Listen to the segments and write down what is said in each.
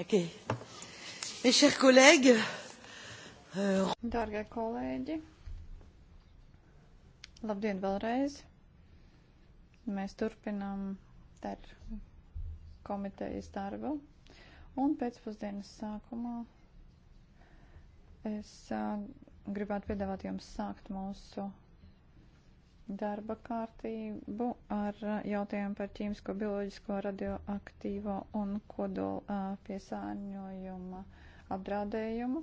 Okay. Mes chers collègues, uh... Dārgie kolēģi, labdien vēlreiz. Mēs turpinām dar komitejas darbu. Un pēcpusdienas sākumā es uh, gribētu piedāvāt jums sākt mūsu darba kārtību ar uh, jautājumu par ķīmisko, bioloģisko, radioaktīvo un kodola uh, piesārņojuma apdraudējumu.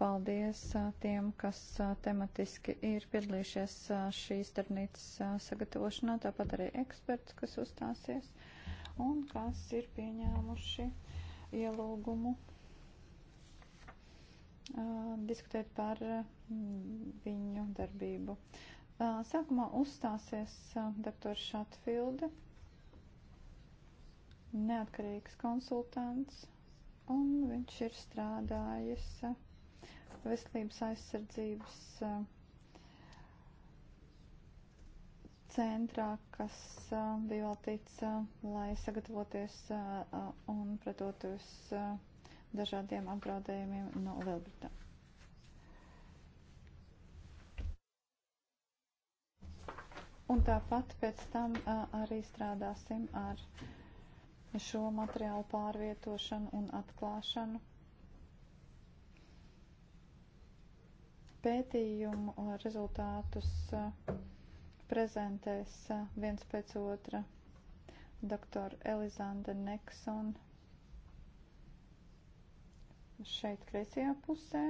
Paldies uh, tiem, kas tematiski ir piedalījušies šīs darbnīcas sagatavošanā, tāpat arī eksperts, kas uzstāsies un kas ir pieņēmuši ielūgumu diskutēt par viņu darbību. Sākumā uzstāsies doktors Šatfilde, neatkarīgs konsultants, un viņš ir strādājis veselības aizsardzības centrā, kas bija veltīts, lai sagatavoties un pretotos dažādiem apdraudējumiem no Lielbritānijas. Un tāpat pēc tam arī strādāsim ar šo materiālu pārvietošanu un atklāšanu. Pētījumu rezultātus prezentēs viens pēc otra dr. Elizanda Nekson šeit kreisajā pusē,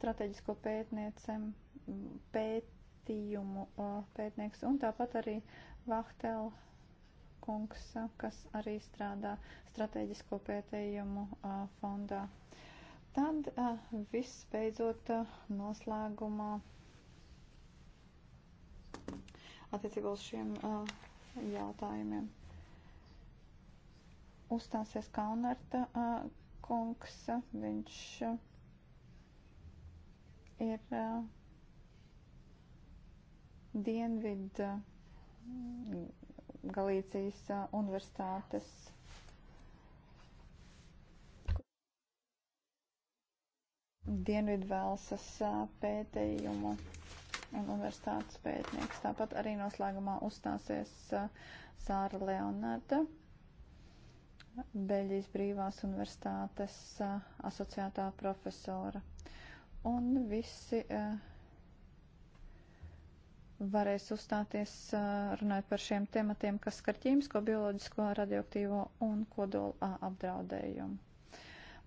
strateģisko pētniecem pēt pētījumu pētnieks un tāpat arī Vahtel kungs, kas arī strādā strateģisko pētījumu fondā. Tad viss beidzot noslēgumā attiecībā uz šiem jautājumiem. Uzstāsies Kalnerta kungs, viņš ir Dienvid mm, Galīcijas uh, universitātes. Dienvidvēlsas uh, pētījumu un universitātes pētnieks. Tāpat arī noslēgumā uzstāsies uh, Sāra Leonarda, Beļģijas Brīvās universitātes asociētā profesora. Un visi uh, varēs uzstāties runājot par šiem tematiem, kas skar ķīmisko, bioloģisko, radioaktīvo un kodolu apdraudējumu.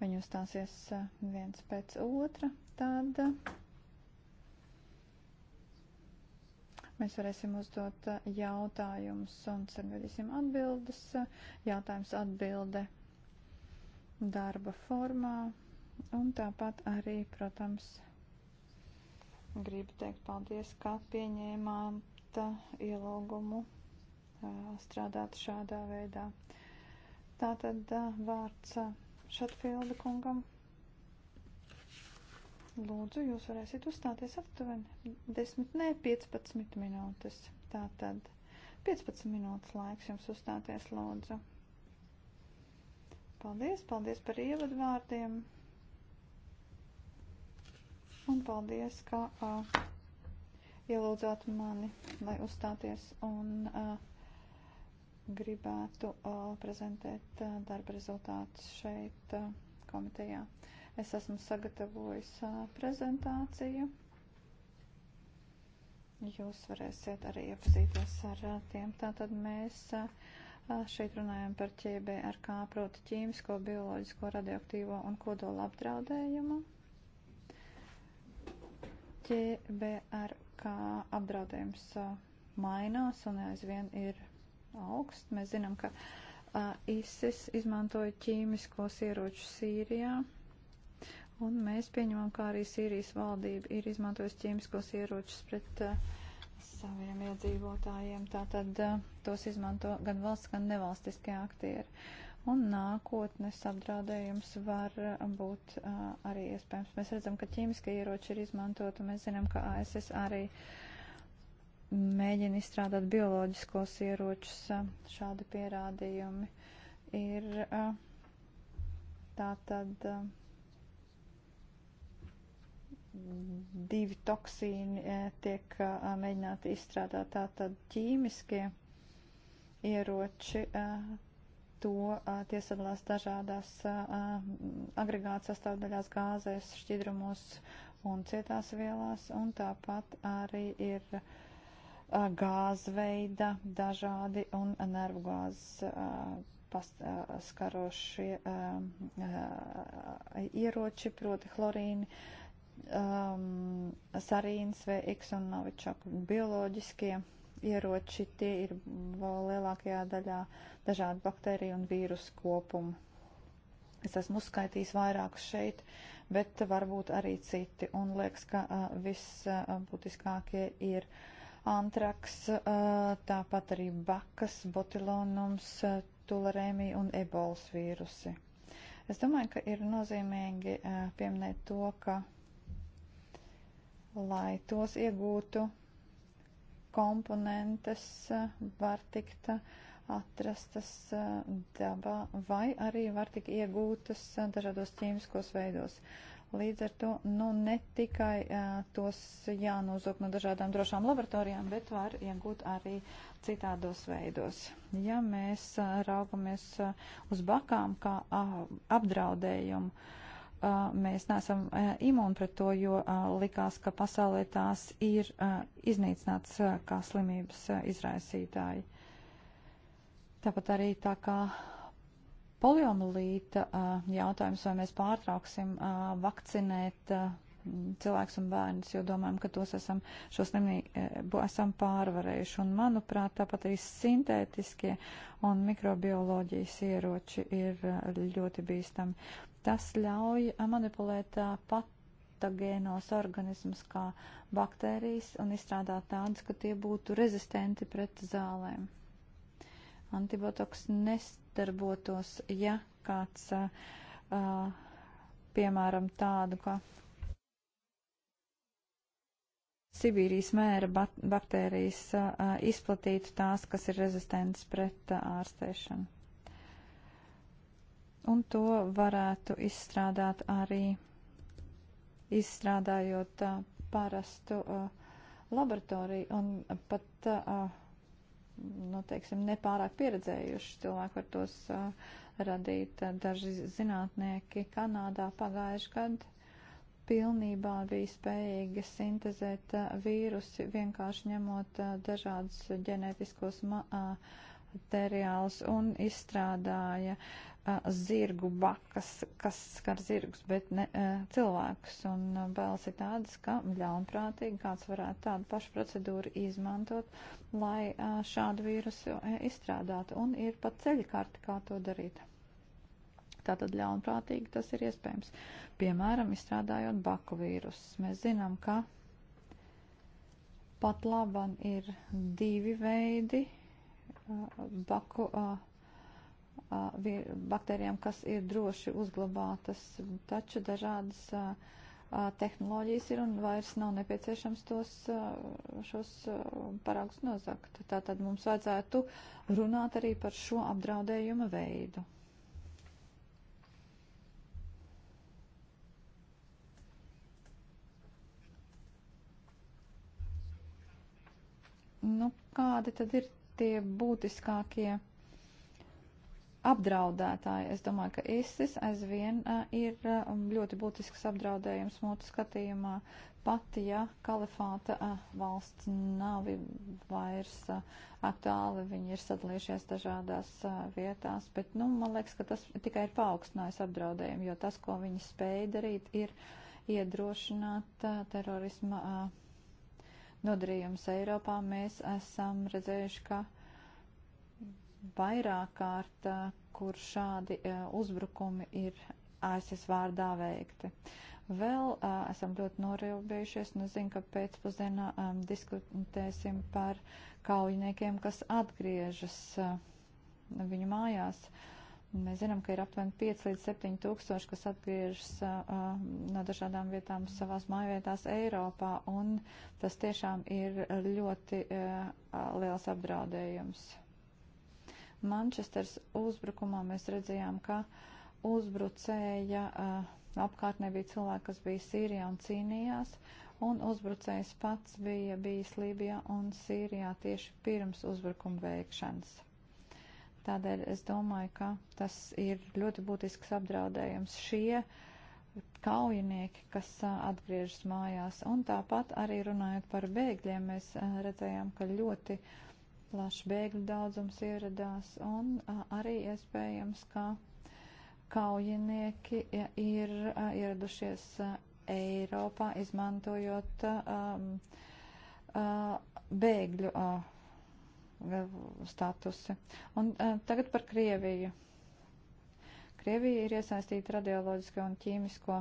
Viņi uzstāsies viens pēc otra. Tad mēs varēsim uzdot jautājumus un sagaidīsim atbildes. Jautājums atbilde darba formā un tāpat arī, protams, Gribu teikt paldies, ka pieņēmāt uh, ielūgumu uh, strādāt šādā veidā. Tātad uh, vārds Šatfilda kungam. Lūdzu, jūs varēsiet uzstāties aptuveni 10, ne 15 minūtes. Tātad 15 minūtes laiks jums uzstāties, lūdzu. Paldies, paldies par ievadvārdiem. Un paldies, ka uh, ielūdzāt mani, lai uzstāties un uh, gribētu uh, prezentēt uh, darba rezultātus šeit uh, komitejā. Es esmu sagatavojis uh, prezentāciju. Jūs varēsiet arī iepazīties ar uh, tiem. Tātad mēs. Uh, Šeit runājam par ķēbē ar kā proti ķīmisko, bioloģisko, radioaktīvo un kodola apdraudējumu ķēbērkā apdraudējums mainās un aizvien ir augsts. Mēs zinām, ka ISIS izmantoja ķīmiskos ieročus Sīrijā. Un mēs pieņemam, kā arī Sīrijas valdība ir izmantojusi ķīmiskos ieročus pret uh, saviem iedzīvotājiem. Tātad uh, tos izmanto gan valsts, gan nevalstiskie aktieri un nākotnes apdraudējums var būt uh, arī iespējams. Mēs redzam, ka ķīmiskie ieroči ir izmantoti, un mēs zinām, ka ASS arī mēģina izstrādāt bioloģiskos ieročus. Šādi pierādījumi ir uh, tā tad uh, divi toksīni tiek mēģināti izstrādāt tā tad ķīmiskie ieroči to tie sadalās dažādās agregātu sastāvdaļās gāzēs, šķidrumos un cietās vielās, un tāpat arī ir gāzveida dažādi un nervu gāzes skarošie ieroči, proti chlorīni, sarīns, VX un novičaku bioloģiskie ieroči, tie ir lielākajā daļā dažādi baktēriju un vīrusu kopumi. Es esmu uzskaitījis vairākus šeit, bet varbūt arī citi. Un liekas, ka visbūtiskākie ir antraks, tāpat arī bakas, botilonums, tularēmija un ebols vīrusi. Es domāju, ka ir nozīmīgi pieminēt to, ka, lai tos iegūtu, komponentes eh, var tikt eh, atrastas eh, dabā vai arī var tikt iegūtas dažādos ķīmiskos veidos. Līdz ar to nu, ne tikai uh, tos jānozog no dažādām drošām laboratorijām, bet var iegūt arī citādos veidos. Ja mēs uh, raugamies uh, uz bakām kā uh, apdraudējumu, uh, mēs neesam imūni pret to, jo likās, ka pasaulē tās ir iznīcināts kā slimības izraisītāji. Tāpat arī tā kā poliomielīta jautājums, vai mēs pārtrauksim vakcinēt cilvēks un bērns, jo domājam, ka tos esam, šo slimību e, esam pārvarējuši. Un, manuprāt, tāpat arī sintētiskie un mikrobioloģijas ieroči ir ļoti bīstami. Tas ļauj eh, manipulēt eh, patogēnos organismus kā baktērijas un izstrādāt tādus, ka tie būtu rezistenti pret zālēm. Antibotoks nestarbotos, ja kāds, uh, piemēram, tādu kā Sibīrijas mēra baktērijas uh, izplatītu tās, kas ir rezistents pret uh, ārstēšanu un to varētu izstrādāt arī izstrādājot uh, parastu uh, laboratoriju un uh, pat, uh, nu, teiksim, nepārāk pieredzējuši cilvēki var tos uh, radīt. Daži zinātnieki Kanādā pagājuši gadu pilnībā bija spējīgi sintezēt uh, vīrusi, vienkārši ņemot uh, dažādus ģenētiskos materiālus un izstrādāja uh, zirgu bakas, kas skar zirgus, bet ne cilvēkus. Un bailes ir tādas, ka ļaunprātīgi kāds varētu tādu pašu procedūru izmantot, lai šādu vīrusu e, izstrādātu. Un ir pat ceļkārti, kā to darīt. Tātad ļaunprātīgi tas ir iespējams. Piemēram, izstrādājot baku vīrusus. Mēs zinām, ka pat laban ir divi veidi baku. Uh, baktērijām, kas ir droši uzglabātas, taču dažādas tehnoloģijas ir un vairs nav nepieciešams tos, šos paraugus nozakt. Tātad mums vajadzētu runāt arī par šo apdraudējuma veidu. Nu, kādi tad ir tie būtiskākie? apdraudētāji. Es domāju, ka ISIS aizvien uh, ir uh, ļoti būtisks apdraudējums mūsu skatījumā, pat ja kalifāta uh, valsts nav vairs uh, aktuāli, viņi ir sadalījušies dažādās uh, vietās, bet, nu, man liekas, ka tas tikai ir paaugstinājis apdraudējumu, jo tas, ko viņi spēja darīt, ir iedrošināt uh, terorisma uh, nodarījumus Eiropā. Mēs esam redzējuši, ka uh, vairāk kārt, eh, kur šādi eh, uzbrukumi ir ASS vārdā veikti. Vēl uh, esam ļoti norilbējušies, nu zinu, ka pēcpusdienā um, diskutēsim par kaujiniekiem, kas atgriežas uh, viņu mājās. Mēs zinām, ka ir aptuveni 5 līdz 7 tūkstoši, kas atgriežas uh, no dažādām vietām savās mājvietās Eiropā, un tas tiešām ir ļoti uh, liels apdraudējums. Mančesters uzbrukumā mēs redzējām, ka uzbrucēja apkārtnē bija cilvēki, kas bija Sīrijā un cīnījās, un uzbrucējs pats bija bijis Lībijā un Sīrijā tieši pirms uzbrukuma veikšanas. Tādēļ es domāju, ka tas ir ļoti būtisks apdraudējums šie kaujinieki, kas atgriežas mājās. Un tāpat arī runājot par bēgļiem, mēs redzējām, ka ļoti uh, plašs bēgļu daudzums ieradās un arī iespējams, ka kaujinieki ir ieradušies Eiropā, izmantojot bēgļu statusi. Un tagad par Krieviju. Krievija ir iesaistīta radioloģisko un ķīmisko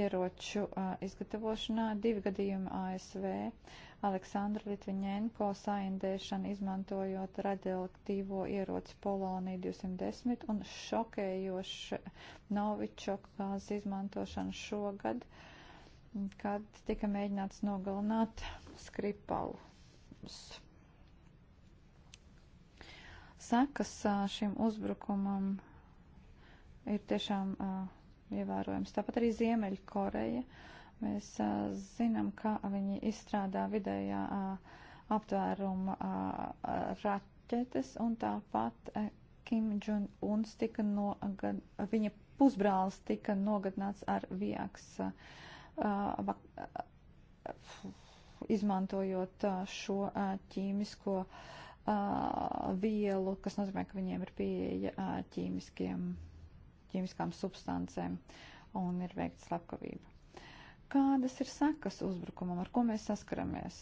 ieroču uh, izgatavošanā. Divi gadījumi ASV - Aleksandra Litviņenko saindēšana izmantojot radioaktīvo ieroci Poloniju 210 un šokējoša Novičok gāzes izmantošana šogad, kad tika mēģināts nogalināt Skripalus sekas šim uzbrukumam ir tiešām uh, ievērojams. Tāpat arī Ziemeļkoreja. Mēs uh, zinām, ka viņi izstrādā vidējā uh, aptvēruma uh, raķetes, un tāpat uh, Kim Jong-uns tika nogad, viņa pusbrālis tika nogadināts ar vieks, uh, uh, izmantojot uh, šo uh, ķīmisko uh, vielu, kas nozīmē, ka viņiem ir pieeja uh, ķīmiskiem ķīmiskām substancēm un ir veikta slepkavība. Kādas ir sekas uzbrukumam, ar ko mēs saskaramies?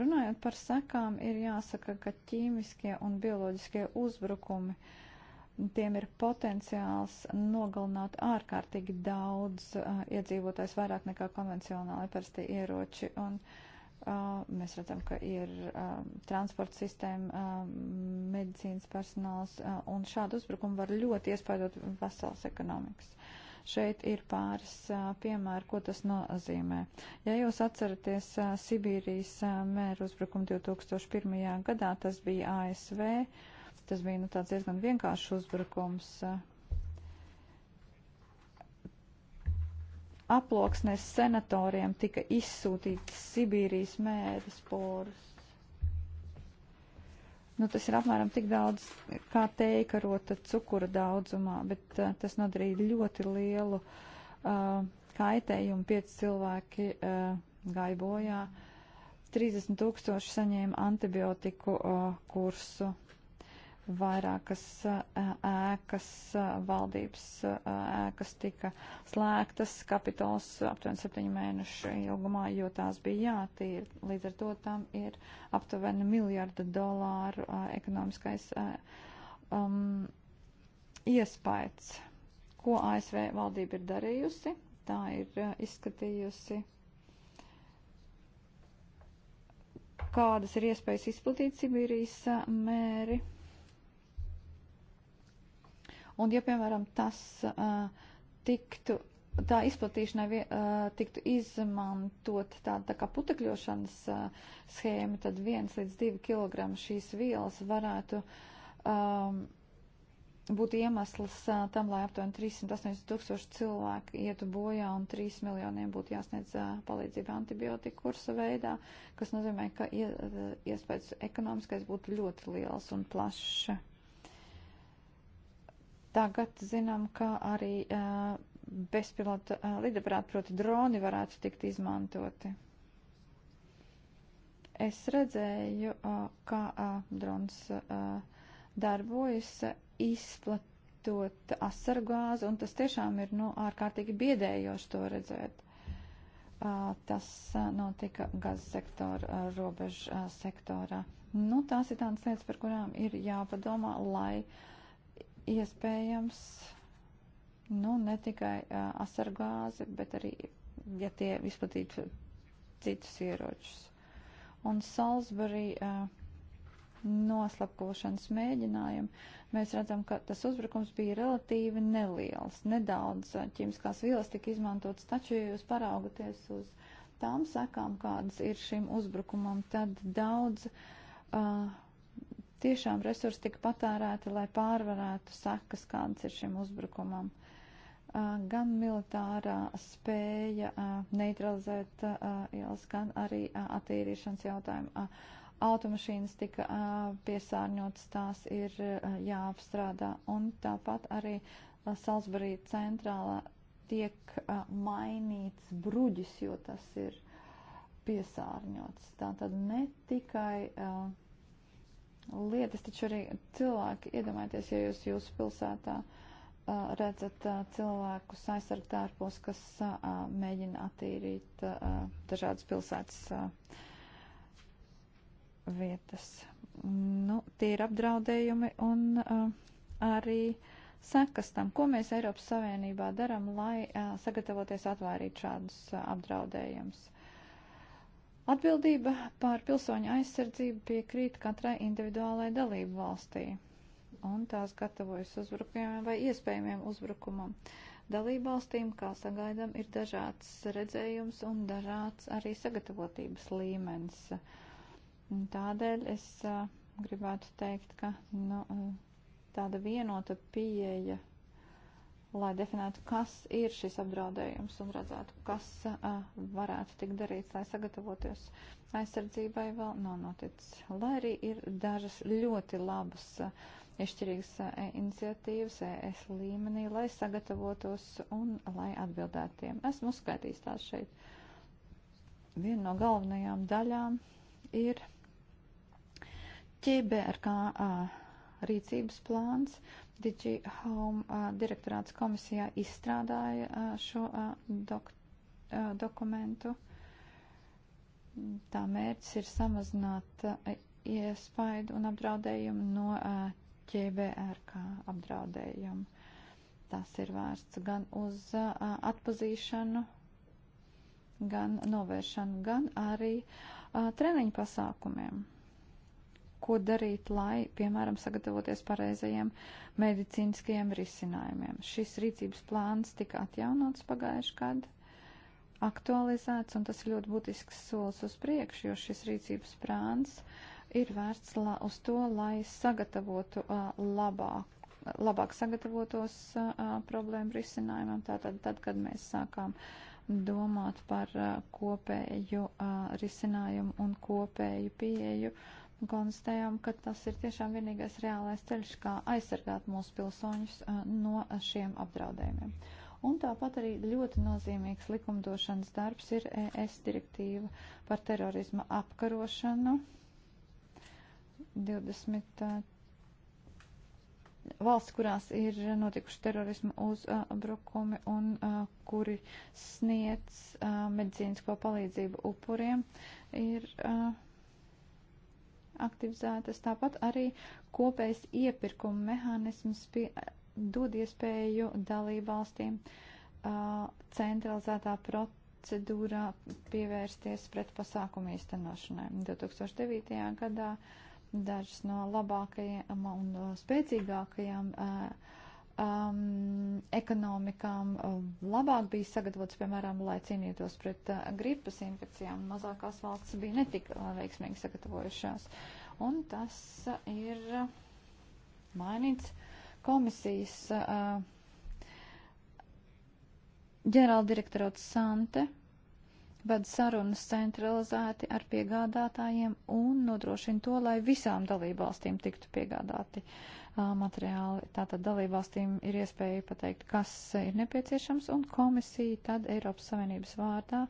Runājot par sekām, ir jāsaka, ka ķīmiskie un bioloģiskie uzbrukumi tiem ir potenciāls nogalināt ārkārtīgi daudz uh, iedzīvotājs vairāk nekā konvencionāli parasti ieroči. Un, uh, Mēs redzam, ka ir transporta sistēma, medicīnas personāls, un šādu uzbrukumu var ļoti iespaidot pasaules ekonomikas. Šeit ir pāris piemēri, ko tas nozīmē. Ja jūs atceraties Sibīrijas mēru uzbrukumu 2001. gadā, tas bija ASV, tas bija nu, tāds diezgan vienkāršs uzbrukums. A, aploksnes senatoriem tika izsūtīts Sibīrijas mēris poras. Nu, tas ir apmēram tik daudz, kā teikarota cukura daudzumā, bet uh, tas nodarīja ļoti lielu uh, kaitējumu. Pieci cilvēki uh, gāja bojā, 30 tūkstoši saņēma antibiotiku uh, kursu vairākas ēkas, valdības ēkas tika slēgtas, kapitols aptuveni septiņu mēnešu ilgumā, jo tās bija jātīra. Līdz ar to tam ir aptuveni miljarda dolāru ekonomiskais um, iespējas, ko ASV valdība ir darījusi. Tā ir izskatījusi kādas ir iespējas izplatīt Sibīrijas mēri. Un, ja, piemēram, tas uh, tiktu, tā izplatīšanai vie, uh, tiktu izmantot tāda tā kā putekļošanas uh, schēma, tad 1 līdz 2 kg šīs vielas varētu. Um, būtu iemesls uh, tam, lai aptuveni 380 tūkstoši cilvēku ietu bojā un 3 miljoniem būtu jāsniedz uh, palīdzība antibiotika kursa veidā, kas nozīmē, ka iespējas ekonomiskais būtu ļoti liels un plašs. Tagad zinām, ka arī bezpilota lidaprāta, proti droni, varētu tikt izmantoti. Es redzēju, kā drons darbojas, izplatot asargāzi, un tas tiešām ir nu, ārkārtīgi biedējoši to redzēt. Tas notika gaz sektora, robežu sektorā. Nu, tās ir tādas lietas, par kurām ir jāpadomā, lai uh, iespējams nu, ne tikai uh, asargāzi, bet arī, ja tie izplatītu citus ieročus. Un Salisbury uh, noslapkošanas mēģinājumi mēs redzam, ka tas uzbrukums bija relatīvi neliels. Nedaudz ķīmiskās vielas tika izmantotas, taču, ja jūs paraugaties uz tām sekām, kādas ir šim uzbrukumam, tad daudz. Uh, tiešām resursi tika patērēti, lai pārvarētu sekas, kādas ir šim uzbrukumam. Gan militārā spēja neutralizēt ielas, gan arī attīrīšanas jautājumu. Automašīnas tika piesārņotas, tās ir jāapstrādā. Un tāpat arī Salzburī centrālā tiek mainīts bruģis, jo tas ir piesārņots. Tā tad ne tikai uh, lietas, taču arī cilvēki iedomājieties, ja jūs jūsu pilsētā uh, redzat uh, cilvēkus aizsargt ārpus, kas uh, mēģina attīrīt dažādas pilsētas vietas. Nu, tie ir apdraudējumi un arī sekas tam, ko mēs Eiropas Savienībā daram, lai sagatavoties atvairīt šādus apdraudējumus Atbildība pār pilsoņu aizsardzību piekrīt katrai individuālai dalību valstī, un tās gatavojas uzbrukumiem vai iespējamiem uzbrukumam. Dalību valstīm, kā sagaidām, ir dažāds redzējums un dažāds arī sagatavotības līmenis. Tādēļ es gribētu teikt, ka nu, tāda vienota pieeja lai definētu, kas ir šis apdraudējums un redzētu, kas uh, varētu tikt darīts, lai sagatavoties aizsardzībai vēl nav noticis. Lai arī ir dažas ļoti labas uh, izšķirīgas uh, iniciatīvas ES līmenī, lai sagatavotos un lai atbildētu tiem. Esmu uzskaitījis tās šeit. Viena no galvenajām daļām ir ķiberkā rīcības plāns, Digi Home uh, direktorāts komisijā izstrādāja uh, šo uh, dok uh, dokumentu. Tā mērķis ir samazināt uh, iespaidu un apdraudējumu no uh, ķēbērkā apdraudējumu. Tas ir vērsts gan uz uh, atpazīšanu, gan novēršanu, gan arī uh, treniņu pasākumiem ko darīt, lai, piemēram, sagatavoties pareizajiem medicīniskajiem risinājumiem. Šis rīcības plāns tika atjaunots pagājuši gadu, aktualizēts, un tas ir ļoti būtisks solis uz priekšu, jo šis rīcības plāns ir vērts la, uz to, lai sagatavotu uh, labāk labāk sagatavotos uh, problēmu risinājumam. Tātad, tad, kad mēs sākām domāt par uh, kopēju uh, risinājumu un kopēju pieeju, uh, konstatējām, ka tas ir tiešām vienīgais reālais ceļš, kā aizsargāt mūsu pilsoņus no šiem apdraudējumiem. Un tāpat arī ļoti nozīmīgs likumdošanas darbs ir ES direktīva par terorisma apkarošanu 20. Valsts, kurās ir notikuši terorisma uzbrukumi un uh, kuri sniedz uh, medicīnisko palīdzību upuriem, ir uh, aktivizētas. Tāpat arī kopējs iepirkuma mehānisms pie, dod iespēju dalībvalstīm uh, centralizētā procedūrā pievērsties pret pasākumu īstenošanai. 2009. gadā dažas no labākajām un spēcīgākajām uh, um, ekonomikām uh, labāk bija sagatavots, piemēram, lai cīnītos pret uh, gripas infekcijām. Mazākās valsts bija netik uh, veiksmīgi sagatavojušās. Un tas uh, ir uh, mainīts komisijas uh, ģenerāldirektorāts Sante ved sarunas centralizēti ar piegādātājiem un nodrošina to, lai visām dalībvalstīm tiktu piegādāti uh, materiāli. Tātad dalībvalstīm ir iespēja pateikt, kas ir nepieciešams, un komisija tad Eiropas Savienības vārdā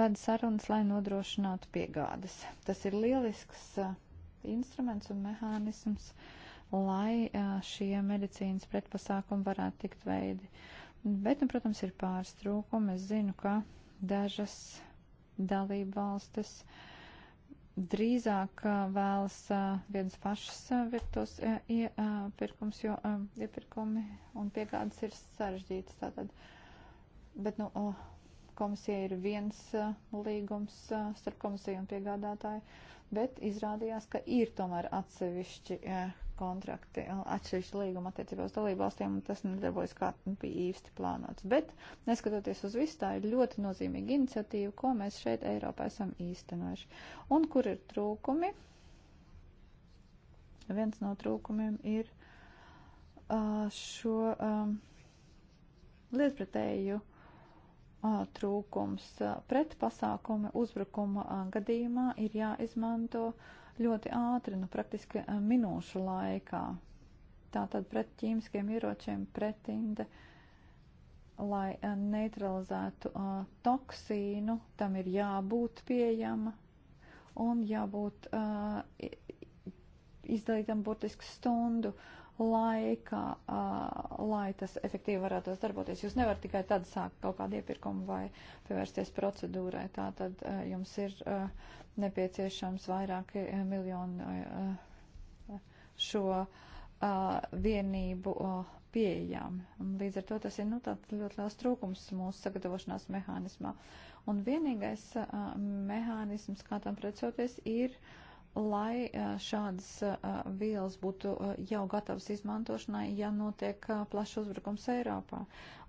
ved sarunas, lai nodrošinātu piegādes. Tas ir lielisks instruments un mehānisms, lai šie medicīnas pretpasākumi varētu tikt veidi. Bet, nu, protams, ir pāris trūkumi. Es zinu, ka dažas dalībvalstis valstis drīzāk vēlas viens pašs virtos iepirkums, jo iepirkumi un piegādes ir sarežģītas tātad. Bet, nu, komisija ir viens līgums starp komisiju un piegādātāju, bet izrādījās, ka ir tomēr atsevišķi kontrakti atsevišķi līguma attiecībā uz dalībvalstīm, un tas nedarbojas kā nu, bija īsti plānots. Bet, neskatoties uz visu, tā ir ļoti nozīmīga iniciatīva, ko mēs šeit Eiropā esam īstenojuši. Un kur ir trūkumi? Viens no trūkumiem ir uh, šo um, lietpratēju trūkums. Pretpasākumi uzbrukuma gadījumā ir jāizmanto uh, ļoti ātri, nu praktiski eh, minūšu laikā. Tātad pret ķīmiskiem ieročiem pretinde, lai eh, neutralizētu uh, toksīnu, tam ir jābūt pieejama un jābūt uh, izdalītam burtiski stundu. Uh, laika, uh, lai tas efektīvi varētu darboties. Jūs nevarat tikai tad sākt kaut kādu iepirkumu vai pievērsties procedūrai. Tā tad uh, jums ir uh, nepieciešams vairāki uh, e, miljoni uh, šo uh, vienību. Uh, pieejām. Līdz ar to tas ir nu, ļoti liels trūkums mūsu sagatavošanās mehānismā. Un vienīgais uh, mehānisms, kā tam precoties, ir uh, lai šādas vielas būtu jau gatavas izmantošanai, ja notiek plašs uzbrukums Eiropā.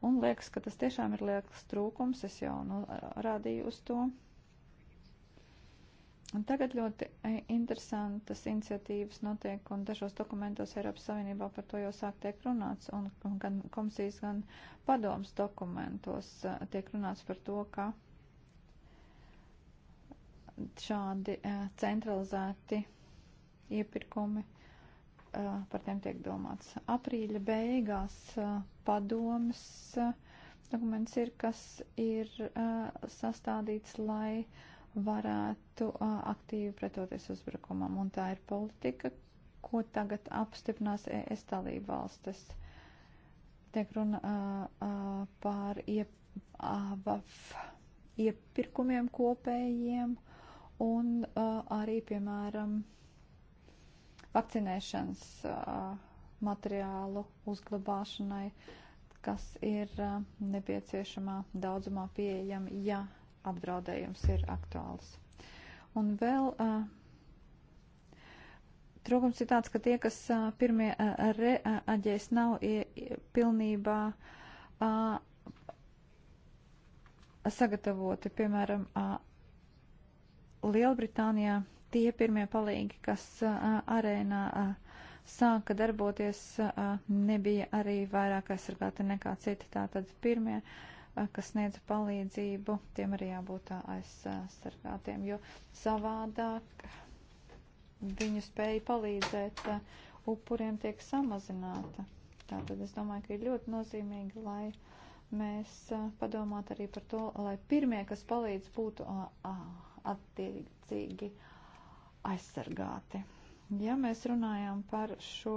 Un liekas, ka tas tiešām ir liekas trūkums, es jau norādīju nu, uz to. Un tagad ļoti interesantas iniciatīvas notiek, un dažos dokumentos Eiropas Savienībā par to jau sāk tiek runāts, un gan komisijas, gan padomas dokumentos tiek runāts par to, ka šādi centralizēti iepirkumi, par tiem tiek domāts. Aprīļa beigās padomas dokuments ir, kas ir sastādīts, lai varētu aktīvi pretoties uzbrukumam, un tā ir politika, ko tagad apstiprinās ES dalību valstis. Tiek runa pār iep, iepirkumiem kopējiem. Uh, un uh, arī, piemēram, vakcinēšanas uh, materiālu uzglabāšanai, kas ir uh, nepieciešamā daudzumā pieejama, ja apdraudējums ir aktuāls. Un vēl uh, trūkums ir tāds, ka tie, kas uh, pirmie uh, reaģēs, nav ie, pilnībā uh, sagatavoti, piemēram, uh, Lielbritānijā tie pirmie palīgi, kas uh, arēnā uh, sāka darboties, uh, nebija arī vairāk aizsargāti nekā citi. Tātad pirmie, uh, kas sniedza palīdzību, tiem arī jābūt uh, aizsargātiem, jo savādāk viņu spēja palīdzēt uh, upuriem tiek samazināta. Tātad es domāju, ka ir ļoti nozīmīgi, lai mēs uh, padomātu arī par to, lai pirmie, kas palīdz, būtu. Uh, uh, attiecīgi aizsargāti. Ja mēs runājam par šo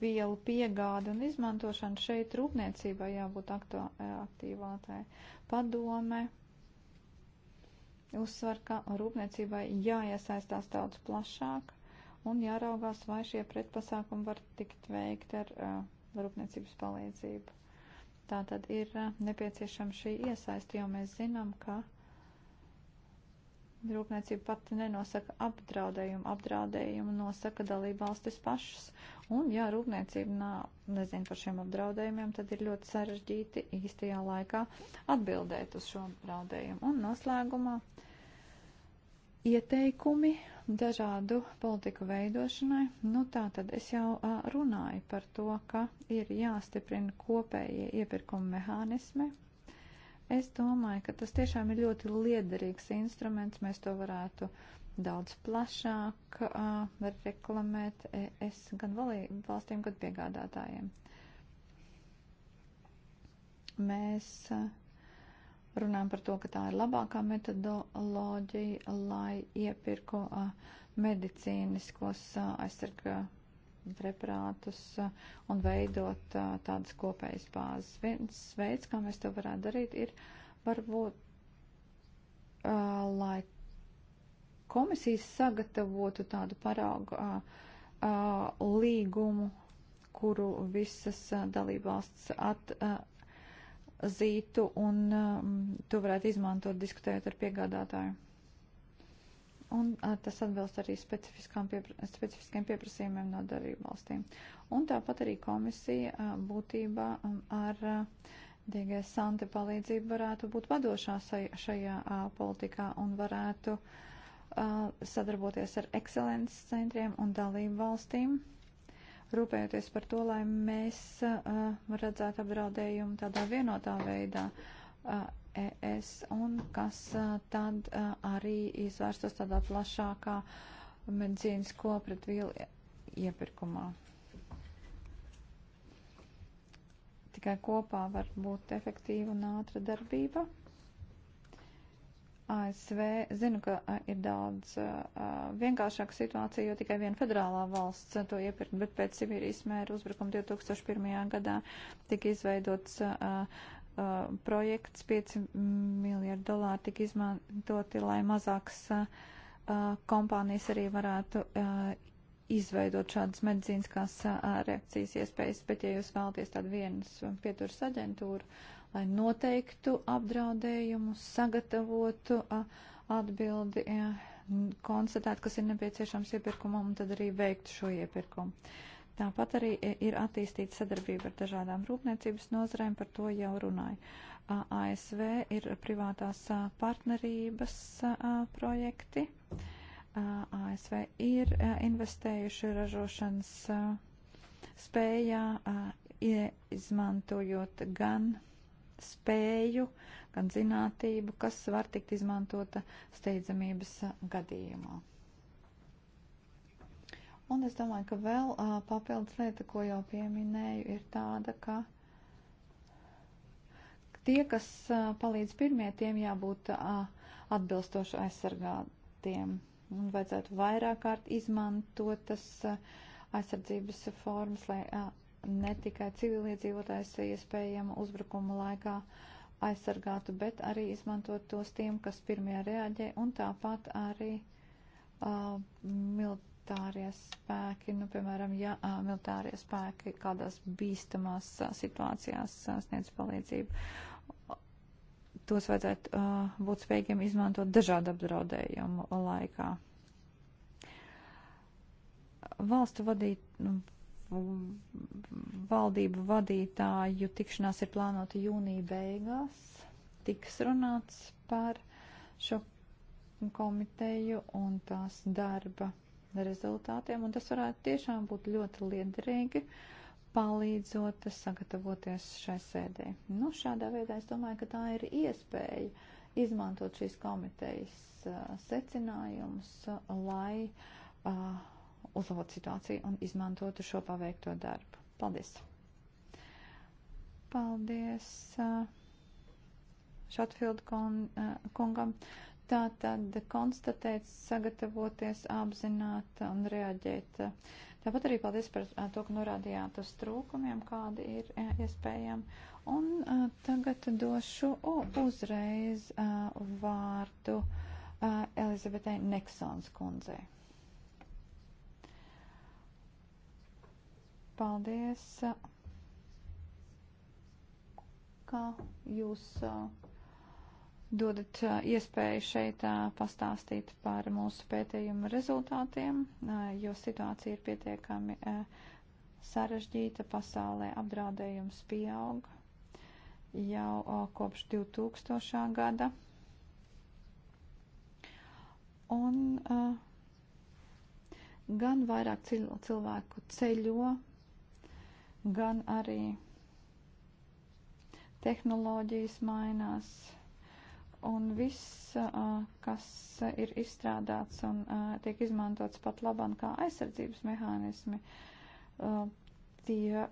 vielu piegādi un izmantošanu, šeit rūpniecībai jābūt aktu, eh, aktīvātai. Padome uzsver, ka rūpniecībai jāiesaistās daudz plašāk un jāraugās, vai šie pretpasākumi var tikt veikti ar uh, rūpniecības palīdzību. Tā tad ir nepieciešama šī iesaisti, jo mēs zinām, ka rūpniecība pati nenosaka apdraudējumu. Apdraudējumu nosaka dalība valstis pašas. Un, ja rūpniecība nav nezin par šiem apdraudējumiem, tad ir ļoti sarežģīti īstajā laikā atbildēt uz šo apdraudējumu. Un noslēgumā. Uh, ieteikumi dažādu politiku veidošanai. Nu, tā tad es jau uh, runāju par to, ka ir jāstiprina kopējie iepirkuma mehānismi. Es domāju, ka tas tiešām ir ļoti liederīgs instruments. Mēs to varētu daudz plašāk uh, reklamēt es gan valī, valstīm, gan piegādātājiem. Mēs uh, runājam par to, ka tā ir labākā metodoloģija, lai iepirku medicīniskos aizsarga preparātus un veidot tādas kopējas bāzes. Viens veids, kā mēs to varētu darīt, ir varbūt, lai komisijas sagatavotu tādu paraugu līgumu, kuru visas dalībvalsts at, zītu un um, to varētu izmantot diskutējot ar piegādātāju. Un a, uh, tas atbilst arī piepra specifiskiem pieprasījumiem no darību valstīm. Un tāpat arī komisija a, uh, būtībā a, um, ar a, uh, DG Sante palīdzību varētu būt vadošā šajā a, politikā un varētu a, sadarboties ar ekscelences centriem un dalību valstīm rūpējoties par to, lai mēs uh, redzētu apdraudējumu tādā vienotā veidā uh, ES un kas uh, tad uh, arī izvērstos tādā plašākā medicīnas kopret vielu iepirkumā. Tikai kopā var būt efektīva un ātra darbība. ASV zinu, ka ir daudz vienkāršāka situācija, jo tikai viena federālā valsts to iepirkt, bet pēc Sibīrijas mēra uzbrukuma 2001. gadā tika izveidots projekts 5 miljardu dolāru tika izmantoti, lai mazākas kompānijas arī varētu izveidot šādas medicīniskās reakcijas iespējas, bet ja jūs vēlaties tādu vienas pieturas aģentūru, lai noteiktu apdraudējumu, sagatavotu atbildi, konstatētu, kas ir nepieciešams iepirkumam un tad arī veiktu šo iepirkumu. Tāpat arī e, ir attīstīta sadarbība ar dažādām rūpniecības nozarēm, par to jau runāju. ASV ir privātās partnerības projekti. ASV ir investējuši ražošanas spējā, izmantojot gan spēju, gan zinātību, kas var tikt izmantota steidzamības gadījumā. Un es domāju, ka vēl uh, papildus lieta, ko jau pieminēju, ir tāda, ka tie, kas uh, palīdz pirmie, tiem jābūt uh, atbilstoši aizsargātiem. Un vajadzētu vairāk kārt izmantotas uh, aizsardzības formas, lai uh, ne tikai civiliedzīvotājs iespējama uzbrukuma laikā aizsargātu, bet arī izmantot tos tiem, kas pirmie reaģē, un tāpat arī uh, militārie spēki, nu, piemēram, ja uh, militārie spēki kādās bīstamās uh, situācijās uh, sniedz palīdzību. Tos vajadzētu uh, būt spējīgiem izmantot dažādu apdraudējumu laikā valstu vadīt, nu, valdību vadītāju tikšanās ir plānota jūnija beigās. Tiks runāts par šo komiteju un tās darba rezultātiem, un tas varētu tiešām būt ļoti liederīgi, palīdzot sagatavoties šai sēdē. Nu, šādā veidā es domāju, ka tā ir iespēja izmantot šīs komitejas secinājumus, lai uh, uzlabotu situāciju un izmantotu šo paveikto darbu. Paldies! Paldies eh, Šatfildu eh, kungam. Tā tad konstatēt, sagatavoties, apzināt un reaģēt. Tāpat arī paldies par eh, to, ka norādījāt uz trūkumiem, kādi ir iespējami. Un tagad došu o, uzreiz vārdu Elizabetei Neksons kundzei. Paldies, ka jūs dodat iespēju šeit pastāstīt par mūsu pētījumu rezultātiem, jo situācija ir pietiekami sarežģīta, pasaulē apdraudējums pieaug jau kopš 2000. gada. Un uh, gan vairāk cilvēku ceļo gan arī tehnoloģijas mainās. Un viss, kas ir izstrādāts un tiek izmantots pat labam kā aizsardzības mehānismi, tie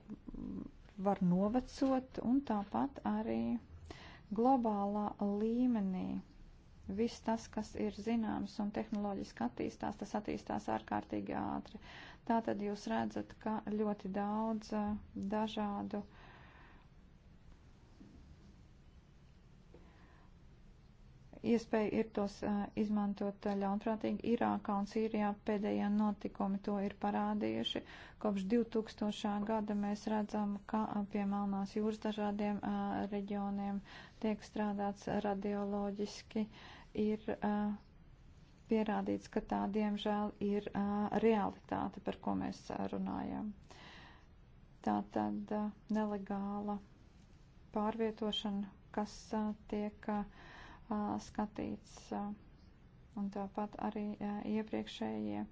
var novecot un tāpat arī globālā līmenī. Viss tas, kas ir zināms un tehnoloģiski attīstās, tas attīstās ārkārtīgi ātri. Uh, Tātad jūs redzat, ka ļoti daudz eh, dažādu iespēju ir tos eh, izmantot eh, ļaunprātīgi. Irākā un Sīrijā pēdējā notikumi to ir parādījuši. Kopš 2000. gada mēs redzam, ka pie Melnās jūras dažādiem reģioniem tiek strādāts radioloģiski. Ir uh, pierādīts, ka tā diemžēl ir uh, realitāte, par ko mēs runājam. Tā tad uh, nelegāla pārvietošana, kas uh, tiek uh, skatīts, uh, un tāpat arī uh, iepriekšējie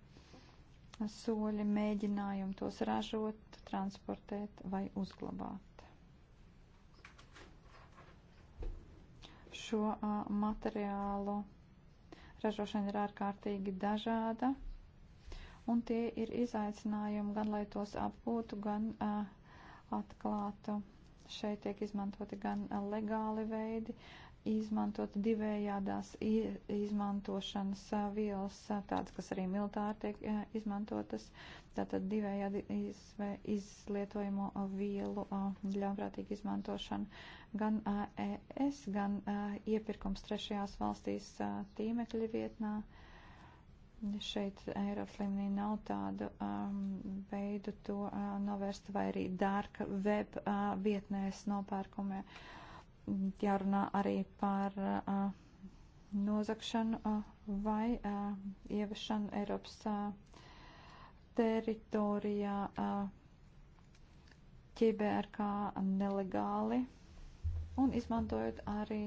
soļi mēģinājumi tos ražot, transportēt vai uzglabāt. Šo uh, materiālu ražošana ir ārkārtīgi dažāda, un tie ir izaicinājumi gan, lai tos apgūtu, gan uh, atklātu. Šeit tiek izmantoti gan eh, legāli veidi, izmantot divējādās izmantošanas vielas, tādas, kas arī militāri tiek izmantotas, tātad divējādi izlietojamo vielu ļaunprātīgu izmantošanu gan ES, gan iepirkums trešajās valstīs tīmekļa vietnā. Šeit Eiropas līmenī nav tādu um, veidu to uh, novērst vai arī dārka web uh, vietnēs nopērkumiem. Uh, jārunā arī par uh, nozakšanu uh, vai uh, ievešanu Eiropas uh, teritorijā uh, ķiberkā nelegāli un izmantojot arī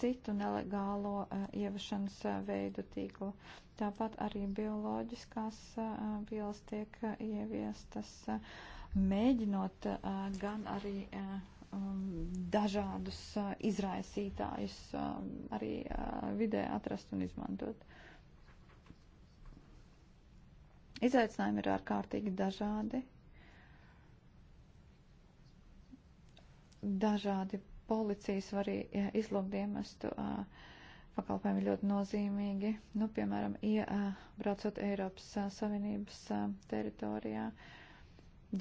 citu nelegālo uh, ievešanas uh, veidu tīklu. Tāpat arī bioloģiskās uh, vielas tiek uh, ieviestas, uh, mēģinot uh, gan arī uh, Um, dažādus uh, izraisītājus um, arī uh, vidē atrast un izmantot. Izaicinājumi ir ārkārtīgi dažādi. Dažādi policijas var arī izlūkdienestu uh, pakalpojumi ļoti nozīmīgi. Nu, piemēram, iebraucot Eiropas Savienības teritorijā,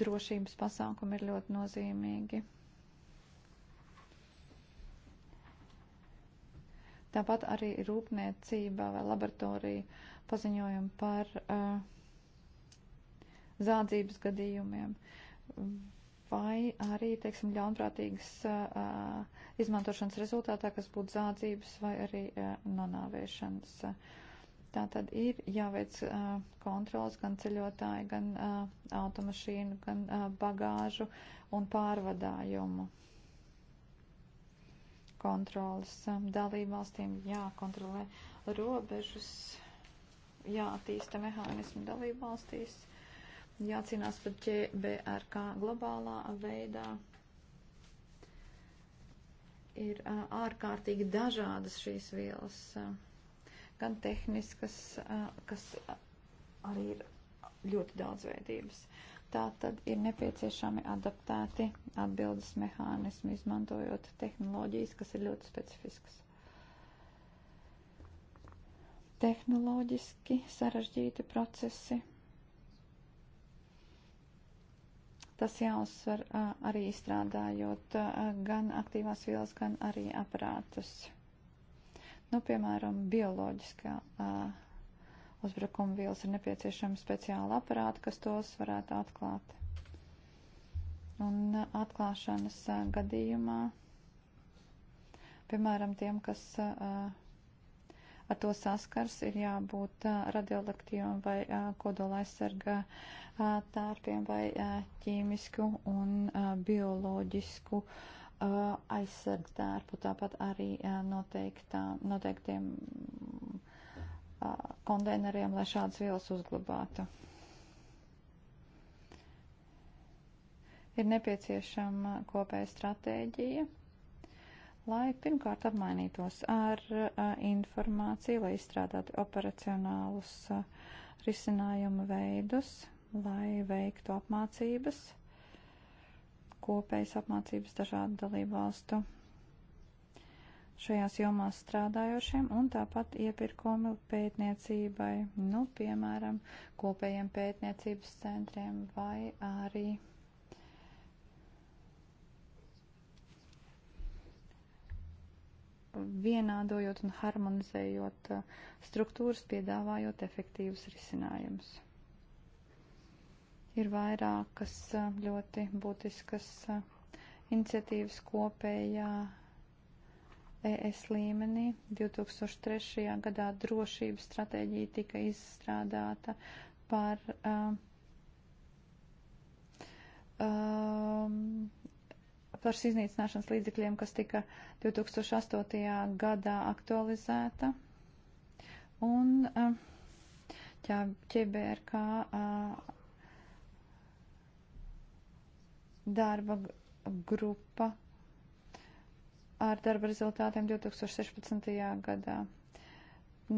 drošības pasākumi ir ļoti nozīmīgi. Tāpat arī rūpniecībā vai laboratorija paziņojumi par uh, zādzības gadījumiem vai arī, teiksim, ļaunprātīgas uh, izmantošanas rezultātā, kas būtu zādzības vai arī uh, nonāvēšanas. Tā tad ir jāveic uh, kontrols gan ceļotāju, gan uh, automašīnu, gan uh, bagāžu un pārvadājumu kontrolas um, dalību valstīm jākontrolē robežas, jāattīsta mehānismi dalību valstīs, jācīnās par ķēBRK globālā veidā. Ir uh, ārkārtīgi dažādas šīs vielas, um, gan tehniskas, uh, kas uh, arī ir ļoti daudzveidības. Uh, Tā tad ir nepieciešami adaptēti atbildes mehānismi, izmantojot tehnoloģijas, kas ir ļoti specifiskas. Tehnoloģiski sarežģīti procesi. Tas jāuzsver arī strādājot gan aktīvās vielas, gan arī aparātus. Nu, piemēram, bioloģiskā. A, uzbrukuma vielas ir nepieciešama speciāla aparāta, kas tos varētu atklāt. Un uh, atklāšanas uh, gadījumā, piemēram, tiem, kas uh, ar to saskars, ir jābūt radioaktīvam vai kodola aizsarga tārpiem vai ķīmisku un bioloģisku aizsarga tārpu, tāpat arī noteiktā, noteiktiem konteineriem, lai šādas vielas uzglabātu. Ir nepieciešama kopēja stratēģija, lai pirmkārt apmainītos ar a, informāciju, lai izstrādātu operacionālus a, risinājuma veidus, lai veiktu apmācības, kopējas apmācības dažādu dalību valstu šajās jomās strādājošiem un tāpat iepirkumi pētniecībai, nu, piemēram, kopējiem pētniecības centriem vai arī vienādojot un harmonizējot uh, struktūras, piedāvājot efektīvus risinājumus. Ir vairākas uh, ļoti būtiskas uh, iniciatīvas kopējā ES līmenī. 2003. gadā drošības stratēģija tika izstrādāta par uh, um, um par iznīcināšanas līdzekļiem, kas tika 2008. gadā aktualizēta. Un uh, um, ķeberkā uh, darba grupa ar darba rezultātiem 2016. gadā.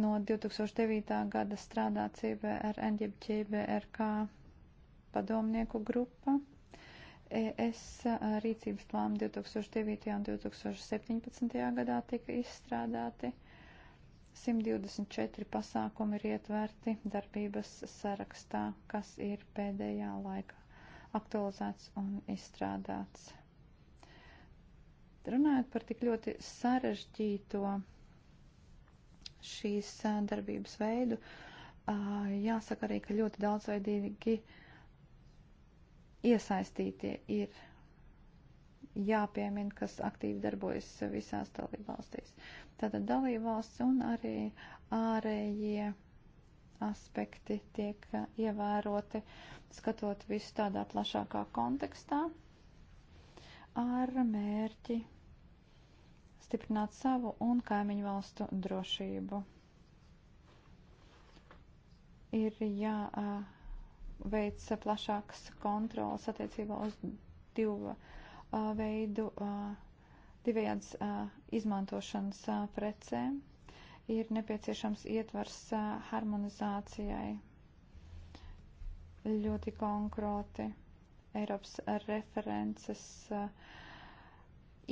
No 2009. gada strādā CBRN jeb ČBRK padomnieku grupa. ES rīcības plāni 2009. un 2017. gadā tika izstrādāti. 124 pasākumi ir ietverti darbības sarakstā, kas ir pēdējā laikā aktualizēts un izstrādāts. Runājot par tik ļoti sarežģīto šīs darbības veidu, jāsaka arī, ka ļoti daudzveidīgi iesaistītie ir jāpiemina, kas aktīvi darbojas visās dalību valstīs. Tātad dalību valsts un arī ārējie aspekti tiek ievēroti, skatot visu tādā plašākā kontekstā ar mērķi stiprināt savu un kaimiņu valstu drošību. Ir jāveic plašāks kontrols attiecībā uz divu veidu divējādas izmantošanas precēm. Ir nepieciešams ietvars harmonizācijai ļoti konkrēti Eiropas references eh,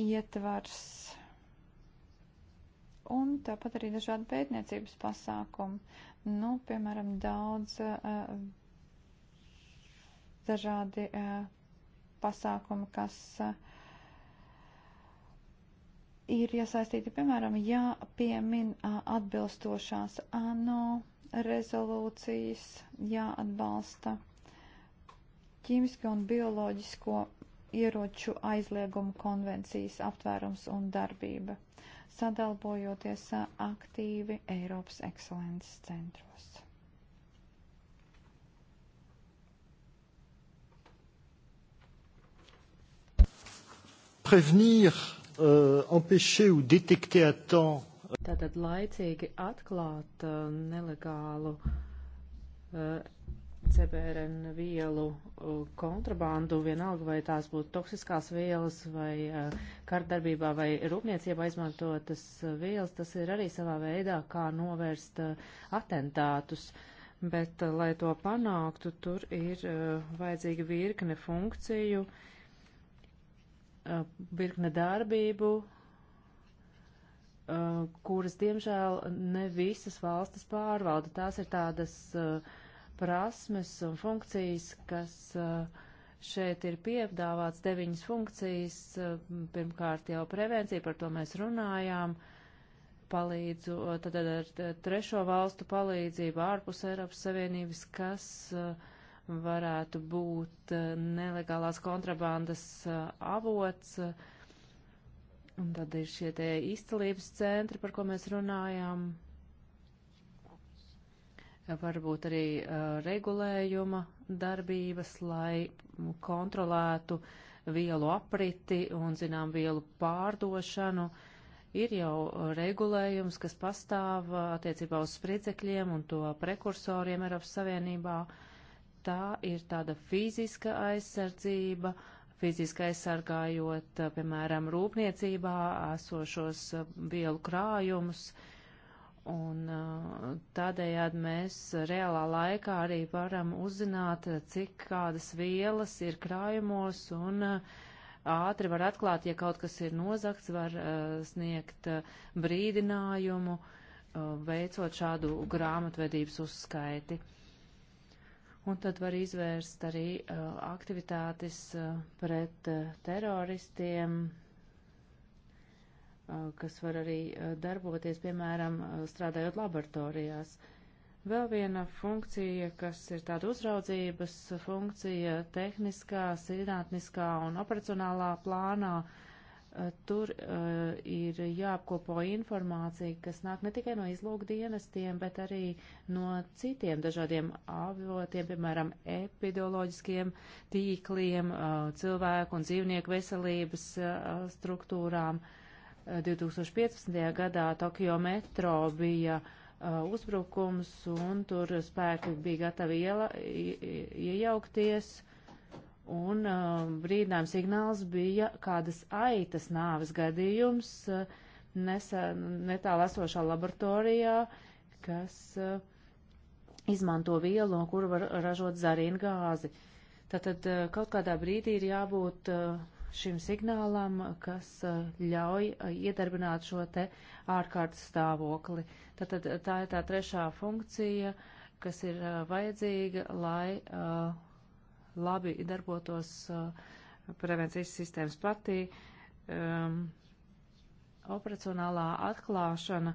ietvars un tāpat arī dažādi pētniecības pasākumi. Nu, piemēram, daudz uh, dažādi uh, pasākumi, kas uh, ir iesaistīti, piemēram, jāpiemin uh, atbilstošās ANO rezolūcijas, jāatbalsta ķīmisko un bioloģisko ieroču aizliegumu konvencijas aptvērums un darbība, sadalbojoties aktīvi Eiropas ekscelences centros. Prevenir, euh, empêcher ou détecter à temps. Euh, Tātad laicīgi atklāt uh, nelegālu uh, CBRN vielu uh, kontrabandu, vienalga vai tās būtu toksiskās vielas vai uh, kārtdarbībā vai rūpniecībā izmantotas uh, vielas, tas ir arī savā veidā, kā novērst atentātus. Bet, lai to panāktu, tur ir vajadzīga virkne funkciju, virkne darbību, kuras, diemžēl, ne visas valstis pārvalda. Tās ir tādas uh, prasmes un funkcijas, kas eh, šeit ir piedāvāts deviņas funkcijas. Eh, pirmkārt jau prevencija, par to mēs runājām, palīdzu, tad ar trešo valstu palīdzību ārpus Eiropas Savienības, kas eh, varētu būt nelegālās kontrabandas avots. Un tad ir šie tie izcelības centri, par ko mēs runājām, varbūt arī regulējuma darbības, lai kontrolētu vielu apriti un, zinām, vielu pārdošanu. Ir jau regulējums, kas pastāv attiecībā uz spridzekļiem un to prekursoriem Eiropas Savienībā. Tā ir tāda fiziska aizsardzība, fiziski aizsargājot, piemēram, rūpniecībā esošos vielu krājumus, uh, Un uh, tādējādi mēs reālā laikā arī varam uzzināt, cik kādas vielas ir krājumos un uh, ātri var atklāt, ja kaut kas ir nozakts, var uh, sniegt brīdinājumu, veicot šādu grāmatvedības uzskaiti. Un tad var izvērst arī aktivitātes pret teroristiem, kas var arī darboties, piemēram, strādājot laboratorijās. Vēl viena funkcija, kas ir tāda uzraudzības funkcija tehniskā, zinātniskā un operacionālā plānā, tur ir jāapkopo informācija, kas nāk ne tikai no izlūkdienestiem, bet arī no citiem dažādiem avotiem, piemēram, epidoloģiskiem tīkliem, cilvēku un dzīvnieku veselības struktūrām. Uh, 2015. gadā Tokio metro bija uh, uzbrukums un tur spēki bija gatavi iela, iejaukties. Un uh, brīdinājums signāls bija kādas aitas nāves gadījums uh, netālu esošā laboratorijā, kas uh, izmanto vielu, no kura var ražot zarīnu gāzi. Tātad uh, kaut kādā brīdī ir jābūt uh, šim signālam, kas uh, ļauj uh, iedarbināt šo te ārkārtas stāvokli. Tātad uh, tā ir tā trešā funkcija, kas ir vajadzīga, lai labi darbotos prevencijas sistēmas patī. Um, operacionālā atklāšana,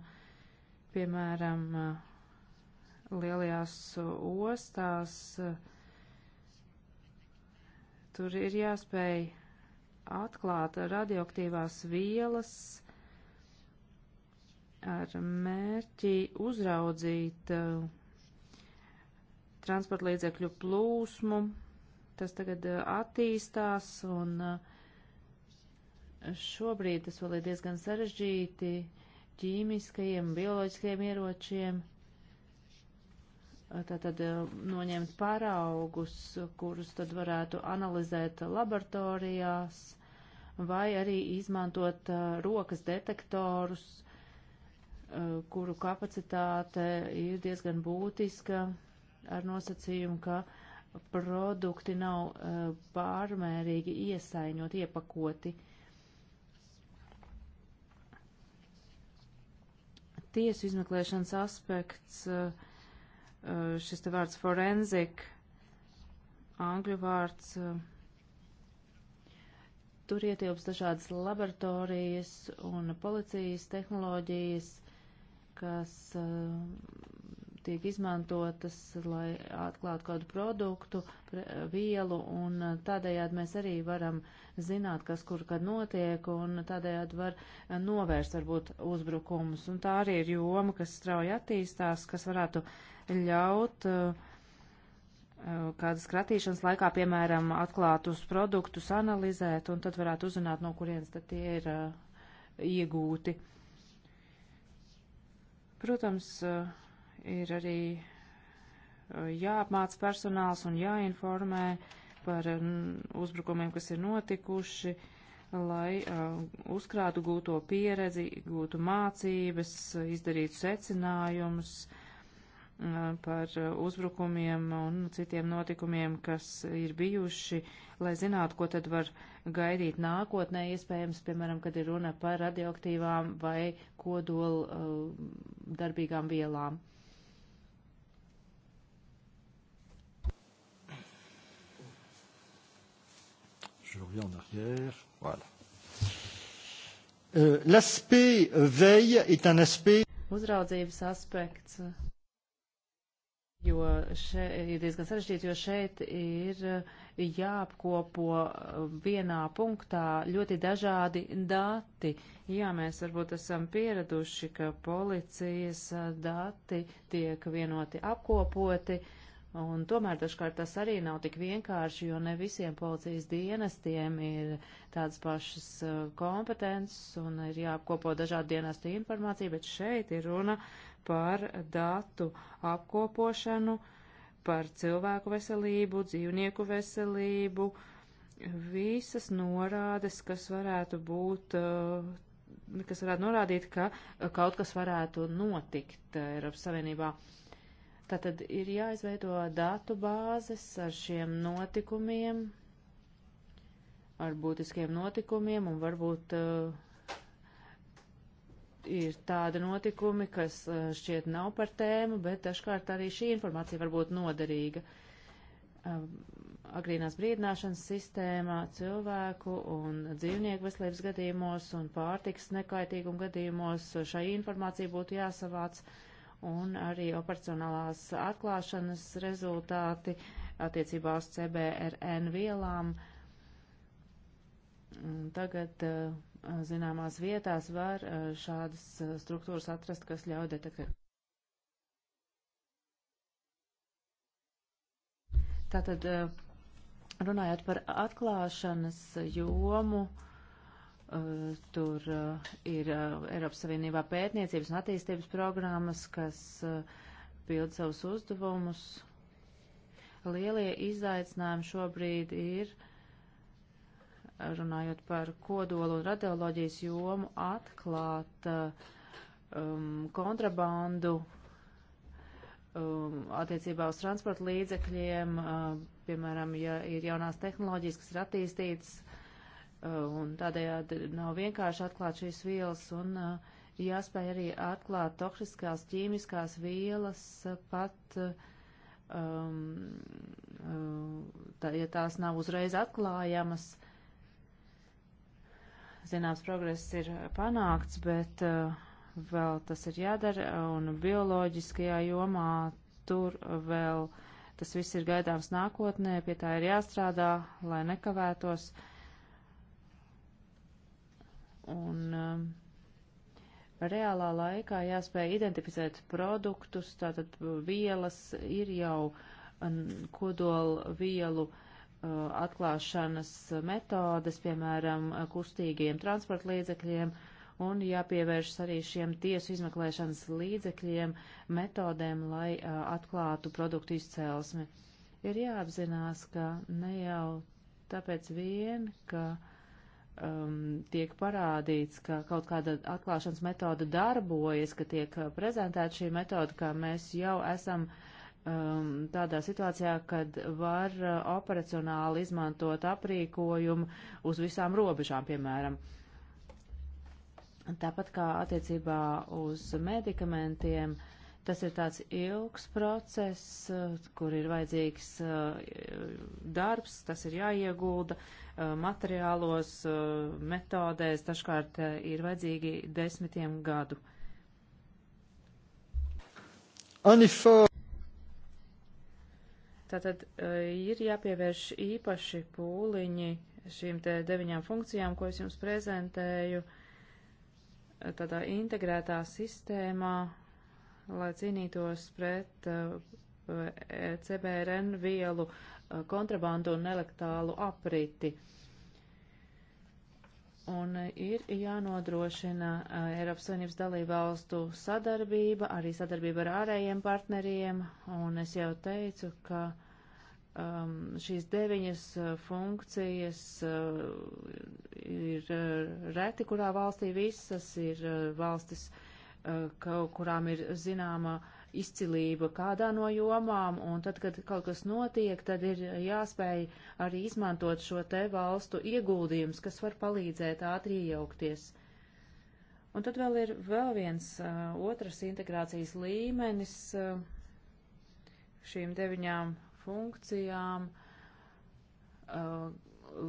piemēram, lielajās ostās, tur ir jāspēj atklāt radioaktīvās vielas ar mērķi uzraudzīt uh, eh, transporta līdzekļu plūsmu. Tas tagad uh, attīstās un uh, šobrīd tas vēl ir diezgan sarežģīti ķīmiskajiem, bioloģiskajiem ieročiem tātad eh, noņemt paraugus, kurus tad varētu analizēt laboratorijās, vai arī izmantot eh, rokas detektorus, eh, kuru kapacitāte ir diezgan būtiska ar nosacījumu, ka produkti nav pārmērīgi iesaiņot, iepakoti. Tiesu izmeklēšanas aspekts uh, Eh, šis te vārds forenzik, angļu vārds, eh, tur ietilps dažādas laboratorijas un policijas tehnoloģijas, kas eh, tiek izmantotas, lai atklātu kādu produktu, vielu, un tādējādi mēs arī varam zināt, kas kur kad notiek, un tādējādi var novērst varbūt uzbrukumus. Un tā arī ir joma, kas strauji attīstās, kas varētu ļaut eh, eh, kādas kratīšanas laikā, piemēram, atklātus produktus analizēt, un tad varētu uzzināt, no kurienes tad tie ir eh, iegūti. Protams, ir arī jāapmāca personāls un jāinformē par mm, uzbrukumiem, kas ir notikuši, lai uh, uzkrātu gūto pieredzi, gūtu mācības, izdarītu secinājumus, Eh, par uzbrukumiem un citiem notikumiem, kas ir bijuši, lai zinātu, ko tad var gaidīt nākotnē, iespējams, piemēram, kad ir runa par radioaktīvām vai kodolu uh, eh, darbīgām vielām. Je reviens en arrière. Voilà. Euh, l'aspect veille est un aspect. Uzraudzības aspekts jo šeit ir diezgan sarežģīti, jo šeit ir eh, jāapkopo eh, vienā punktā ļoti dažādi dati. Jā, mēs varbūt esam pieraduši, ka policijas eh, dati tiek vienoti apkopoti, un tomēr dažkārt tas arī nav tik vienkārši, jo ne visiem policijas dienestiem ir tādas pašas kompetences un ir jāapkopo dažādu dienestu informāciju, bet šeit ir runa par datu apkopošanu, par cilvēku veselību, dzīvnieku veselību, visas norādes, kas varētu būt, eh, kas varētu norādīt, ka kaut kas varētu notikt Eiropas Savienībā. Tātad ir jāizveido datu bāzes ar šiem notikumiem, ar būtiskiem notikumiem un varbūt uh, ir tādi notikumi, kas eh, šķiet nav par tēmu, bet dažkārt arī šī informācija var būt noderīga. Ehm, agrīnās brīdināšanas sistēmā cilvēku un dzīvnieku veselības gadījumos un pārtiks nekaitīgumu gadījumos šai informācija būtu jāsavāc un arī operacionālās atklāšanas rezultāti attiecībā uz CBRN vielām uh, Un tagad eh, zināmās vietās var eh, šādas eh, struktūras atrast, kas ļauj detektēt. Tātad, runājot par atklāšanas jomu, tur ir Eiropas Savienībā pētniecības un attīstības programmas, kas pild savus uzdevumus. Lielie izaicinājumi šobrīd ir uh, runājot par kodolu un radioloģijas jomu, atklāt um, kontrabandu um, attiecībā uz transporta līdzekļiem, uh, piemēram, ja ir jaunās tehnoloģijas, kas ir attīstītas, uh, un tādējādi nav vienkārši atklāt šīs vielas, un uh, jāspēj arī atklāt toksiskās ķīmiskās vielas uh, pat um, uh, um, tā, ja tās nav uzreiz atklājamas, zināms progress ir panākts, bet uh, vēl tas ir jādara, un bioloģiskajā jomā tur vēl tas viss ir gaidāms nākotnē, pie tā ir jāstrādā, lai nekavētos. Un um, reālā laikā jāspēj identificēt produktus, tātad uh, vielas ir jau kodola vielu uh, Uh, atklāšanas metodas, piemēram, uh, kustīgiem transporta līdzekļiem, un jāpievēršas arī šiem tiesu izmeklēšanas līdzekļiem, metodēm, lai uh, atklātu produktu izcēlesmi. Ir jāapzinās, ka ne jau tāpēc vien, ka um, tiek parādīts, ka kaut kāda atklāšanas metoda darbojas, ka tiek prezentēta šī metoda, ka mēs jau esam uh, um, tādā situācijā, kad var uh, operacionāli izmantot aprīkojumu uz visām robežām, piemēram. Tāpat kā attiecībā uz medikamentiem, tas ir tāds ilgs process, uh, kur ir vajadzīgs uh, darbs, tas ir jāiegulda uh, materiālos, uh, metodēs, dažkārt uh, ir vajadzīgi desmitiem gadu. Un effort Tātad eh, ir jāpievērš īpaši pūliņi šīm te deviņām funkcijām, ko es jums prezentēju, eh, tādā integrētā sistēmā, lai cīnītos pret eh, e CBRN vielu kontrabandu un elektālu apriti. Uh, Un e, ir jānodrošina e, Eiropas Savienības dalībvalstu sadarbība, arī sadarbība ar ārējiem partneriem. Un es jau teicu, ka um, šīs deviņas e, funkcijas uh, ir reti, kurā valstī visas ir valstis, uh, kurām ir zināma uh, izcilība kādā no jomām, un tad, kad kaut kas notiek, tad ir jāspēj arī izmantot šo te valstu ieguldījums, kas var palīdzēt ātri iejaukties. Un tad vēl ir vēl viens uh, otrs integrācijas līmenis uh, šīm deviņām funkcijām, uh,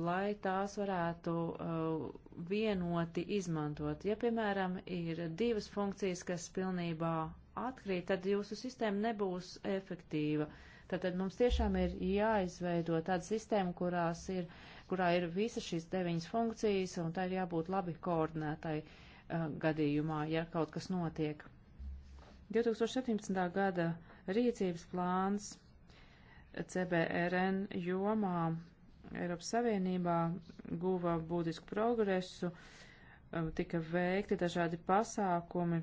lai tās varētu uh, vienoti izmantot. Ja, piemēram, ir divas funkcijas, kas pilnībā atkrīt, tad jūsu sistēma nebūs efektīva. Tātad mums tiešām ir jāizveido tāda sistēma, kurās ir, kurā ir visas šīs deviņas funkcijas, un tā ir jābūt labi koordinētai uh, gadījumā, ja kaut kas notiek. 2017. gada rīcības plāns CBRN jomā Eiropas Savienībā guva būtisku progresu, eh, tika veikti dažādi pasākumi,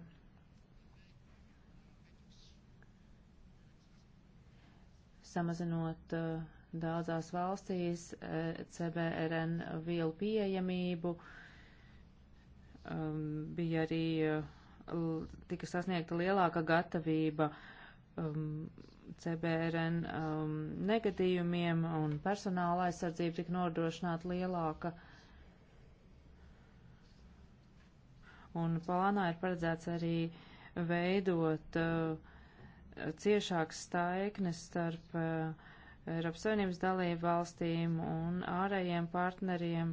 samazinot eh, daudzās valstīs eh, CBRN vielu pieejamību. Um, bija arī eh, tika sasniegta lielāka gatavība um, CBRN um, negadījumiem un personāla aizsardzība tika nodrošināta lielāka. Un plānā ir paredzēts arī veidot uh, ciešākas staiknes starp eh, Eiropas Savienības dalību valstīm un ārējiem partneriem,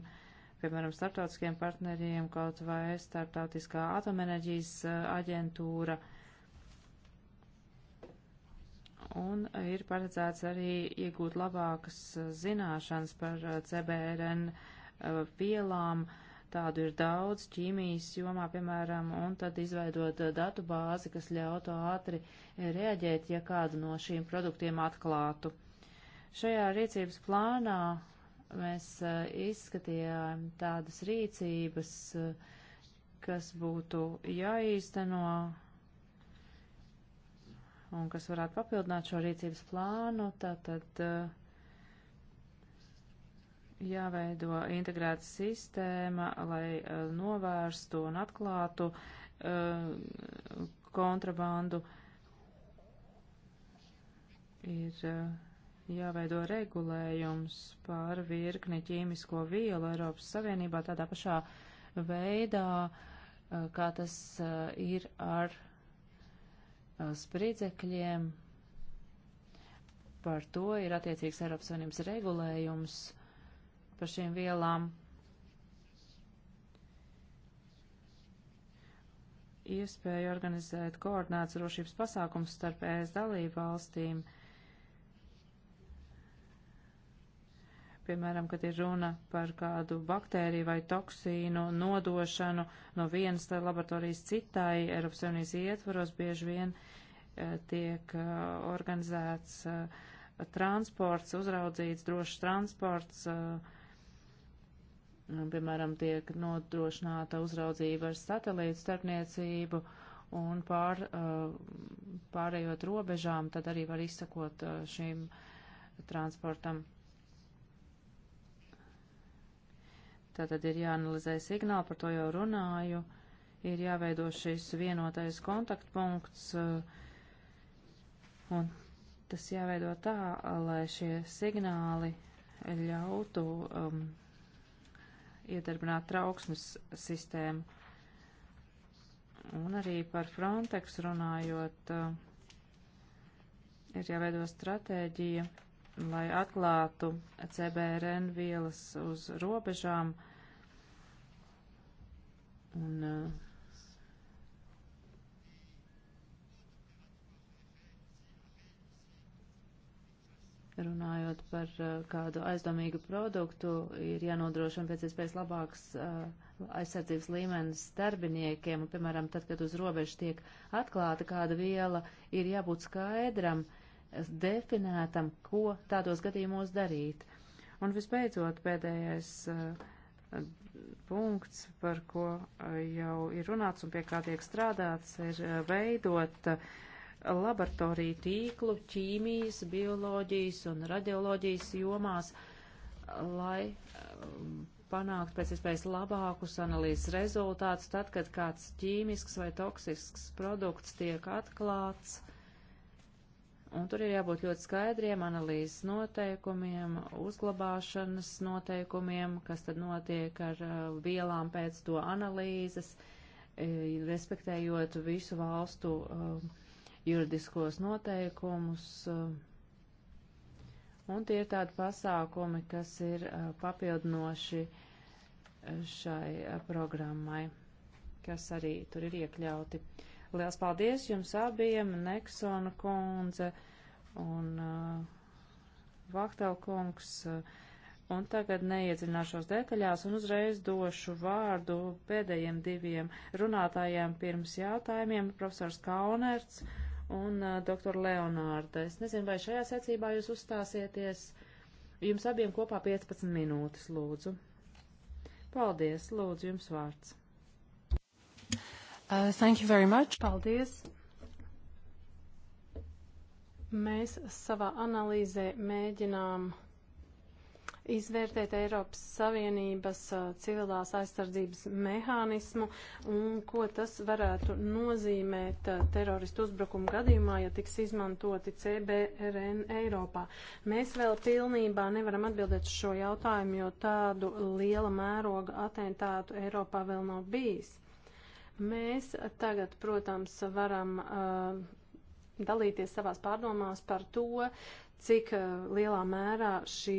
piemēram, starptautiskiem partneriem, kaut vai starptautiskā atomenerģijas eh, aģentūra. Un ir paredzēts arī iegūt labākas eh, zināšanas par CBRN vielām. Uh, tādu ir daudz ķīmijas jomā, piemēram, un tad izveidot eh, datu bāzi, kas ļautu ātri eh, reaģēt, ja kādu no šīm produktiem atklātu. Šajā rīcības plānā mēs eh, izskatījām tādas rīcības, kas būtu jāīsteno un kas varētu papildināt šo rīcības plānu. Tātad, uh, jāveido integrēta sistēma, lai eh, novērstu un atklātu eh, kontrabandu. Ir eh, jāveido regulējums par virkni ķīmisko vielu Eiropas Savienībā tādā pašā veidā, kā tas ir ar spridzekļiem. Par to ir attiecīgs Eiropas Savienības regulējums par šīm vielām. Iespēja organizēt koordinētas drošības pasākums starp ES dalību valstīm, piemēram, kad ir runa par kādu baktēriju vai toksīnu nodošanu no vienas laboratorijas citai, Eiropas Savienības ietvaros bieži vien eh, tiek eh, organizēts eh, transports, uzraudzīts drošs transports, uh, Nu, piemēram, tiek nodrošināta uzraudzība ar satelītu starpniecību un pār, uh, pārējot robežām, tad arī var izsakot uh, šīm transportam. Tātad ir jāanalizē signāli, par to jau runāju, ir jāveido šis vienotais kontaktpunkts, uh, un tas jāveido tā, lai šie signāli ļautu um, iedarbināt trauksmes sistēmu. Un arī par Frontex runājot, eh, ir jāveido stratēģija, lai atklātu CBRN vielas uz robežām. Un, uh, runājot par eh, kādu aizdomīgu produktu, ir jānodrošina pēc iespējas labāks eh, aizsardzības līmenis darbiniekiem. Un, piemēram, tad, kad uz robežas tiek atklāta kāda viela, ir jābūt skaidram, definētam, ko tādos gadījumos darīt. Un visbeidzot, pēdējais eh, punkts, par ko jau ir runāts un pie kā tiek strādāts, ir veidot uh, laboratoriju tīklu ķīmijas, bioloģijas un radioloģijas jomās, lai um, panākt pēc iespējas labākus analīzes rezultātus tad, kad kāds ķīmisks vai toksisks produkts tiek atklāts. Un tur ir jābūt ļoti skaidriem analīzes noteikumiem, uzglabāšanas noteikumiem, kas tad notiek ar uh, vielām pēc to analīzes, eh, respektējot visu valstu uh, juridiskos noteikumus. Eh, un tie ir tādi pasākumi, kas ir eh, papildinoši eh, šai programmai, kas arī tur ir iekļauti. Liels paldies jums abiem, Neksona kundze un Vaktel kungs. Un tagad neiedzināšos detaļās un uzreiz došu vārdu pēdējiem diviem runātājiem pirms jautājumiem. Profesors Kaunerts un uh, doktoru Leonārda. Es nezinu, vai šajā secībā jūs uzstāsieties. Jums abiem kopā 15 minūtes, lūdzu. Paldies, lūdzu, jums vārds. Uh, thank you very much. Paldies. Mēs savā analīzē mēģinām uh, izvērtēt Eiropas Savienības uh, civilās aizsardzības mehānismu un ko tas varētu nozīmēt uh, teroristu uzbrukumu gadījumā, ja tiks izmantoti CBRN Eiropā. Mēs vēl pilnībā nevaram atbildēt šo jautājumu, jo tādu liela mēroga atentātu Eiropā vēl nav bijis. Mēs tagad, protams, varam uh, dalīties savās pārdomās par to, cik eh, lielā mērā šī,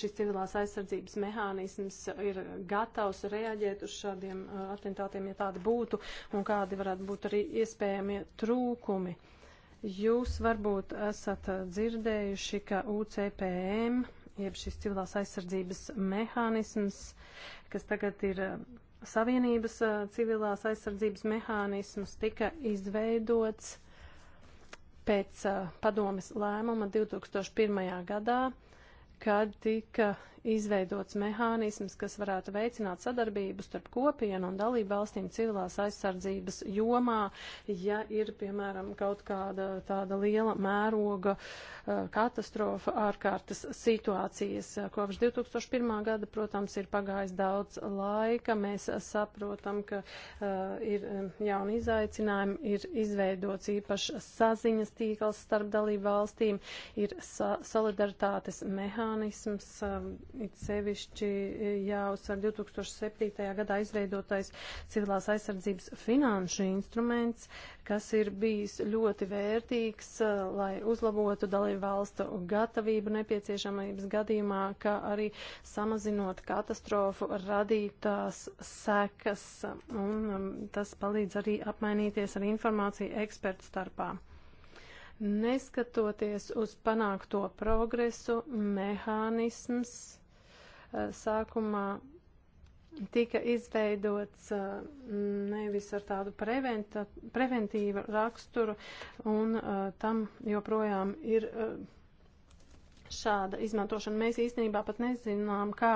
šis civilās aizsardzības mehānisms ir gatavs reaģēt uz šādiem eh, atentātiem, ja tādi būtu, un kādi varētu būt arī iespējamie trūkumi. Jūs varbūt esat eh, dzirdējuši, ka UCPM, jeb šis civilās aizsardzības mehānisms, kas tagad ir Savienības civilās aizsardzības mehānisms, tika izveidots uh, pēc uh, padomes lēmuma 2001. gadā, kad tika izveidots mehānisms, kas varētu veicināt sadarbību starp kopienu un dalību valstīm civilās aizsardzības jomā, ja ir, piemēram, kaut kāda tāda liela mēroga eh, katastrofa ārkārtas situācijas. Kopš 2001. gada, protams, ir pagājis daudz laika. Mēs saprotam, ka uh, ir eh, jauni izaicinājumi, ir izveidots īpašs saziņas tīkls starp dalību valstīm, ir sa solidaritātes mehānisms. Um, It sevišķi e, jāuzsver 2007. gadā izveidotais civilās aizsardzības finanšu instruments, kas ir bijis ļoti vērtīgs, e, lai uzlabotu dalību valstu gatavību nepieciešamības gadījumā, kā arī samazinot katastrofu radītās sekas. Un um, tas palīdz arī apmainīties ar informāciju ekspertu starpā neskatoties uz panākto progresu, mehānisms sākumā tika izveidots uh, nevis ar tādu preventa, preventīvu raksturu, un uh, tam joprojām ir uh, šāda izmantošana. Mēs īstenībā pat nezinām, kā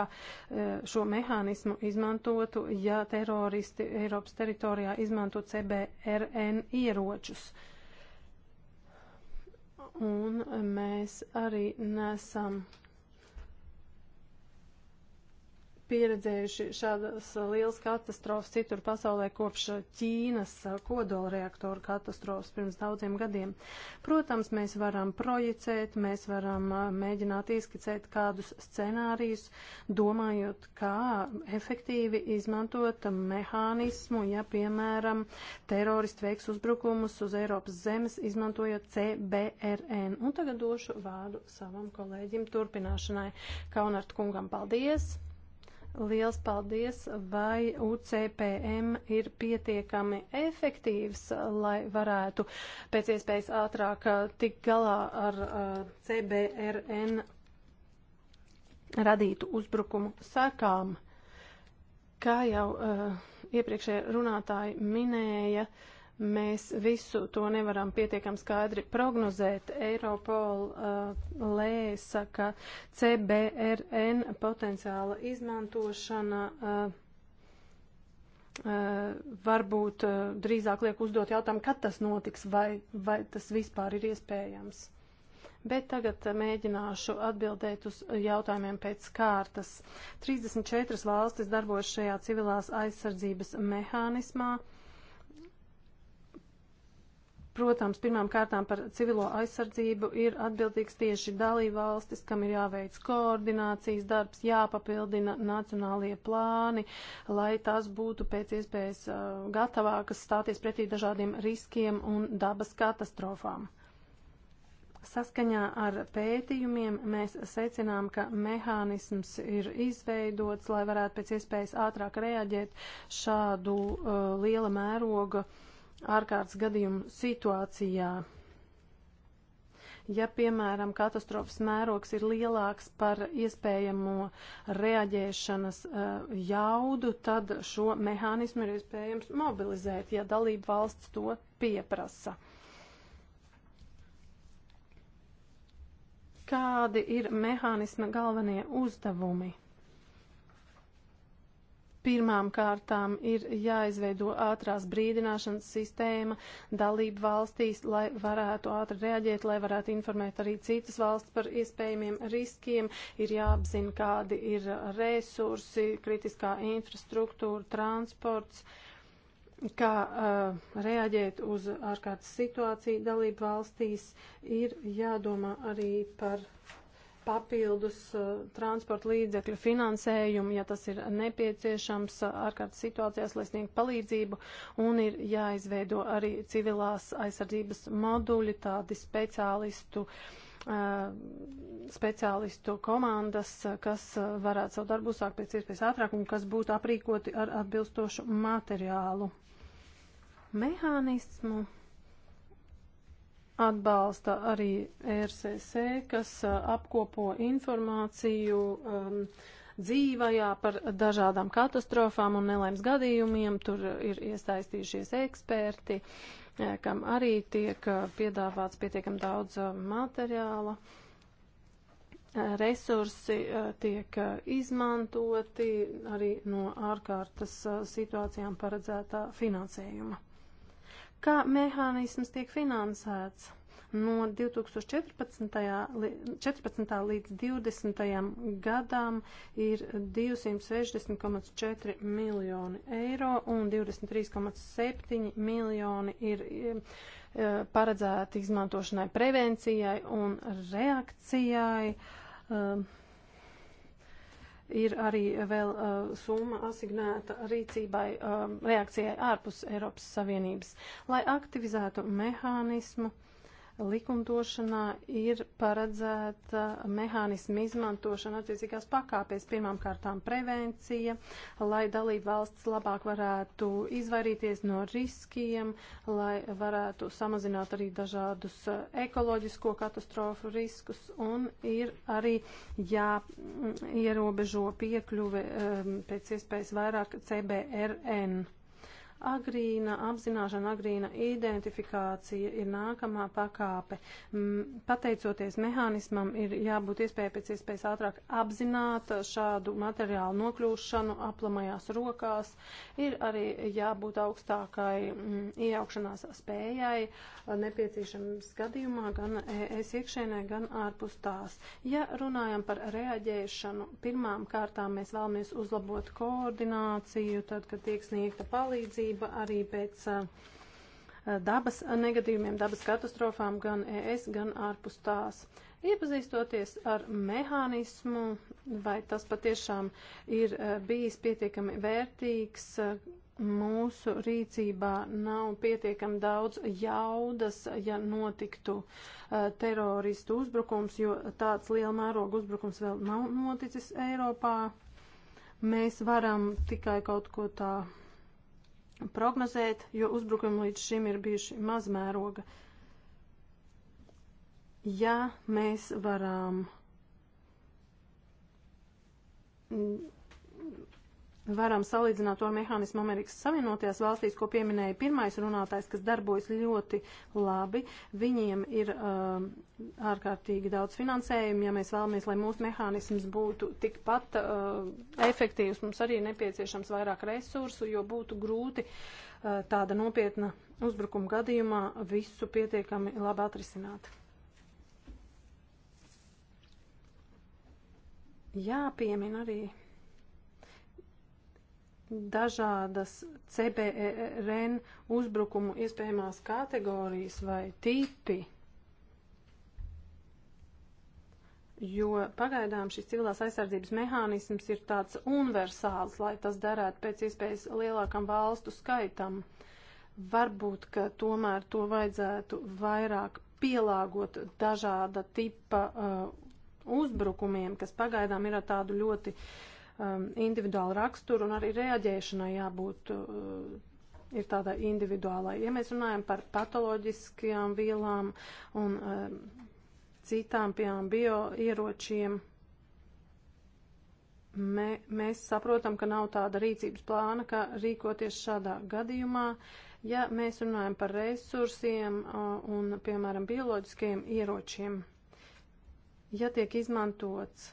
šo mehānismu izmantotu, ja teroristi Eiropas teritorijā izmanto CBRN ieročus. Un mēs arī nesam pieredzējuši šādas lielas katastrofas citur pasaulē kopš Ķīnas kodolreaktoru katastrofas pirms daudziem gadiem. Protams, mēs varam projicēt, mēs varam uh, mēģināt ieskicēt kādus scenārijus, domājot, kā efektīvi izmantot mehānismu, ja, piemēram, teroristi veiks uzbrukumus uz Eiropas zemes, izmantojot CBRN. Un tagad došu vārdu savam kolēģim turpināšanai. Kaunart kungam, paldies! Liels paldies! Vai UCPM ir pietiekami efektīvs, lai varētu pēc iespējas ātrāk uh, tikt galā ar uh, CBRN radītu uzbrukumu sekām? Kā jau uh, iepriekšējie runātāji minēja, uh, Mēs visu to nevaram pietiekam skaidri prognozēt. Eiropol uh, lēsa, ka CBRN potenciāla izmantošana uh, uh, varbūt uh, drīzāk liek uzdot jautājumu, kad tas notiks vai, vai tas vispār ir iespējams. Bet tagad uh, mēģināšu atbildēt uz jautājumiem pēc kārtas. 34 valstis darbojas šajā civilās aizsardzības mehānismā. Uh, Protams, pirmām kārtām par civilo aizsardzību ir atbildīgs tieši dalībvalstis, kam ir jāveic koordinācijas darbs, jāpapildina nacionālie plāni, lai tās būtu pēc iespējas gatavākas stāties pretī dažādiem riskiem un dabas katastrofām. Saskaņā ar pētījumiem mēs secinām, ka mehānisms ir izveidots, lai varētu pēc iespējas ātrāk reaģēt šādu uh, liela mēroga uh, ārkārtas gadījumu situācijā. Ja, piemēram, katastrofas mērogs ir lielāks par iespējamo reaģēšanas uh, jaudu, tad šo mehānismu ir iespējams mobilizēt, ja dalība valsts to pieprasa. Kādi ir mehānisma galvenie uzdevumi? Pirmām kārtām ir jāizveido ātrās brīdināšanas sistēma dalību valstīs, lai varētu ātri reaģēt, lai varētu informēt arī citas valsts par iespējamiem riskiem. Ir jāapzina, kādi ir resursi, kritiskā infrastruktūra, transports kā uh, reaģēt uz ārkārtas situāciju dalību valstīs, ir jādomā arī par uh, papildus uh, transporta līdzekļu finansējumu, ja tas ir nepieciešams uh, ārkārtas situācijās, lai sniegtu palīdzību, un ir jāizveido arī civilās aizsardzības moduļi, tādi speciālistu, uh, speciālistu komandas, kas varētu savu darbu uzsākt pēc iespējas ātrāk un kas būtu aprīkoti ar atbilstošu materiālu mehānismu atbalsta arī RCC, kas uh, apkopo informāciju um, dzīvajā par dažādām katastrofām un nelaimes gadījumiem. Tur ir iesaistījušies eksperti, uh, kam arī tiek uh, piedāvāts pietiekam daudz materiāla resursi tiek izmantoti arī no ārkārtas situācijām paredzētā finansējuma kā mehānisms tiek finansēts. No 2014. 14. līdz 2020. gadam ir 260,4 miljoni eiro un 23,7 miljoni ir e, e, paredzēti izmantošanai prevencijai un reakcijai. Uh, ir arī vēl uh, summa asignēta rīcībai, um, reakcijai ārpus Eiropas Savienības, lai aktivizētu mehānismu. Uh, likumdošanā ir paredzēta mehānismu izmantošana attiecīgās pakāpēs. Pirmām kārtām prevencija, lai dalība valsts labāk varētu izvairīties no riskiem, lai varētu samazināt arī dažādus eh, ekoloģisko katastrofu riskus un ir arī jāierobežo mm, piekļuve um, pēc iespējas vairāk CBRN. Agrīna apzināšana, agrīna identifikācija ir nākamā pakāpe. Pateicoties mehānismam, ir jābūt iespēja pēc iespējas ātrāk apzināt šādu materiālu nokļūšanu aplamajās rokās. Ir arī jābūt augstākai iejaukšanās spējai, nepieciešams gadījumā gan es iekšēnē, gan ārpus tās. Ja runājam par reaģēšanu, pirmām kārtām mēs vēlamies uzlabot koordināciju, tad, kad tiek sniegta palīdzība kārtība arī pēc dabas negadījumiem, dabas katastrofām gan ES, gan ārpus tās. Iepazīstoties ar mehānismu, vai tas patiešām ir bijis pietiekami vērtīgs, mūsu rīcībā nav pietiekami daudz jaudas, ja notiktu teroristu uzbrukums, jo tāds liela mēroga uzbrukums vēl nav noticis Eiropā. Mēs varam tikai kaut ko tā prognozēt, jo uzbrukumi līdz šim ir bijuši mazmēroga. Ja mēs varam varam salīdzināt to mehānismu Amerikas Savienotajās valstīs, ko pieminēja pirmais runātājs, kas darbojas ļoti labi. Viņiem ir um, ārkārtīgi daudz finansējumu. Ja mēs vēlamies, lai mūsu mehānisms būtu tikpat uh, efektīvs, mums arī nepieciešams vairāk resursu, jo būtu grūti uh, tāda nopietna uzbrukuma gadījumā visu pietiekami labi atrisināt. Jāpiemin arī dažādas CBRN e uzbrukumu iespējamās kategorijas vai tipi. jo pagaidām šis civilās aizsardzības mehānisms ir tāds universāls, lai tas derētu pēc iespējas lielākam valstu skaitam. Varbūt, ka tomēr to vajadzētu vairāk pielāgot dažāda tipa uh, uzbrukumiem, kas pagaidām ir ar tādu ļoti uh, um, individuāla rakstura un arī reaģēšanai jābūt uh, ir tādai individuālai. Ja mēs runājam par patoloģiskajām vielām un um, citām, piemēram, bioieročiem, mē, mēs saprotam, ka nav tāda rīcības plāna, kā rīkoties šādā gadījumā. Ja mēs runājam par resursiem uh, un, piemēram, bioloģiskajiem ieročiem, ja tiek izmantots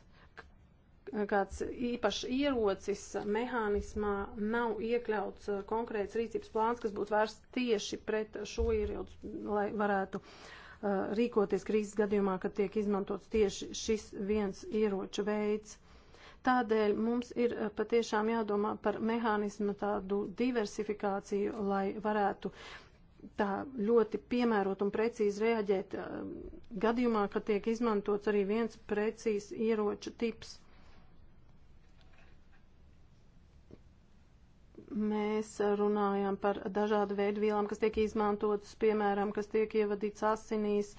kāds īpašs ierocis mehānismā nav iekļauts uh, konkrēts rīcības plāns, kas būtu vērsts tieši pret šo ieroci, lai varētu uh, rīkoties krīzes gadījumā, kad tiek izmantots tieši šis viens ieroča veids. Tādēļ mums ir uh, patiešām jādomā par mehānismu tādu diversifikāciju, lai varētu tā ļoti piemērot un precīzi reaģēt uh, gadījumā, kad tiek izmantots arī viens precīzi ieroča tips. Mēs runājam par dažādu veidu vielām, kas tiek izmantotas, piemēram, kas tiek ievadīts asinīs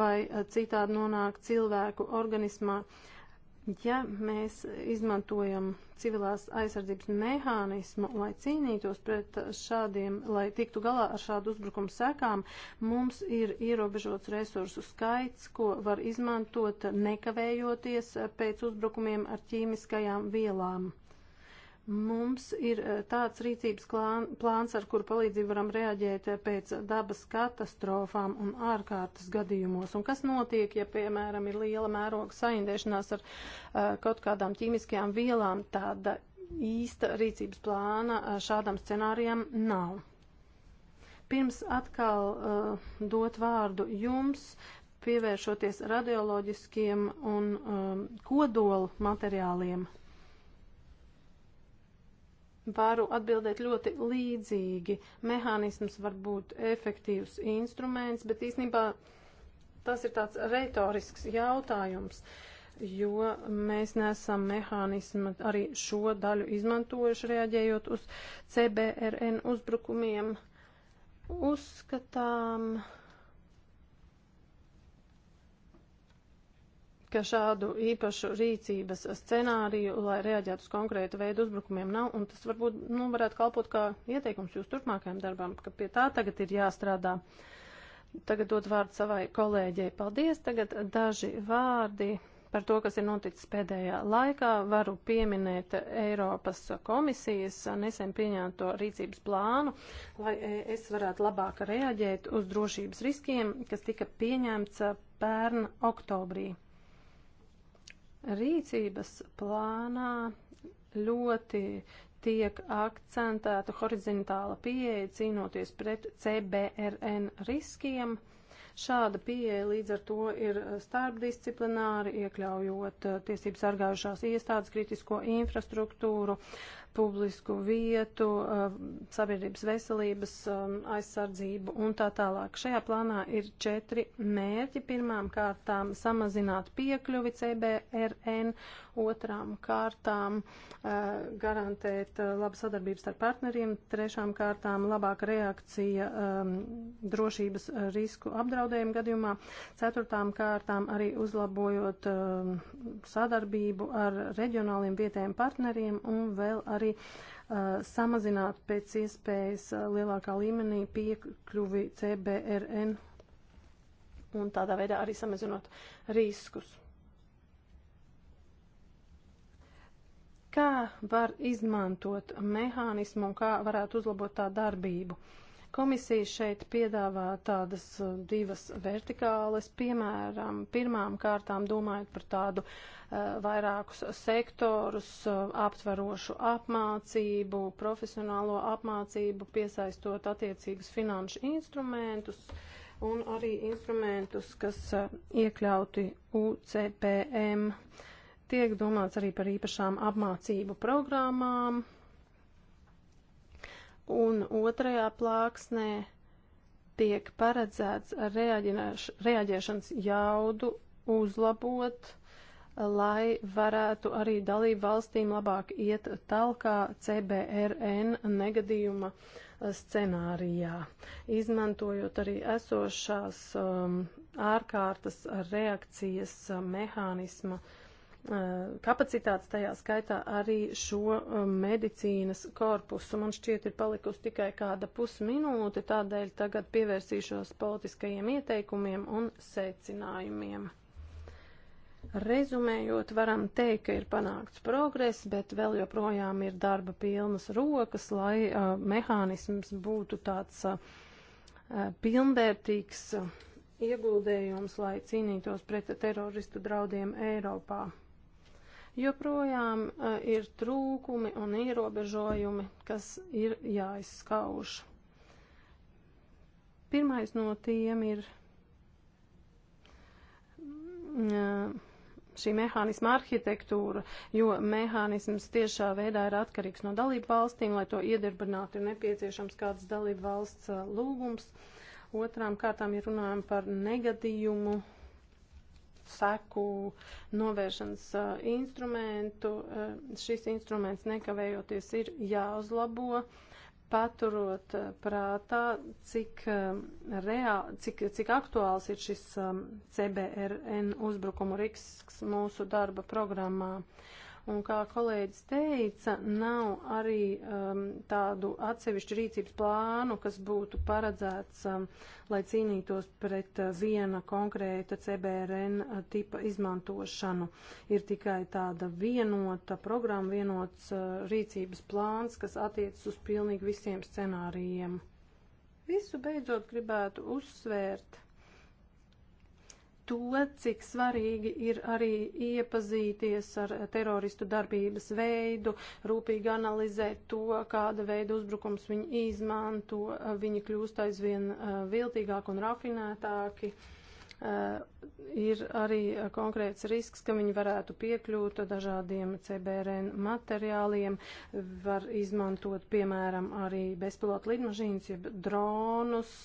vai eh, citādi nonāk cilvēku organismā. Ja mēs izmantojam civilās aizsardzības mehānismu, lai cīnītos pret šādiem, lai tiktu galā ar šādu uzbrukumu sekām, mums ir ierobežots resursu skaits, ko var izmantot nekavējoties pēc uzbrukumiem ar ķīmiskajām vielām. Mums ir eh, tāds rīcības plāns, ar kuru palīdzību varam reaģēt eh, pēc dabas katastrofām un ārkārtas gadījumos. Un kas notiek, ja, piemēram, ir liela mēroga saindēšanās ar uh, kaut kādām ķīmiskajām vielām, tāda īsta rīcības plāna šādam scenārijam nav. Pirms atkal uh, dot vārdu jums, pievēršoties radioloģiskiem un um, kodolu materiāliem, varu atbildēt ļoti līdzīgi. Mehānisms var būt efektīvs instruments, bet īstenībā tas ir tāds retorisks jautājums, jo mēs nesam mehānismu arī šo daļu izmantojuši, reaģējot uz CBRN uzbrukumiem. Uzskatām. Uh, ka šādu īpašu rīcības scenāriju, lai reaģētu uz konkrētu veidu uzbrukumiem, nav, un tas varbūt nu, varētu kalpot kā ieteikums jūsu turpmākajam darbam, ka pie tā tagad ir jāstrādā. Tagad dod vārdu savai kolēģei. Paldies! Tagad daži vārdi par to, kas ir noticis pēdējā laikā. Varu pieminēt Eiropas komisijas nesen pieņemto rīcības plānu, lai es varētu labāk reaģēt uz drošības riskiem, kas tika pieņemts pērn oktobrī. Rīcības plānā ļoti tiek akcentēta horizontāla pieeja cīnoties pret CBRN riskiem. Šāda pieeja līdz ar to ir starpdisciplināri, iekļaujot uh, tiesības sargājušās iestādes, kritisko infrastruktūru, publisku vietu, eh, sabiedrības veselības eh, aizsardzību un tā tālāk. Šajā plānā ir četri mērķi. Pirmām kārtām samazināt piekļuvi CBRN, otrām kārtām eh, garantēt labu sadarbību starp partneriem, trešām kārtām labāka reakcija drošības risku apdraudējumu gadījumā, ceturtām kārtām arī uzlabojot sadarbību ar reģionāliem vietējiem partneriem un vēl arī arī uh, samazināt pēc iespējas uh, lielākā līmenī piekļuvi CBRN un tādā veidā arī samazinot riskus. Kā var izmantot mehānismu un kā varētu uzlabot tā darbību? Uh, Komisija šeit piedāvā tādas uh, divas vertikāles, piemēram, pirmām kārtām domājot par tādu uh, vairākus sektorus, uh, aptverošu apmācību, profesionālo apmācību, piesaistot attiecīgus finanšu instrumentus un arī instrumentus, kas iekļauti UCPM. Tiek domāts arī par īpašām apmācību programmām un otrajā plāksnē tiek paredzēts reaģēšanas jaudu uzlabot, lai varētu arī dalību valstīm labāk iet talkā CBRN negadījuma uh, scenārijā, izmantojot arī esošās um, ārkārtas reakcijas uh, mehānisma uh, Eh, kapacitātes, tajā skaitā arī šo eh, medicīnas korpusu. Man šķiet ir palikusi tikai kāda pusminūte, tādēļ tagad pievērsīšos politiskajiem ieteikumiem un secinājumiem. Rezumējot, varam teikt, ka ir panākts progress, bet vēl joprojām ir darba pilnas rokas, lai uh, mehānisms būtu tāds uh, pilnvērtīgs uh, ieguldējums, lai cīnītos pret teroristu draudiem Eiropā. Joprojām eh, ir trūkumi un ierobežojumi, kas ir jāizskauž. Pirmais no tiem ir mm, eh, šī mehānisma arhitektūra, jo mehānisms tiešā veidā ir atkarīgs no dalību valstīm, lai to iedirbinātu ir nepieciešams kāds dalību valsts eh, lūgums. Otrām kārtām, ja runājam par negadījumu seku novēršanas eh, instrumentu. Eh, šis instruments nekavējoties ir jāuzlabo, paturot eh, prātā, cik, reā, cik, cik aktuāls ir šis CBRN uzbrukumu risks mūsu darba programmā. Uh, Un kā kolēģis teica, nav arī um, tādu atsevišķu rīcības plānu, kas būtu paredzēts, um, lai cīnītos pret uh, viena konkrēta CBRN uh, tipa izmantošanu. Ir tikai tāda vienota programma, vienots uh, rīcības plāns, kas attiecas uz pilnīgi visiem scenārijiem. Visu beidzot gribētu uzsvērt to, cik svarīgi ir arī iepazīties ar teroristu darbības veidu, rūpīgi analizēt to, kāda veida uzbrukums viņi izmanto, viņi kļūst aizvien eh, viltīgāk un rafinētāki. Eh, ir arī eh, konkrēts risks, ka viņi varētu piekļūt dažādiem CBRN materiāliem, var izmantot, piemēram, arī bezpilotu lidmašīnas, jeb dronus,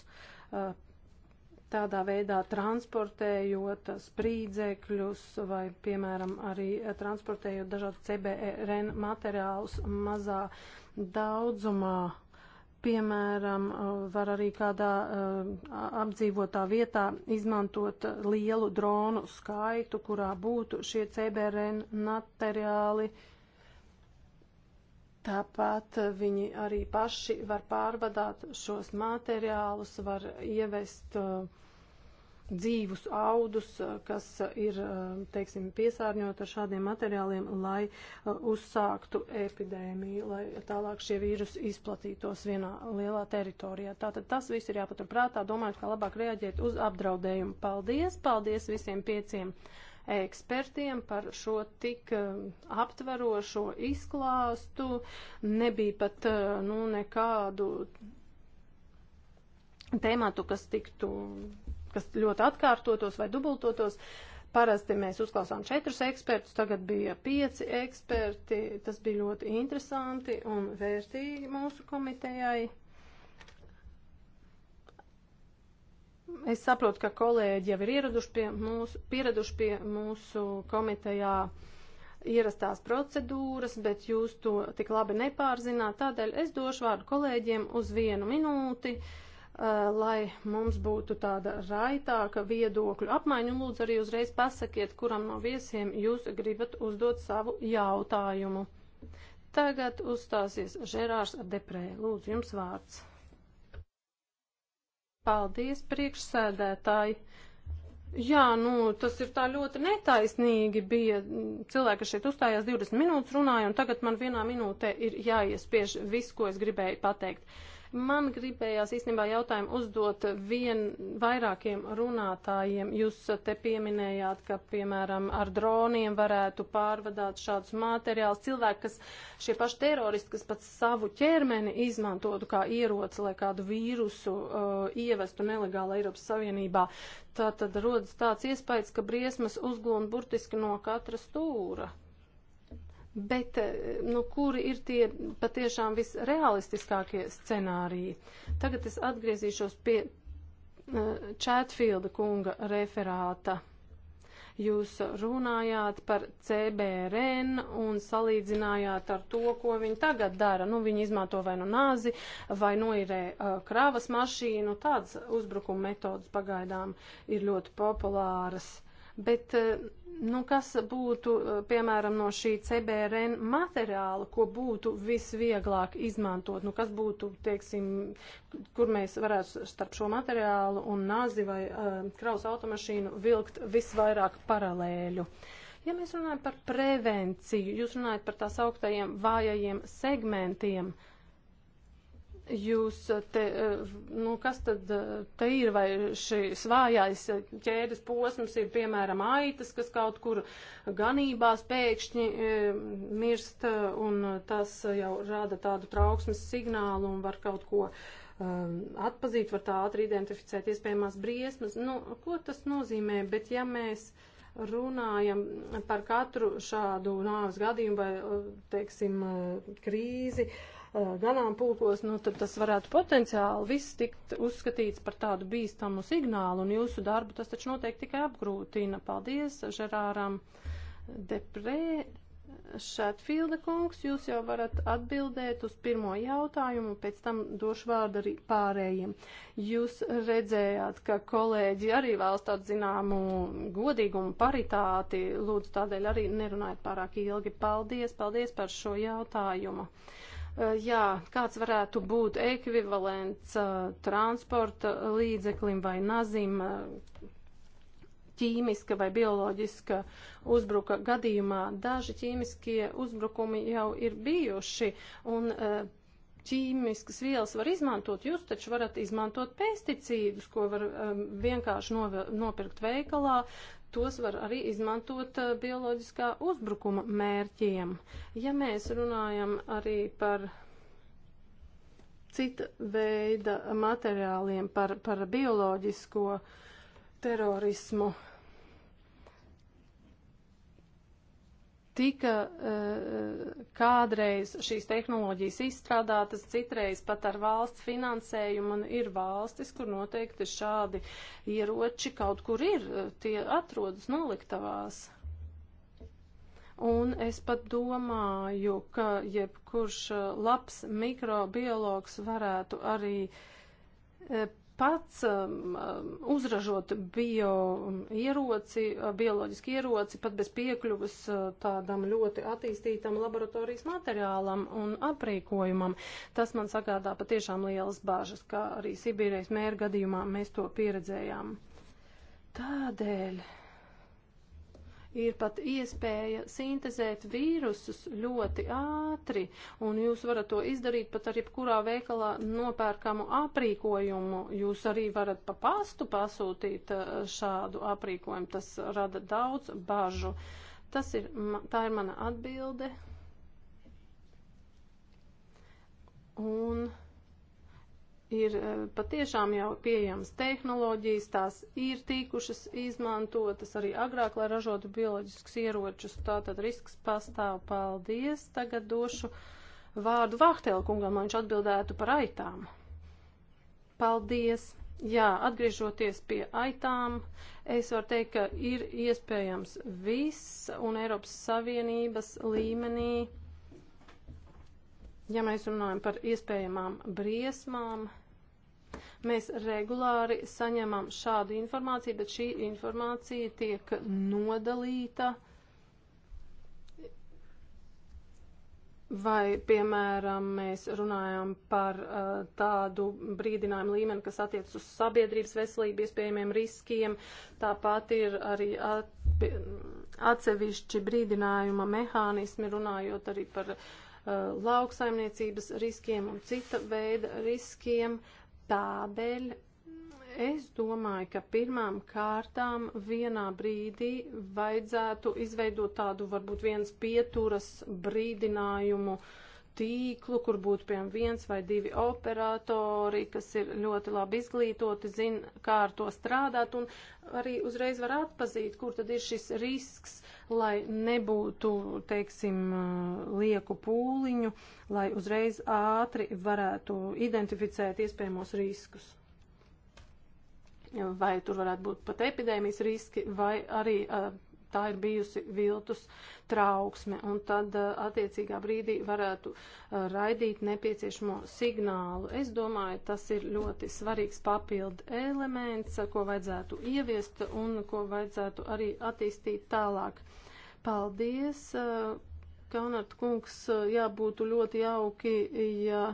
tādā veidā transportējot sprīdzekļus vai, piemēram, arī transportējot dažādu CBRN e materiālus mazā daudzumā. Piemēram, var arī kādā eh, apdzīvotā vietā izmantot lielu dronu skaitu, kurā būtu šie CBRN e materiāli. Tāpat viņi arī paši var pārvadāt šos materiālus, var ievest uh, dzīvus audus, eh, kas eh, ir, eh, teiksim, piesārņot ar šādiem materiāliem, lai uzsāktu epidēmiju, lai tālāk šie vīrusi izplatītos vienā lielā teritorijā. Tātad tas viss ir jāpatur prātā, domājot, kā labāk reaģēt uz apdraudējumu. Paldies, paldies visiem pieciem ekspertiem par šo tik aptverošo izklāstu. Nebija pat, nu, nekādu tēmātu, kas tiktu kas ļoti atkārtotos vai dubultotos. Parasti mēs uzklausām četrus ekspertus, tagad bija pieci eksperti. Tas bija ļoti interesanti un vērtīgi mūsu komitejai. Es saprotu, ka kolēģi jau ir ieraduši pie mūsu, pieraduši pie mūsu komitejā ierastās procedūras, bet jūs to tik labi nepārzināt. Tādēļ es došu vārdu kolēģiem uz vienu minūti. Uh, Eh, lai mums būtu tāda raitāka viedokļu apmaiņa. Un lūdzu arī uzreiz pasakiet, kuram no viesiem jūs gribat uzdot savu jautājumu. Tagad uzstāsies Žerārs Deprē. Lūdzu, jums vārds. Paldies, priekšsēdētāji. Jā, nu, tas ir tā ļoti netaisnīgi bija. Cilvēki, kas šeit uzstājās 20 minūtes runāja, un tagad man vienā minūtē ir jāiespiež viss, ko es gribēju pateikt. Uh, Man gribējās īstenībā jautājumu uzdot vien vairākiem runātājiem. Jūs te pieminējāt, ka, piemēram, ar droniem varētu pārvadāt šādus materiālus. Cilvēki, kas šie paši teroristi, kas pat savu ķermeni izmantotu kā ieroci, lai kādu vīrusu uh, ievestu nelegāli Eiropas Savienībā. Tā tad rodas tāds iespējas, ka briesmas uzglūna burtiski no katra stūra. Bet eh, nu, kuri ir tie patiešām visrealistiskākie scenāriji? Tagad es atgriezīšos pie Čētfīlda eh, kunga referāta. Jūs runājāt par CBRN un salīdzinājāt ar to, ko viņi tagad dara. Nu, viņi izmanto vai nu nāzi, vai noirē uh, krāvas mašīnu. Tādas uzbrukuma metodas pagaidām ir ļoti populāras. Bet uh, Nu, kas būtu, eh, piemēram, no šī CBRN materiāla, ko būtu visvieglāk izmantot? Nu, kas būtu, teiksim, kur mēs varētu starp šo materiālu un nāzi vai uh, eh, kraus automašīnu vilkt visvairāk paralēļu? Ja mēs runājam par prevenciju, jūs runājat par tās augtajiem vājajiem segmentiem. Uh, Jūs te, eh, nu kas tad eh, te ir, vai šis vājais ķēdes posms ir, piemēram, aitas, kas kaut kur ganībās pēkšņi eh, mirst, un tas jau rada tādu trauksmes signālu un var kaut ko um, atpazīt, var tā ātri identificēt iespējamās briesmas. Nu, ko tas nozīmē, bet ja mēs runājam par katru šādu nāves gadījumu vai, teiksim, krīzi, uh, ganāmpulkos, nu, tad tas varētu potenciāli viss tikt uzskatīts par tādu bīstamu signālu, un jūsu darbu tas taču noteikti tikai apgrūtina. Paldies Žerāram Deprē. Šatfīlda kungs, jūs jau varat atbildēt uz pirmo jautājumu, pēc tam došu vārdu arī pārējiem. Jūs redzējāt, ka kolēģi arī vēlas tādu zināmu godīgumu, paritāti, lūdzu tādēļ arī nerunājiet pārāk ilgi. Paldies, paldies par šo jautājumu. Uh, Eh, jā, kāds varētu būt ekvivalents eh, transporta līdzeklim vai nazim eh, ķīmiska vai bioloģiska uzbruka gadījumā. Daži ķīmiskie uzbrukumi jau ir bijuši un ķīmiskas vielas var izmantot. Jūs taču varat izmantot pesticīdus, ko var vienkārši nopirkt veikalā, tos var arī izmantot eh, bioloģiskā uzbrukuma mērķiem. Ja mēs runājam arī par cita veida materiāliem, par, par bioloģisko terorismu, tika eh, kādreiz šīs tehnoloģijas izstrādātas, citreiz pat ar valsts finansējumu, un ir valstis, kur noteikti šādi ieroči kaut kur ir, eh, tie atrodas noliktavās. Un es pat domāju, ka jebkurš eh, labs mikrobiologs varētu arī pats um, um, uzražot bio ieroci, uh, bioloģiski ieroci, pat bez piekļuvas uh, tādam ļoti attīstītam laboratorijas materiālam un aprīkojumam. Tas man sagādā patiešām lielas bāžas, kā arī Sibīrijas mērgadījumā mēs to pieredzējām. Tādēļ ir pat iespēja sintezēt vīrusus ļoti ātri, un jūs varat to izdarīt pat arī kurā veikalā nopērkamu aprīkojumu. Jūs arī varat pa pastu pasūtīt eh, šādu aprīkojumu. Tas rada daudz bažu. Tas ir, tā ir mana atbilde. Un ir eh, patiešām jau pieejamas tehnoloģijas, tās ir tikušas izmantotas arī agrāk, lai ražotu bioloģiskus ieročus. Tātad risks pastāv. Paldies. Tagad došu vārdu Vāhtēlkungam, lai viņš atbildētu par aitām. Paldies. Jā, atgriežoties pie aitām, es varu teikt, ka ir iespējams viss un Eiropas Savienības līmenī. Ja mēs runājam par iespējamām briesmām, Mēs regulāri saņemam šādu informāciju, bet šī informācija tiek nodalīta. Vai, piemēram, mēs runājam par uh, tādu brīdinājumu līmeni, kas attiecas uz sabiedrības veselību, iespējamiem riskiem, tāpat ir arī at, atsevišķi brīdinājuma mehānismi, runājot arī par uh, lauksaimniecības riskiem un cita veida riskiem. Uh, Tādēļ es domāju, ka pirmām kārtām vienā brīdī vajadzētu izveidot tādu varbūt viens pieturas brīdinājumu tīklu, kur būtu piemēram viens vai divi operatori, kas ir ļoti labi izglītoti, zina, kā ar to strādāt, un arī uzreiz var atpazīt, kur tad ir šis risks, uh, lai nebūtu, teiksim, eh, lieku pūliņu, lai uzreiz ātri varētu identificēt iespējamos riskus. Vai tur varētu būt pat epidēmijas riski, vai arī eh, tā ir bijusi viltus trauksme, un tad eh, attiecīgā brīdī varētu eh, raidīt nepieciešamo signālu. Es domāju, tas ir ļoti svarīgs papildu elements, ko vajadzētu ieviest un ko vajadzētu arī attīstīt tālāk. Paldies, eh, Kaunart kungs, jābūt ļoti jauki, ja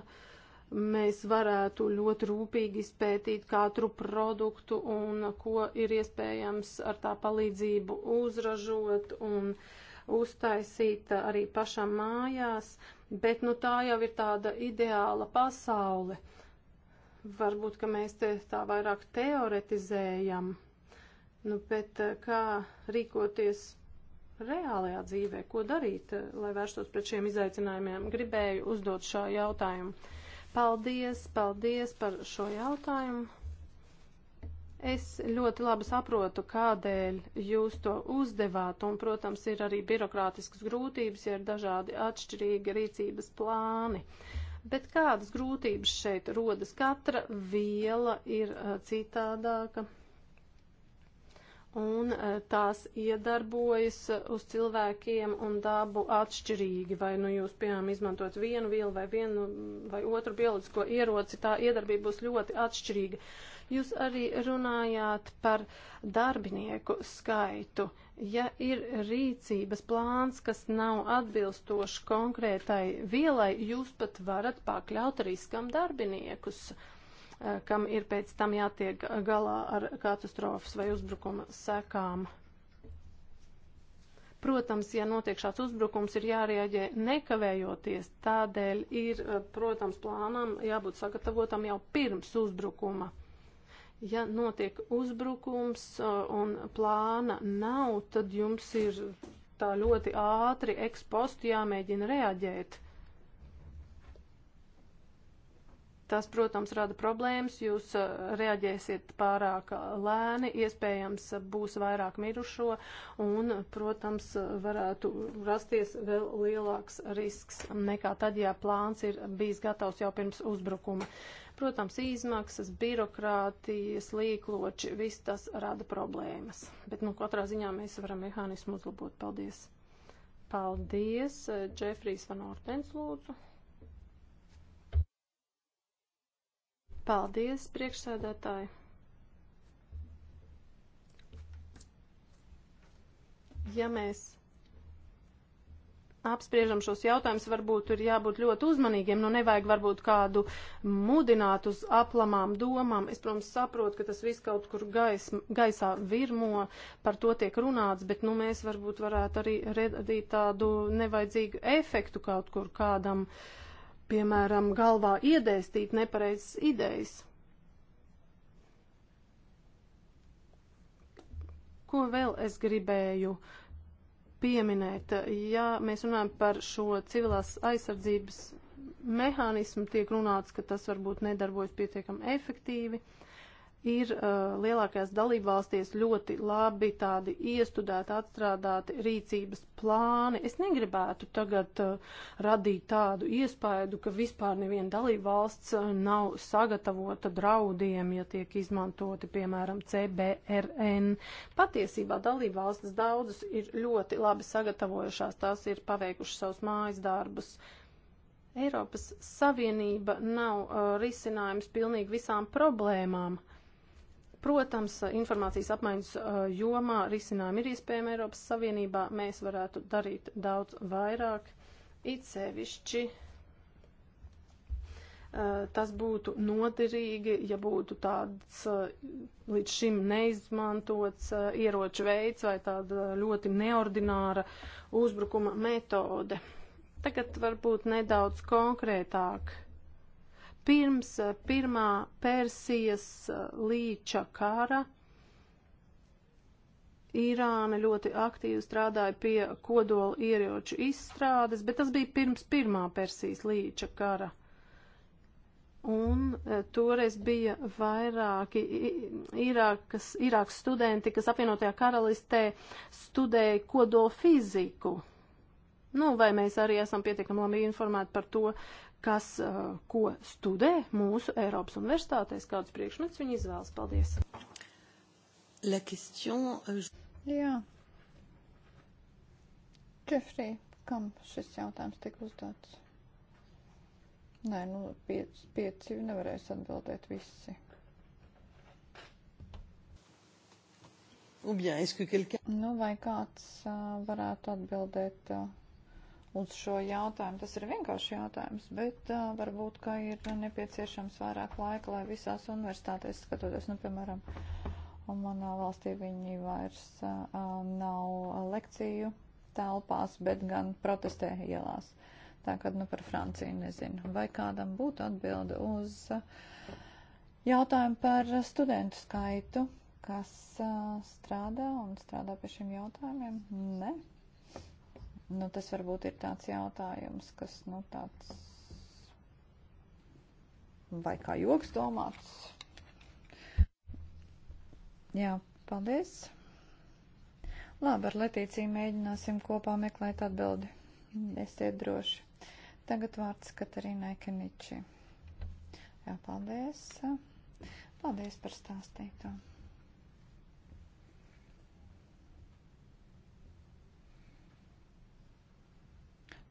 mēs varētu ļoti rūpīgi izpētīt katru produktu un ko ir iespējams ar tā palīdzību uzražot un uztaisīt arī pašam mājās, bet nu tā jau ir tāda ideāla pasaule. Varbūt, ka mēs te tā vairāk teoretizējam, nu, bet eh, kā rīkoties reālajā dzīvē, ko darīt, eh, lai vērstos pret šiem izaicinājumiem, gribēju uzdot šā jautājumu. Paldies, paldies par šo jautājumu. Es ļoti labi saprotu, kādēļ jūs to uzdevāt, un, protams, ir arī birokrātiskas grūtības, ja ir dažādi atšķirīgi rīcības plāni. Bet kādas grūtības šeit rodas? Katra viela ir eh, citādāka un e, tās iedarbojas uz cilvēkiem un dabu atšķirīgi, vai nu jūs, piemēram, izmantot vienu vielu vai vienu vai otru bioloģisko ieroci, tā iedarbība būs ļoti atšķirīga. Jūs arī runājāt par darbinieku skaitu. Ja ir rīcības plāns, kas nav atbilstošs konkrētai vielai, jūs pat varat pakļaut riskam darbiniekus. Uh, Eh, kam ir pēc tam jātiek galā ar katastrofas vai uzbrukuma sekām. Protams, ja notiek šāds uzbrukums, ir jārieģē nekavējoties, tādēļ ir, eh, protams, plānam jābūt sagatavotam jau pirms uzbrukuma. Ja notiek uzbrukums eh, un plāna nav, tad jums ir tā ļoti ātri ekspostu jāmēģina reaģēt Tas, protams, rada problēmas, jūs uh, reaģēsiet pārāk uh, lēni, iespējams, uh, būs vairāk mirušo un, protams, varētu rasties vēl lielāks risks nekā tad, ja plāns ir bijis gatavs jau pirms uzbrukuma. Protams, izmaksas, birokrātijas, līkloči, viss tas rada problēmas. Bet, nu, katrā ziņā mēs varam mehānismu uzlabot. Paldies! Paldies, Džefrīs Van Ortens, lūdzu! Paldies, priekšsēdētāji! Ja mēs apspriežam šos jautājumus, varbūt ir jābūt ļoti uzmanīgiem, nu nevajag varbūt kādu mudināt uz aplamām domām. Es, protams, saprotu, ka tas viss kaut kur gais, gaisā virmo, par to tiek runāts, bet, nu, mēs varbūt varētu arī radīt tādu nevajadzīgu efektu kaut kur kādam. Uh, piemēram, galvā iedēstīt nepareizas idejas. Ko vēl es gribēju pieminēt? Ja mēs runājam par šo civilās aizsardzības mehānismu, tiek runāts, ka tas varbūt nedarbojas pietiekami efektīvi. Uh, ir uh, lielākajās dalībvalstīs ļoti labi tādi iestudēti, atstrādāti rīcības plāni. Es negribētu tagad uh, radīt tādu iespaidu, ka vispār neviena dalībvalsts uh, nav sagatavota draudiem, ja tiek izmantoti, piemēram, CBRN. Patiesībā dalībvalstis daudzas ir ļoti labi sagatavojušās, tās ir paveikušas savus mājas darbus. Eiropas Savienība nav uh, risinājums pilnīgi visām problēmām Protams, informācijas apmaiņas uh, jomā risinājumi ir iespējami Eiropas Savienībā. Mēs varētu darīt daudz vairāk. It sevišķi uh, tas būtu noderīgi, ja būtu tāds uh, līdz šim neizmantots ieroču veids vai tāda ļoti neordināra uzbrukuma metode. Tagad varbūt nedaudz konkrētāk Pirms eh, pirmā Persijas eh, līča kara Irāna ļoti aktīvi strādāja pie kodola ieroču izstrādes, bet tas bija pirms pirmā Persijas līča kara. Un e, toreiz bija vairāki Irākas, Irākas studenti, kas apvienotajā karalistē studēja kodola fiziku. Nu, vai mēs arī esam pietiekami labi informēti par to, kas uh, ko studē mūsu Eiropas universitātēs, kādus priekšmetus viņi izvēlas. Paldies! La question... Euh, Jā. Džefrī, kam šis jautājums tika uzdots? Nē, nu, pieci, pieci nevarēs atbildēt visi. Ou bien, est-ce que quelqu'un... Nu, vai kāds uh, varētu atbildēt uh, uz šo jautājumu. Tas ir vienkārši jautājums, bet uh, varbūt, ka ir nepieciešams vairāk laika, lai visās universitātēs skatoties, nu, piemēram, un manā valstī viņi vairs uh, nav lekciju telpās, bet gan protestē ielās. Tā kā, nu, par Franciju nezinu. Vai kādam būtu atbilde uz uh, jautājumu par studentu skaitu, kas uh, strādā un strādā pie šiem jautājumiem? Nē. Nu, tas varbūt ir tāds jautājums, kas, nu, tāds vai kā joks domāts. Jā, paldies. Labi, ar Letīciju mēģināsim kopā meklēt atbildi. Esiet droši. Tagad vārds Katarinai Keniči. Jā, paldies. Paldies par stāstīto.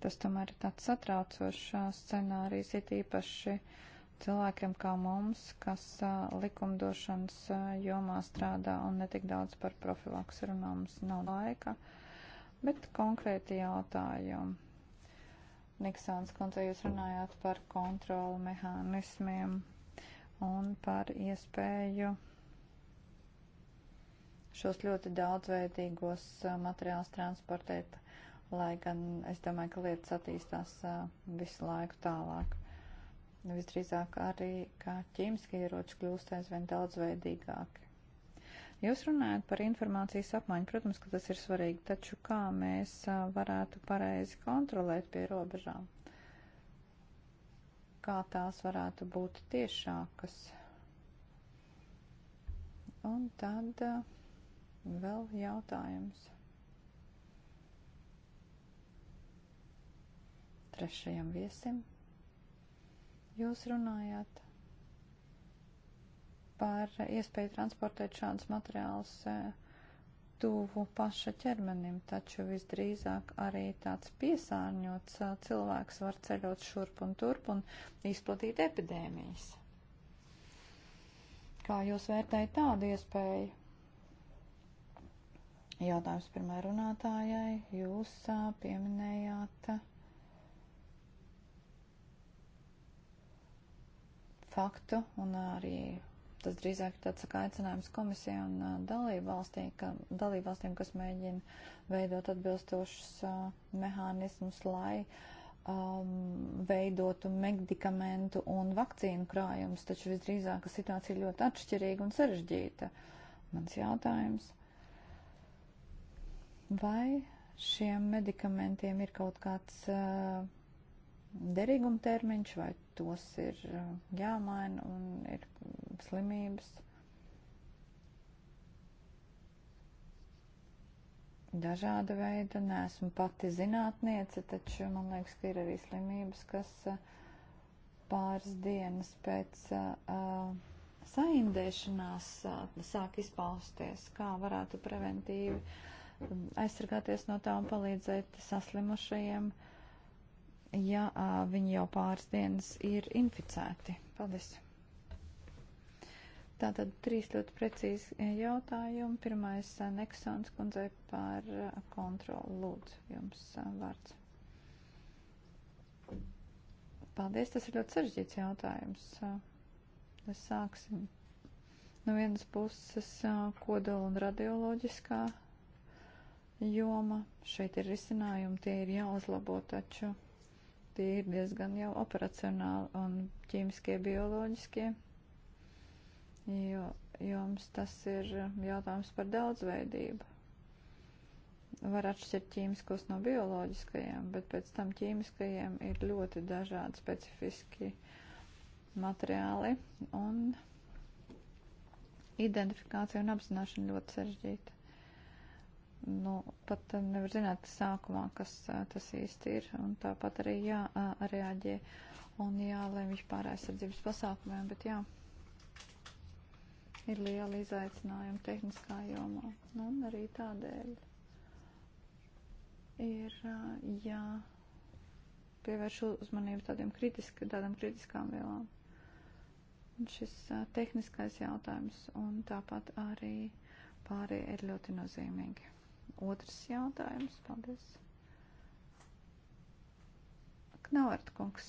Tas tomēr ir tāds satraucošs uh, scenārijs, it īpaši cilvēkiem kā mums, kas uh, likumdošanas uh, jomā strādā un netik daudz par profilaks runā mums nav laika, bet konkrēti jautājumi. Niksāns kundze, jūs runājāt par kontrolu mehānismiem un par iespēju šos ļoti daudzveidīgos materiālus transportēt lai gan es domāju, ka lietas attīstās visu laiku tālāk. Visdrīzāk arī, ka ķīmiskie ieroči kļūst aizvien daudzveidīgāki. Jūs runājat par informācijas apmaiņu, protams, ka tas ir svarīgi, taču kā mēs varētu pareizi kontrolēt pie robežām? Kā tās varētu būt tiešākas? Un tad vēl jautājums. trešajam viesim. Jūs runājāt par iespēju transportēt šādus materiālus e, tuvu paša ķermenim, taču visdrīzāk arī tāds piesārņots e, cilvēks var ceļot šurp un turp un izplatīt epidēmijas. Kā jūs vērtējat tādu iespēju? Jautājums pirmai runātājai. Jūs e, pieminējāt faktu un arī tas drīzāk tāds kā aicinājums komisijai un dalībvalstīm, ka, dalībvalstīm, kas mēģina veidot atbilstošus uh, mehānismus, lai um, veidotu medikamentu un vakcīnu krājumus, taču visdrīzāk, ka situācija ir ļoti atšķirīga un sarežģīta. Mans jautājums, vai šiem medikamentiem ir kaut kāds uh, derīguma termiņš vai tos ir eh, jāmaina un ir mm, slimības. Dažāda veida, nesmu pati zinātniece, taču man liekas, ka ir arī slimības, kas eh, pāris dienas pēc uh, saindēšanās uh, sāk izpausties, kā varētu preventīvi mm, aizsargāties no tā un palīdzēt saslimušajiem. Uh, ja viņi jau pāris dienas ir inficēti. Paldies! Tātad trīs ļoti precīzi jautājumi. Pirmais Neksons kundzei par kontroli. Lūdzu, jums vārds. Paldies, tas ir ļoti sarežģīts jautājums. Mēs sāksim no vienas puses kodola un radioloģiskā joma. Šeit ir risinājumi, tie ir jāuzlabo taču tie ir diezgan jau operacionāli un ķīmiskie, bioloģiskie, jo jums tas ir jautājums par daudzveidību. Var atšķirt ķīmiskos no bioloģiskajiem, bet pēc tam ķīmiskajiem ir ļoti dažādi specifiski materiāli un identifikācija un apzināšana ļoti sarežģīta nu, pat eh, nevar zināt sākumā, kas eh, tas īsti ir, un tāpat arī jāreaģē eh, un jālemj par aizsardzības pasākumiem, bet jā, ir liela izaicinājuma tehniskā jomā, nu, un arī tādēļ ir jā pievērš uzmanību tādiem kritiski, tādām kritiskām vielām. Un šis uh, tehniskais jautājums un tāpat arī pārējie ir ļoti nozīmīgi. Otrs jautājums. Paldies. Knavart kungs.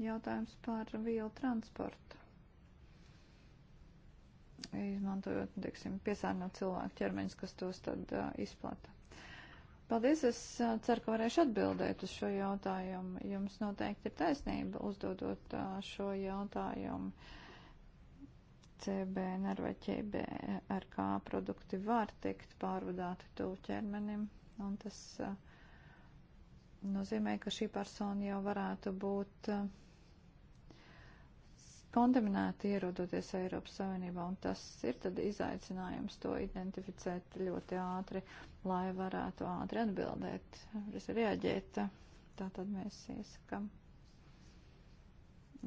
Jautājums par vielu transportu. Izmantojot, teiksim, piesārņot cilvēku ķermeņus, kas tos tad uh, izplata. Paldies, es ceru, ka varēšu atbildēt uz šo jautājumu. Jums noteikti ir taisnība uzdodot uh, šo jautājumu. Uh, CBNR vai ķēbērk produkti var tikt pārvadāti tuvu ķermenim, un tas uh, nozīmē, ka šī persona jau varētu būt uh, kontaminēti ierodoties Eiropas Savienībā, un tas ir tad izaicinājums to identificēt ļoti ātri, lai varētu ātri atbildēt, reaģēt. Tātad mēs iesakam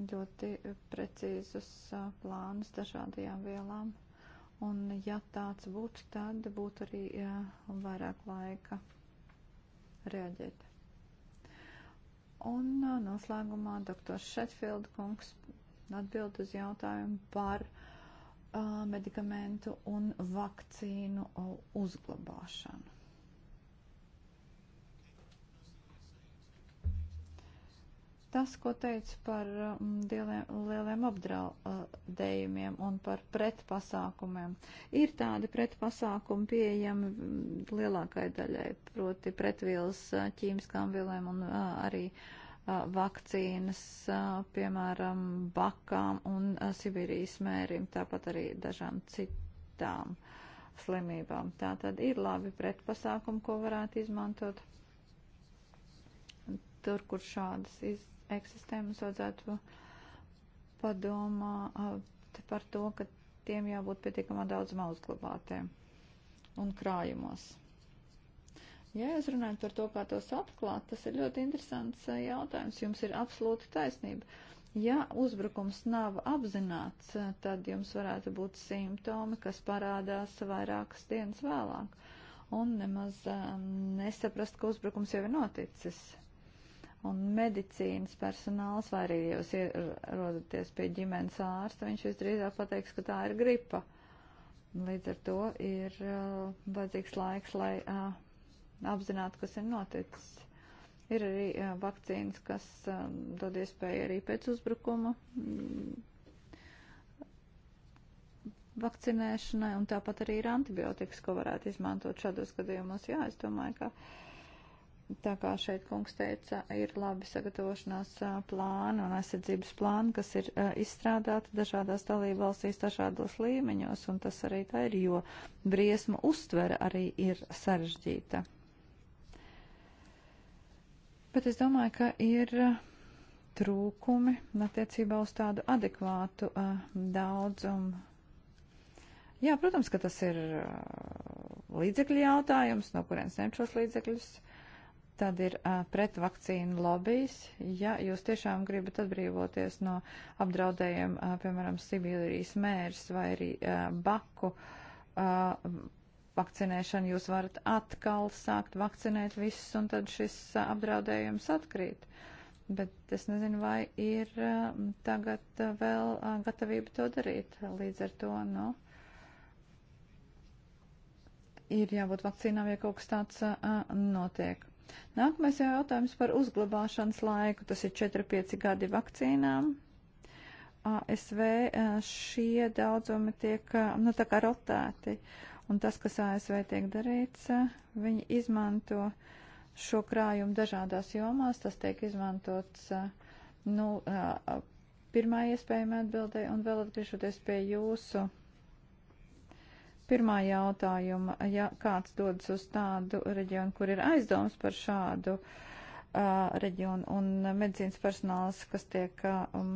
ļoti precīzus plānus dažādajām vielām. Un ja tāds būtu, tad būtu arī jā, vairāk laika reaģēt. Un noslēgumā doktors Šetfield kungs atbild uz jautājumu par uh, medikamentu un vakcīnu uzglabāšanu. Tas, ko teicu par mm, dieliem, lieliem apdraudējumiem un par pretpasākumiem, ir tādi pretpasākumi pieejami mm, lielākai daļai, proti pretvielas ķīmiskām vielēm un arī vakcīnas, piemēram, bakām un Sibīrijas mērim, tāpat arī dažām citām slimībām. Tā tad ir labi pretpasākumi, ko varētu izmantot tur, kur šādas iz, eksistē, mums vajadzētu padomāt par to, ka tiem jābūt pietiekamā daudzumā uzglabātiem un krājumos. Ja jūs runājat par to, kā tos atklāt, tas ir ļoti interesants jautājums. Jums ir absolūti taisnība. Ja uzbrukums nav apzināts, tad jums varētu būt simptomi, kas parādās vairākas dienas vēlāk. Un nemaz nesaprast, ka uzbrukums jau ir noticis un medicīnas personāls, vai arī jūs ierodaties pie ģimenes ārsta, viņš visdrīzāk pateiks, ka tā ir gripa. Līdz ar to ir uh, vajadzīgs laiks, lai uh, apzinātu, kas ir noticis. Ir arī uh, vakcīnas, kas uh, dod iespēju arī pēc uzbrukuma mm, vakcinēšanai, un tāpat arī ir antibiotikas, ko varētu izmantot šādos gadījumos. Jā, es domāju, ka. Uh, tā kā šeit kungs teica, ir labi sagatavošanās plāni un aizsardzības plāni, kas ir izstrādāti dažādās dalību valstīs, dažādos līmeņos, un tas arī tā ir, jo briesma uztvere arī ir sarežģīta. Bet es domāju, ka ir trūkumi attiecībā uz tādu adekvātu daudzumu Jā, protams, ka tas ir līdzekļu jautājums, no kurienes ņemt šos līdzekļus. Tad ir uh, pretvakcīnu lobbyis. Ja jūs tiešām gribat atbrīvoties no apdraudējiem, uh, piemēram, Sibīrijas mērs vai arī uh, Baku uh, vakcinēšanu, jūs varat atkal sākt vakcinēt visus un tad šis uh, apdraudējums atkrīt. Bet es nezinu, vai ir uh, tagad uh, vēl uh, gatavība to darīt. Līdz ar to, nu. No ir jābūt vakcīnām, ja kaut kas tāds uh, notiek. Nākamais jau jautājums par uzglabāšanas laiku. Tas ir 4-5 gadi vakcīnām. ASV šie daudzumi tiek, nu, tā kā rotēti. Un tas, kas ASV tiek darīts, viņi izmanto šo krājumu dažādās jomās. Tas tiek izmantots, nu, pirmā iespējama atbildē. Un vēl atgriežoties pie jūsu pirmā jautājuma, ja kāds dodas uz tādu reģionu, kur ir aizdoms par šādu uh, reģionu un medicīnas personāls, kas tiek um,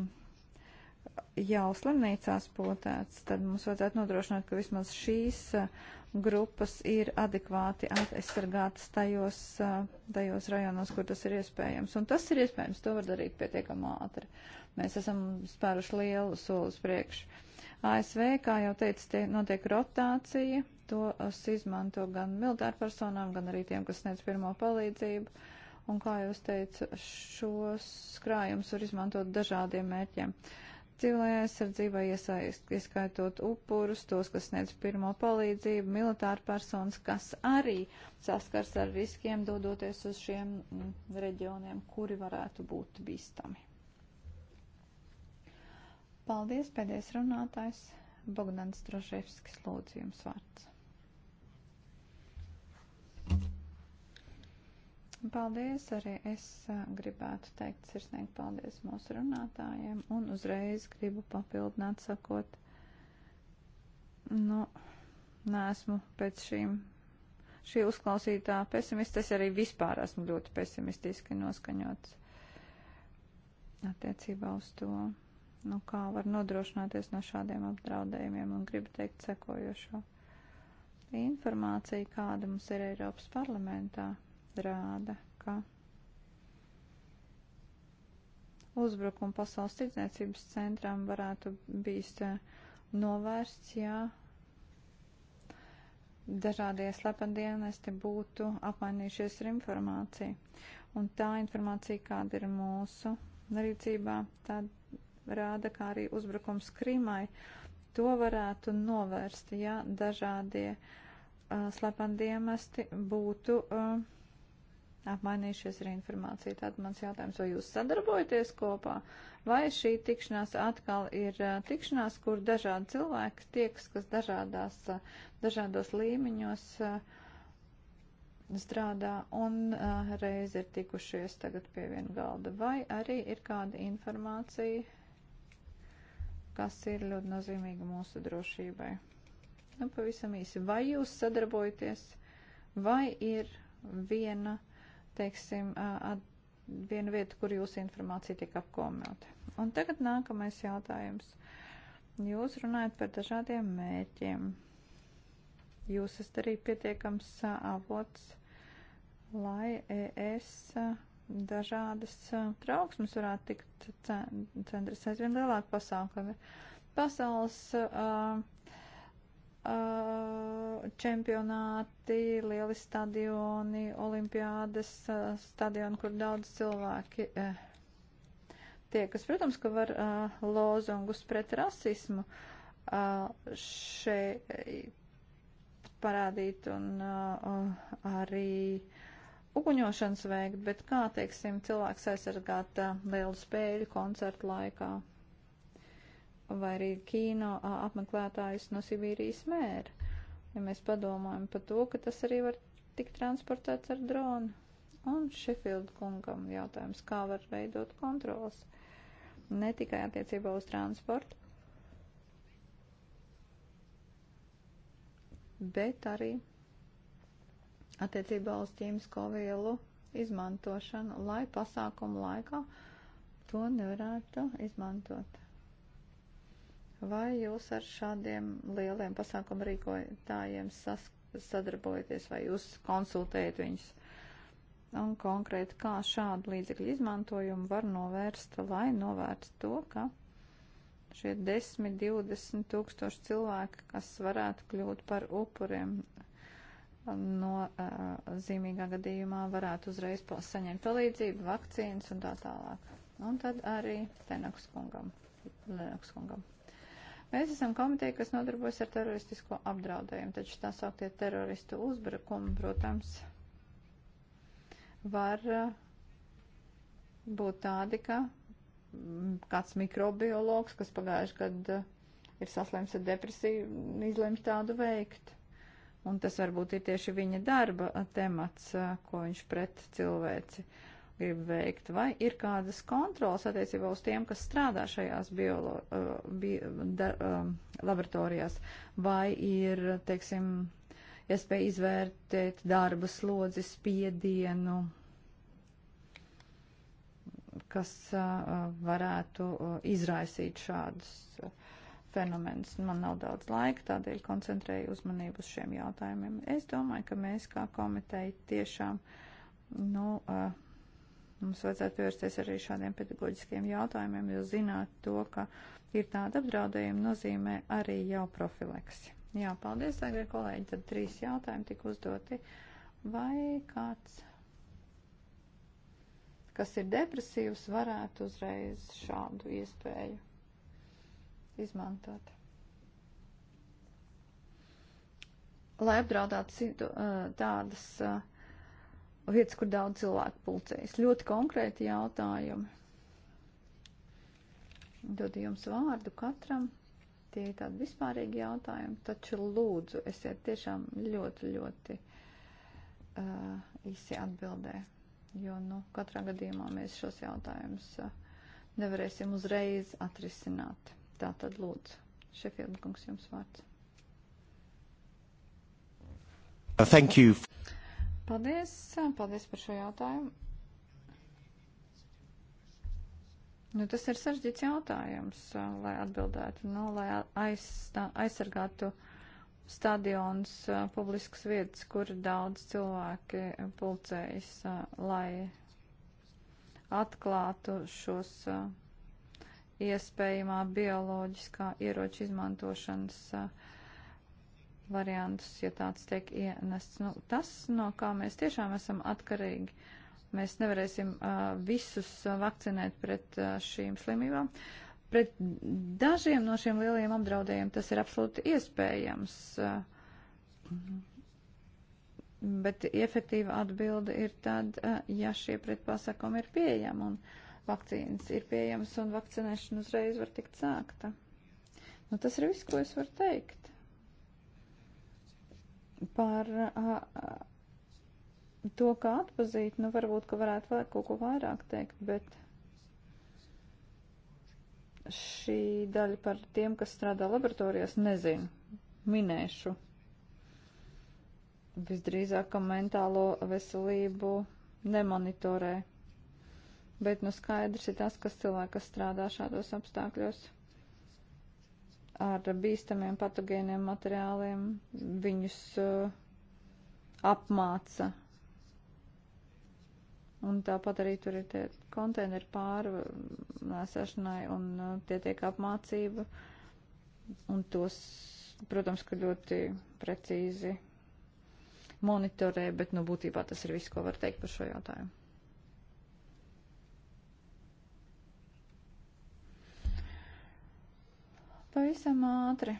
jau slimnīcās potēts, tad mums vajadzētu nodrošināt, ka vismaz šīs uh, grupas ir adekvāti aizsargātas tajos, uh, tajos rajonos, kur tas ir iespējams. Un tas ir iespējams, to var darīt pietiekam ātri. Mēs esam spēruši lielu soli uz priekšu. ASV, kā jau teicu, tie notiek rotācija, tos izmanto gan militāru personām, gan arī tiem, kas sniedz pirmo palīdzību. Un, kā jau es teicu, šos krājumus var izmantot dažādiem mērķiem. Civilai aizsardzībai iesaist, ieskaitot upurus, tos, kas sniedz pirmo palīdzību, militāru personas, kas arī saskars ar riskiem dodoties uz šiem mm, reģioniem, kuri varētu būt bīstami. Paldies, pēdējais runātājs Bogdans Droševskis lūdzu jums vārds. Paldies, arī es gribētu teikt sirsnīgi paldies mūsu runātājiem un uzreiz gribu papildināt sakot, nu, neesmu pēc šīm, šī uzklausītā pesimista, es arī vispār esmu ļoti pesimistiski noskaņots attiecībā uz to nu, kā var nodrošināties no šādiem apdraudējumiem un gribu teikt sekojošo. Informācija, kāda mums ir Eiropas parlamentā, rāda, ka uzbrukumu pasaules tirdzniecības centram varētu bijis eh, novērsts, ja dažādie slependienesti būtu apmainījušies ar informāciju. Un tā informācija, kāda ir mūsu rīcībā, tad rāda, kā arī uzbrukums Krimai. To varētu novērst, ja dažādie uh, slependiemesti būtu uh, apmainījušies ar informāciju. Tad mans jautājums, vai jūs sadarbojaties kopā, vai šī tikšanās atkal ir uh, tikšanās, kur dažādi cilvēki tieks, kas dažādās, uh, dažādos līmeņos uh, strādā un uh, reiz ir tikušies tagad pie viena galda, vai arī ir kāda informācija kas ir ļoti nozīmīga mūsu drošībai. Nu, pavisam īsi, vai jūs sadarbojaties, vai ir viena, teiksim, at, viena vieta, kur jūsu informācija tiek apkomēta. Un tagad nākamais jautājums. Jūs runājat par dažādiem mērķiem. Jūs esat arī pietiekams avots, lai es dažādas trauksmes varētu tikt centrs aizvien lielāka pasākumi. Pasaules uh, uh, čempionāti, lieli stadioni, olimpiādas uh, stadioni, kur daudz cilvēki uh, tiekas. Protams, ka var uh, lozungus pret rasismu uh, šeit parādīt un uh, arī uh, uguņošanas veikt, bet kā, teiksim, cilvēks aizsargāt lielu spēļu koncertu laikā vai arī kino apmeklētājus no Sibīrijas mēra. Ja mēs padomājam par to, ka tas arī var tikt transportēts ar dronu. Un Šefield kungam jautājums, kā var veidot kontrols ne tikai attiecībā uz transportu, bet arī attiecībā uz ķīmisko vielu izmantošanu, lai pasākumu laikā to nevarētu izmantot. Vai jūs ar šādiem lieliem pasākumu rīkotājiem sas, sadarbojaties vai jūs konsultējat viņus? Un konkrēti, kā šādu līdzekļu izmantojumu var novērst, lai novērst to, ka šie 10, 20 tūkstoši cilvēki, kas varētu kļūt par upuriem nozīmīgā gadījumā varētu uzreiz saņemt palīdzību, vakcīnas un tā tālāk. Un tad arī Lenaks kungam. Lenaks kungam. Mēs esam komiteja, kas nodarbojas ar teroristisko apdraudējumu, taču tā sauktie teroristu uzbrukumi, protams, var būt tādi, ka kāds mikrobiologs, kas pagājuši gadu ir saslims ar depresiju, izlems tādu veikt. Un tas varbūt ir tieši viņa darba temats, ko viņš pret cilvēci grib veikt. Vai ir kādas kontrolas attiecībā uz tiem, kas strādā šajās biolo, bi, da, laboratorijās? Vai ir, teiksim, iespēja izvērtēt darba slodzi, spiedienu, kas varētu izraisīt šādus fenomens. Man nav daudz laika, tādēļ koncentrēju uzmanību uz šiem jautājumiem. Es domāju, ka mēs kā komiteja tiešām, nu, uh, mums vajadzētu pievērsties arī šādiem pedagoģiskiem jautājumiem, jo zināt to, ka ir tāda apdraudējuma nozīmē arī jau profileksi. Jā, paldies, tagad kolēģi, tad trīs jautājumi tika uzdoti. Vai kāds, kas ir depresīvs, varētu uzreiz šādu iespēju? izmantot. Lai apdraudātu situ, tādas vietas, kur daudz cilvēku pulcējas. Ļoti konkrēti jautājumi. Dodu jums vārdu katram. Tie ir tādi vispārīgi jautājumi, taču lūdzu, esiet tiešām ļoti, ļoti uh, īsi atbildē. Jo, nu, katrā gadījumā mēs šos jautājumus uh, nevarēsim uzreiz atrisināt. Tā tad lūdzu. Šefield kungs jums vārds. Thank you. Paldies, paldies par šo jautājumu. Nu, tas ir sarežģīts jautājums, lai atbildētu, nu, lai aiz, aizsargātu stadions, publiskas vietas, kur daudz cilvēki pulcējas, lai atklātu šos uh, iespējamā bioloģiskā ieroča izmantošanas variantus, ja tāds tiek ienests. Nu, tas, no kā mēs tiešām esam atkarīgi, mēs nevarēsim visus vakcinēt pret šīm slimībām. Pret dažiem no šiem lielajiem apdraudējumiem tas ir absolūti iespējams. Bet efektīva atbilde ir tad, ja šie pretpasakumi ir pieejami. Un, uh, vakcīnas ir pieejamas un vakcinēšana uzreiz var tikt sākta. Nu, tas ir viss, ko es varu teikt par a, a, to, kā atpazīt. Nu, varbūt, ka varētu vēl kaut ko vairāk teikt, bet šī daļa par tiem, kas strādā laboratorijās, nezinu. Minēšu. Visdrīzāk, ka mentālo veselību nemonitorē bet nu skaidrs ir tas, kas cilvēki, kas strādā šādos apstākļos ar bīstamiem patogēniem materiāliem, viņus uh, apmāca. Un tāpat arī tur ir tie konteineri pārnēsēšanai un uh, tie tiek apmācība. Un tos, protams, ka ļoti precīzi monitorē, bet nu būtībā tas ir viss, ko var teikt par šo jautājumu. Pavisam ātri.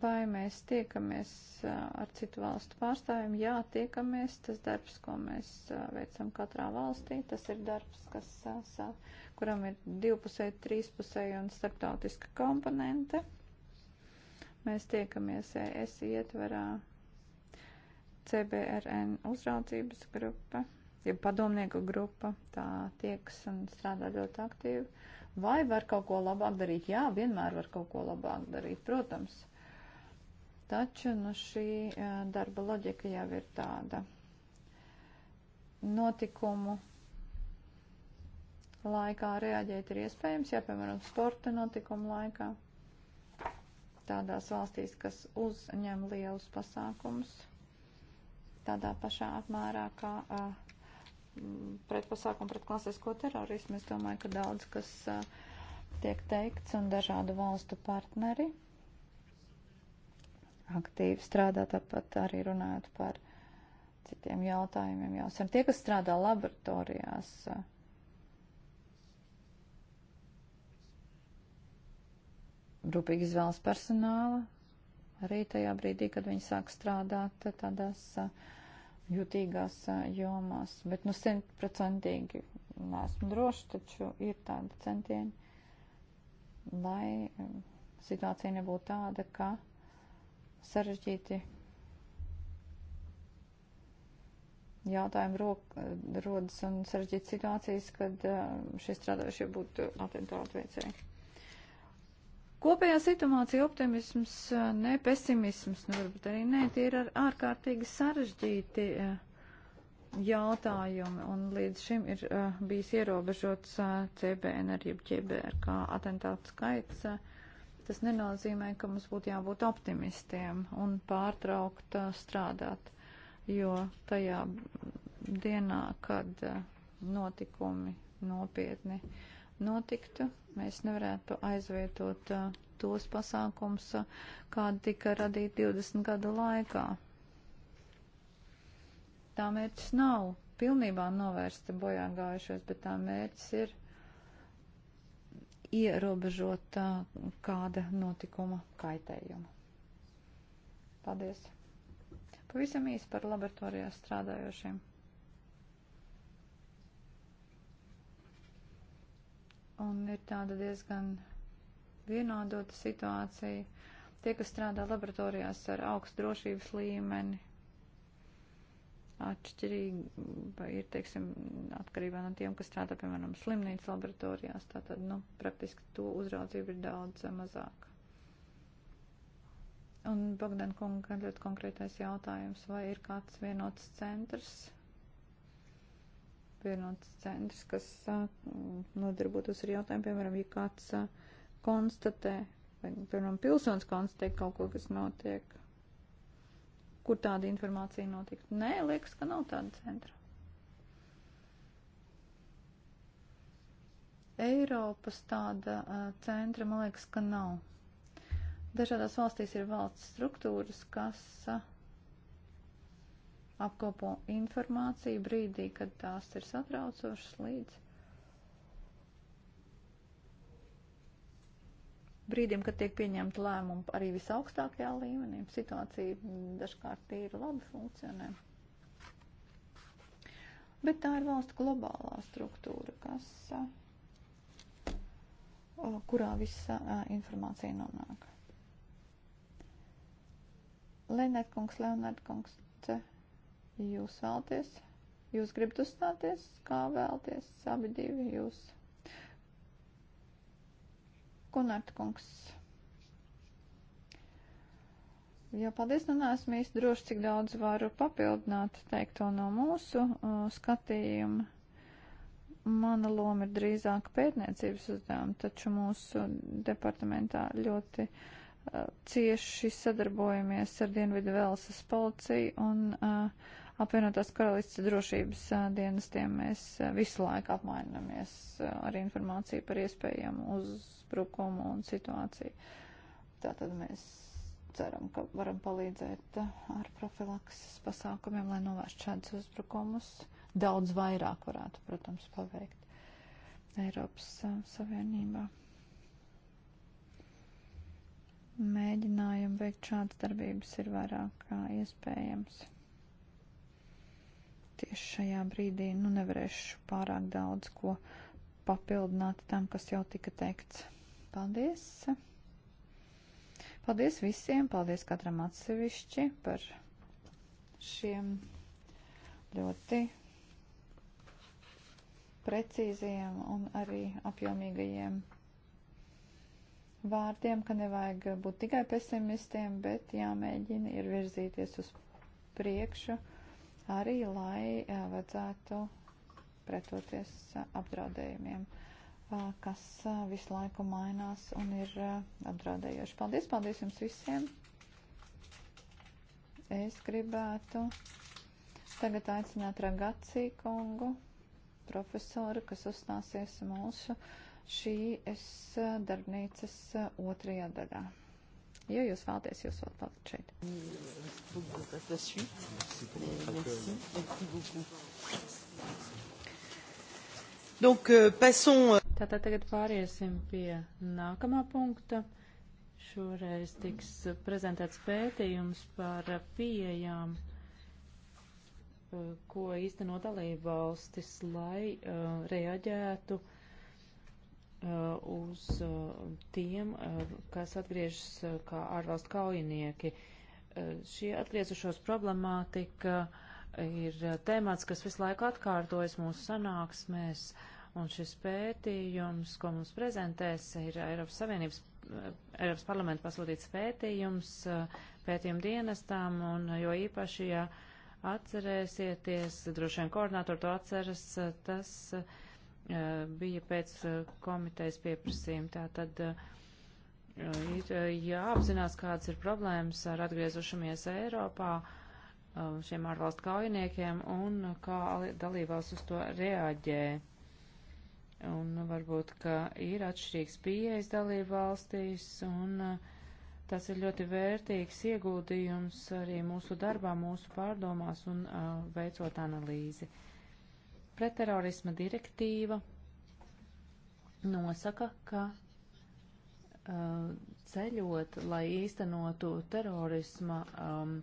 Vai mēs tiekamies ar citu valstu pārstāvjiem? Jā, tiekamies. Tas darbs, ko mēs veicam katrā valstī, tas ir darbs, kas, kuram ir divpusēji, trīspusēji un starptautiska komponente. Mēs tiekamies ES ietverā CBRN uzraudzības grupa, ja padomnieku grupa, tā tieks un strādā ļoti aktīvi. Vai var kaut ko labāk darīt? Jā, vienmēr var kaut ko labāk darīt, protams. Taču nu, šī darba loģika jau ir tāda notikumu laikā reaģēt ir iespējams, ja, piemēram, sporta notikumu laikā tādās valstīs, kas uzņem lielus pasākumus tādā pašā apmērā kā uh, pretpasākumu pret klasisko terorismu. Es domāju, ka daudz kas tiek teikts un dažādu valstu partneri aktīvi strādā, tāpat arī runājot par citiem jautājumiem. Jau sen tie, kas strādā laboratorijās, rūpīgi izvēlas personāla, arī tajā brīdī, kad viņi sāk strādāt tādās uh, jutīgās jomās, bet nu simtprocentīgi neesmu droši, taču ir tādi centieni, lai situācija nebūtu tāda, ka sarežģīti jautājumi rok, rodas un sarežģītas situācijas, kad šie strādājušie būtu atentātu veicēji. Kopējā situācija optimisms, eh, ne pesimisms, nu varbūt arī nē, tie ir ar ārkārtīgi sarežģīti eh, jautājumi, un līdz šim ir uh, bijis ierobežots uh, CBNR, jeb ķeberkā atentātu skaits. Uh, tas nenozīmē, ka mums būtu jābūt optimistiem un pārtraukt uh, strādāt, jo tajā dienā, kad uh, notikumi nopietni uh, notiktu, mēs nevarētu aizvietot uh, tos pasākums, uh, kādi tika radīti 20 gada laikā. Tā mērķis nav pilnībā novērsta bojā gājušos, bet tā mērķis ir ierobežot uh, kāda notikuma kaitējumu. Paldies! Pavisam īsi par laboratorijā strādājošiem. un ir tāda diezgan vienādota situācija. Tie, kas strādā laboratorijās ar augstu drošības līmeni, atšķirība ir, teiksim, atkarībā no tiem, kas strādā, piemēram, slimnīcas laboratorijās, tātad, nu, praktiski to uzraudzība ir daudz mazāka. Un Bogdan kunga ļoti konkrētais jautājums, vai ir kāds vienots centrs? vienots centrs, kas nodarbotos ar jautājumu, piemēram, ja kāds konstatē, vai, piemēram, pilsonis konstatē kaut ko, kas notiek, kur tāda informācija notiktu. Nē, liekas, ka nav tāda centra. Eiropas tāda uh, centra, man liekas, ka nav. Dažādās valstīs ir valsts struktūras, kas uh, apkopo informāciju brīdī, kad tās ir satraucošas līdz brīdim, kad tiek pieņemta lēmuma arī visaugstākajā līmenī. Situācija dažkārt ir labi funkcionē. Bet tā ir valsts globālā struktūra, kas, kurā visa informācija nonāk. Lenēt kungs, Leonard kungs, te Jūs vēlties? Jūs gribat uzstāties? Kā vēlties? Abi divi jūs. Kunārta kungs. Jā, paldies, nu neesmu īsti droši, cik daudz varu papildināt teikto no mūsu uh, skatījuma. Mana loma ir drīzāk pētniecības uzdevuma, taču mūsu departamentā ļoti uh, cieši sadarbojamies ar Dienvidu Velsas policiju un uh, apvienotās karalists drošības dienestiem mēs visu laiku apmainamies ar informāciju par iespējamu uzbrukumu un situāciju. Tātad mēs ceram, ka varam palīdzēt ar profilakses pasākumiem, lai novērst šādus uzbrukumus. Daudz vairāk varētu, protams, paveikt Eiropas Savienībā. Mēģinājumi veikt šādas darbības ir vairāk kā iespējams tieši šajā brīdī nu, nevarēšu pārāk daudz ko papildināt tam, kas jau tika teikts. Paldies! Paldies visiem, paldies katram atsevišķi par šiem ļoti precīziem un arī apjomīgajiem vārdiem, ka nevajag būt tikai pesimistiem, bet jāmēģina ir virzīties uz priekšu arī, lai vajadzētu pretoties apdraudējumiem, kas visu laiku mainās un ir apdraudējoši. Paldies, paldies jums visiem! Es gribētu tagad aicināt Ragacī kungu, profesoru, kas uzstāsies mūsu šī es darbnīcas otrajā daļā ja jūs vēlaties, jūs varat palikt šeit. Euh, euh, tātad tagad pāriesim pie nākamā punkta. Šoreiz tiks prezentēts pētījums par pieejām, uh, ko īstenot dalībvalstis, lai uh, reaģētu uh, Uh, uz uh, tiem, uh, kas atgriežas kā ārvalstu kaujinieki. Šie atgriezušos problemātika ir temats, kas visu laiku atkārtojas mūsu sanāksmēs, un šis pētījums, ko mums prezentēs, ir Eiropas Savienības, Eiropas parlamenta pasūtīts pētījums pētījumu dienestām, un jo īpaši, ja atcerēsieties, droši vien koordinātori to atceras, tas uh, Eh, bija pēc eh, komitejas pieprasījuma. Tātad eh, ir jāapzinās, kādas ir problēmas ar atgriezušamies Eiropā šiem ārvalstu kaujiniekiem un kā dalībās uz to reaģē. Un varbūt, ka ir atšķirīgs pieejas dalībvalstīs un tas ir ļoti vērtīgs ieguldījums arī mūsu darbā, mūsu pārdomās un veicot analīzi pretterorisma direktīva nosaka, ka uh, ceļot, lai īstenotu terorisma um,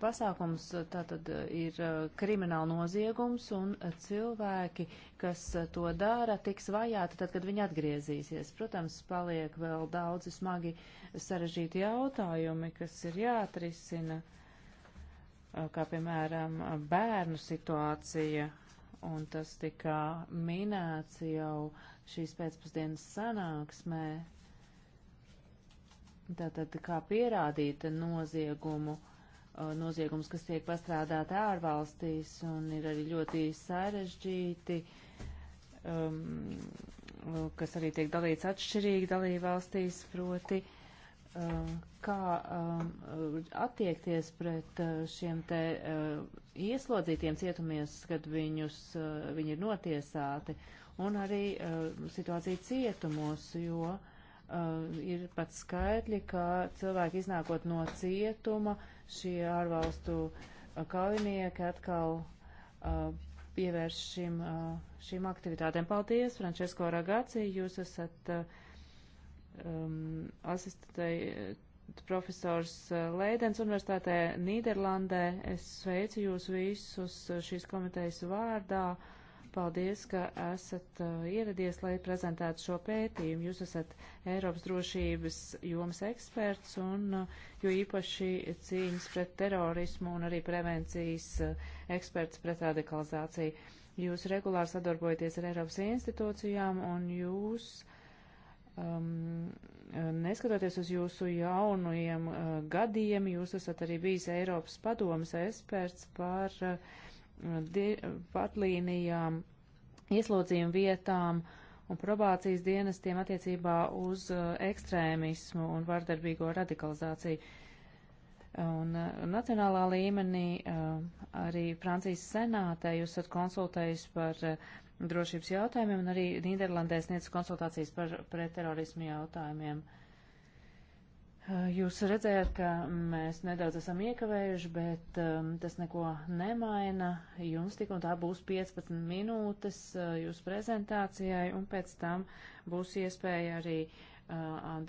pasākums, tātad uh, ir uh, krimināla noziegums un cilvēki, kas uh, to dara, tiks vajāti tad, kad viņi atgriezīsies. Protams, paliek vēl daudzi smagi sarežģīti jautājumi, kas ir jāatrisina, kā piemēram bērnu situācija un tas tika minēts jau šīs pēcpusdienas sanāksmē. Tātad, kā pierādīt noziegumu, uh, noziegums, kas tiek pastrādāti ārvalstīs, un ir arī ļoti sarežģīti, um, kas arī tiek dalīts atšķirīgi dalībvalstīs, proti. Uh, Um, kā um, attiekties pret uh, šiem te uh, ieslodzītiem cietumies, kad viņus, uh, viņi ir notiesāti, un arī situācija cietumos, jo ir pat skaitļi, ka cilvēki iznākot no cietuma, šie ārvalstu kaujinieki atkal pievērš šim, šīm aktivitātēm. Paldies, Frančesko Ragācija, jūs esat uh, um, asistēja eh, profesors eh, Leidens Universitātē Nīderlandē. Es sveicu jūs visus eh, šīs komitejas vārdā. Paldies, ka esat uh, ieradies, lai prezentētu šo pētījumu. Jūs esat Eiropas drošības jomas eksperts un uh, jo īpaši cīņas pret terorismu un arī prevencijas uh, eksperts pret radikalizāciju. Jūs regulāri sadarbojaties ar Eiropas institūcijām un jūs um, neskatoties uz jūsu jaunajiem uh, gadiem, jūs esat arī bijis Eiropas padomas eksperts par uh, patlīnijām, ieslodzījuma vietām un probācijas dienestiem attiecībā uz uh, ekstrēmismu un vardarbīgo radikalizāciju. Un uh, nacionālā līmenī uh, arī Francijas senātē jūs esat konsultējis par uh, drošības jautājumiem, un arī Nīderlandē sniedz konsultācijas par pretterorismu jautājumiem. Jūs redzējāt, ka mēs nedaudz esam iekavējuši, bet um, tas neko nemaina. Jums tik un tā būs 15 minūtes uh, jūsu prezentācijai, un pēc tam būs iespēja arī uh,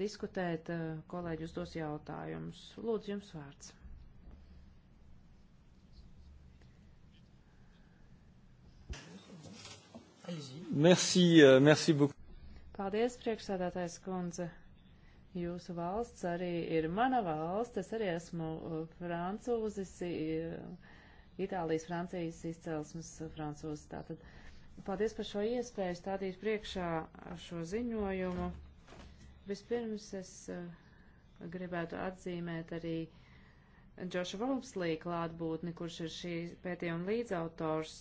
diskutēt, uh, kolēģi uzdos jautājumus. Lūdzu, jums vārds. Merci, euh, merci beaucoup. Paldies, priekšsēdētājs kundze. Jūsu valsts arī ir mana valsts. Es arī esmu uh, francūzis, uh, Itālijas, Francijas izcelsmes uh, francūzis. Tātad paldies par šo iespēju stādīt priekšā šo ziņojumu. Vispirms es gribētu atzīmēt arī uh, Džoša Volpslī klātbūtni, kurš ir šī pētījuma līdzautors,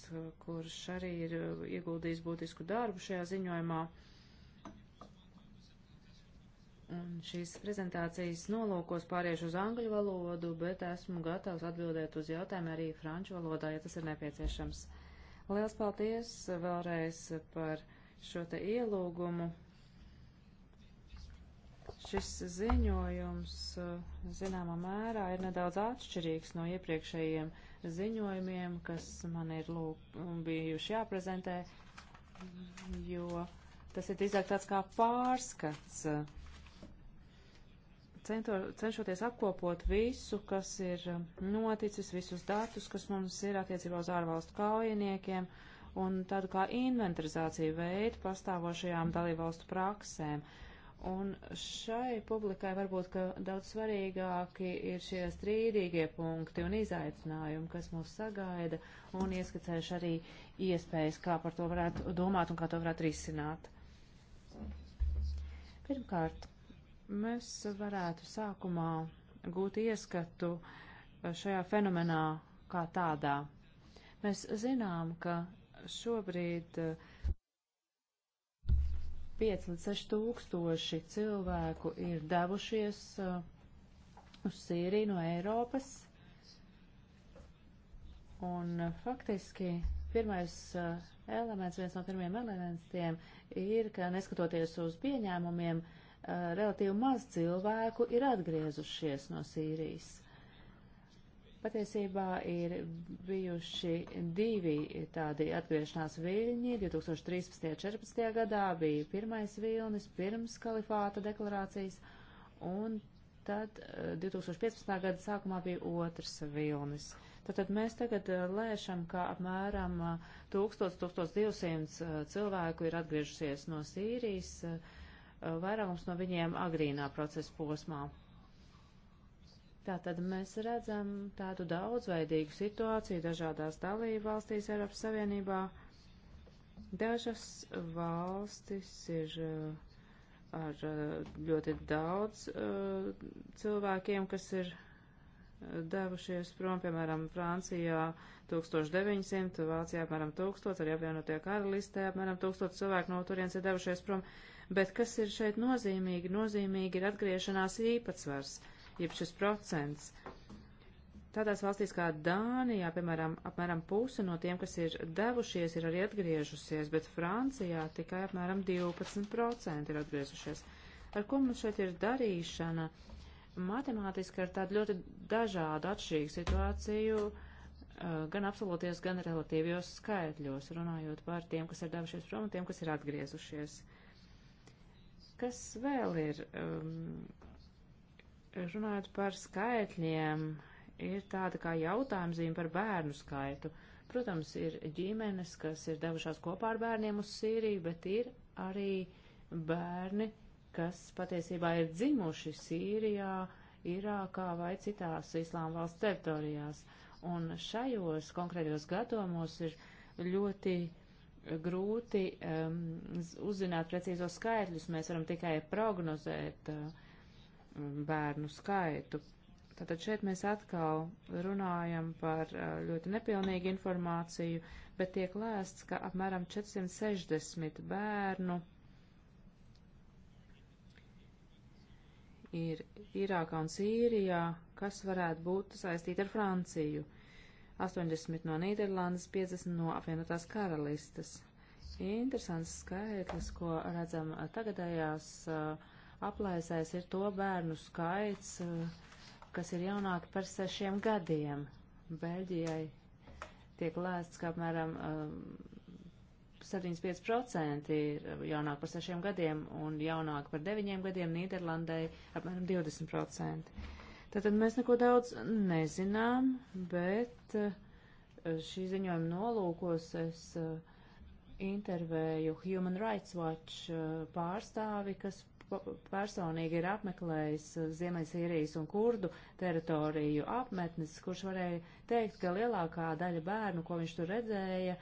kurš arī ir uh, ieguldījis būtisku darbu šajā ziņojumā. Un šīs prezentācijas nolūkos pāriešu uz angļu valodu, bet esmu gatavs atbildēt uz jautājumu arī franču valodā, ja tas ir nepieciešams. Liels paldies vēlreiz par šo te ielūgumu. Šis ziņojums eh, zināmā mērā ir nedaudz atšķirīgs no iepriekšējiem ziņojumiem, kas man ir lūk, mm, bijuši jāprezentē, jo tas ir drīzāk tāds kā pārskats, eh, cento, cenšoties apkopot visu, kas ir eh, noticis, visus datus, kas mums ir attiecībā uz ārvalstu kaujiniekiem, un tādu kā inventarizāciju veidu pastāvošajām dalībvalstu praksēm. Un šai publikai varbūt, ka daudz svarīgāki ir šie strīdīgie punkti un izaicinājumi, kas mūs sagaida, un ieskacējuši arī iespējas, kā par to varētu domāt un kā to varētu risināt. Pirmkārt, mēs varētu sākumā gūt ieskatu šajā fenomenā kā tādā. Mēs zinām, ka šobrīd uh, 5 līdz 6 tūkstoši cilvēku ir devušies uh, uz Sīriju no Eiropas. Un uh, faktiski pirmais uh, elements, viens no pirmiem elementiem ir, ka neskatoties uz pieņēmumiem, uh, relatīvi maz cilvēku ir atgriezušies no Sīrijas. Patiesībā ir bijuši divi tādi atgriešanās viļņi. 2013. un 2014. gadā bija pirmais vilnis pirms kalifāta deklarācijas, un tad 2015. Eh, gada sākumā bija otrs vilnis. Tātad mēs tagad eh, lēšam, ka apmēram 1000-1200 eh, cilvēku ir atgriežusies no Sīrijas, vairākums no viņiem agrīnā procesa posmā. Tātad mēs redzam tādu daudzveidīgu situāciju dažādās dalību valstīs Eiropas Savienībā. Dažas valstis ir uh, ar uh, ļoti daudz uh, cilvēkiem, kas ir devušies prom, piemēram, Francijā 1900, Vācijā apmēram 1000, arī apvienotie karalistē apmēram 1000 cilvēku no turienes ir devušies prom. Bet kas ir šeit nozīmīgi? Nozīmīgi ir atgriešanās īpatsvars. Uh, jeb šis procents. Tādās valstīs kā Dānijā, piemēram, apmēram puse no tiem, kas ir devušies, ir arī atgriežusies, bet Francijā tikai apmēram 12% ir atgriezušies. Ar ko mums šeit ir darīšana? Matemātiski ar tādu ļoti dažādu atšķirīgu situāciju, gan absolūties, gan relatīvos skaitļos, runājot par tiem, kas ir devušies prom un tiem, kas ir atgriezušies. Kas vēl ir um, runājot par skaitļiem, ir tāda kā jautājumzīme par bērnu skaitu. Protams, ir ģimenes, kas ir devušās kopā ar bērniem uz Sīriju, bet ir arī bērni, kas patiesībā ir dzimuši Sīrijā, Irākā vai citās islāma valsts teritorijās. Un šajos konkrētos gadījumos ir ļoti grūti um, uzzināt precīzos skaitļus. Mēs varam tikai prognozēt. Uh, bērnu skaitu. Tātad šeit mēs atkal runājam par ļoti nepilnīgu informāciju, bet tiek lēsts, ka apmēram 460 bērnu ir Irākā un Sīrijā, kas varētu būt saistīti ar Franciju. 80 no Nīderlandes, 50 no apvienotās karalistes. Interesants skaitlis, ko redzam tagadējās uh, aplēsēs, ir to bērnu skaits, eh, kas ir jaunāki par sešiem gadiem. Beļģijai tiek lēsts, ka apmēram 75% eh, ir jaunāki par sešiem gadiem un jaunāki par deviņiem gadiem Nīderlandai apmēram 20%. Tātad mēs neko daudz nezinām, bet eh, šī ziņojuma nolūkos es intervēju Human Rights Watch pārstāvi, kas personīgi ir apmeklējis uh, Ziemeļsīrijas un Kurdu teritoriju apmetnes, kurš varēja teikt, ka lielākā daļa bērnu, ko viņš tur redzēja,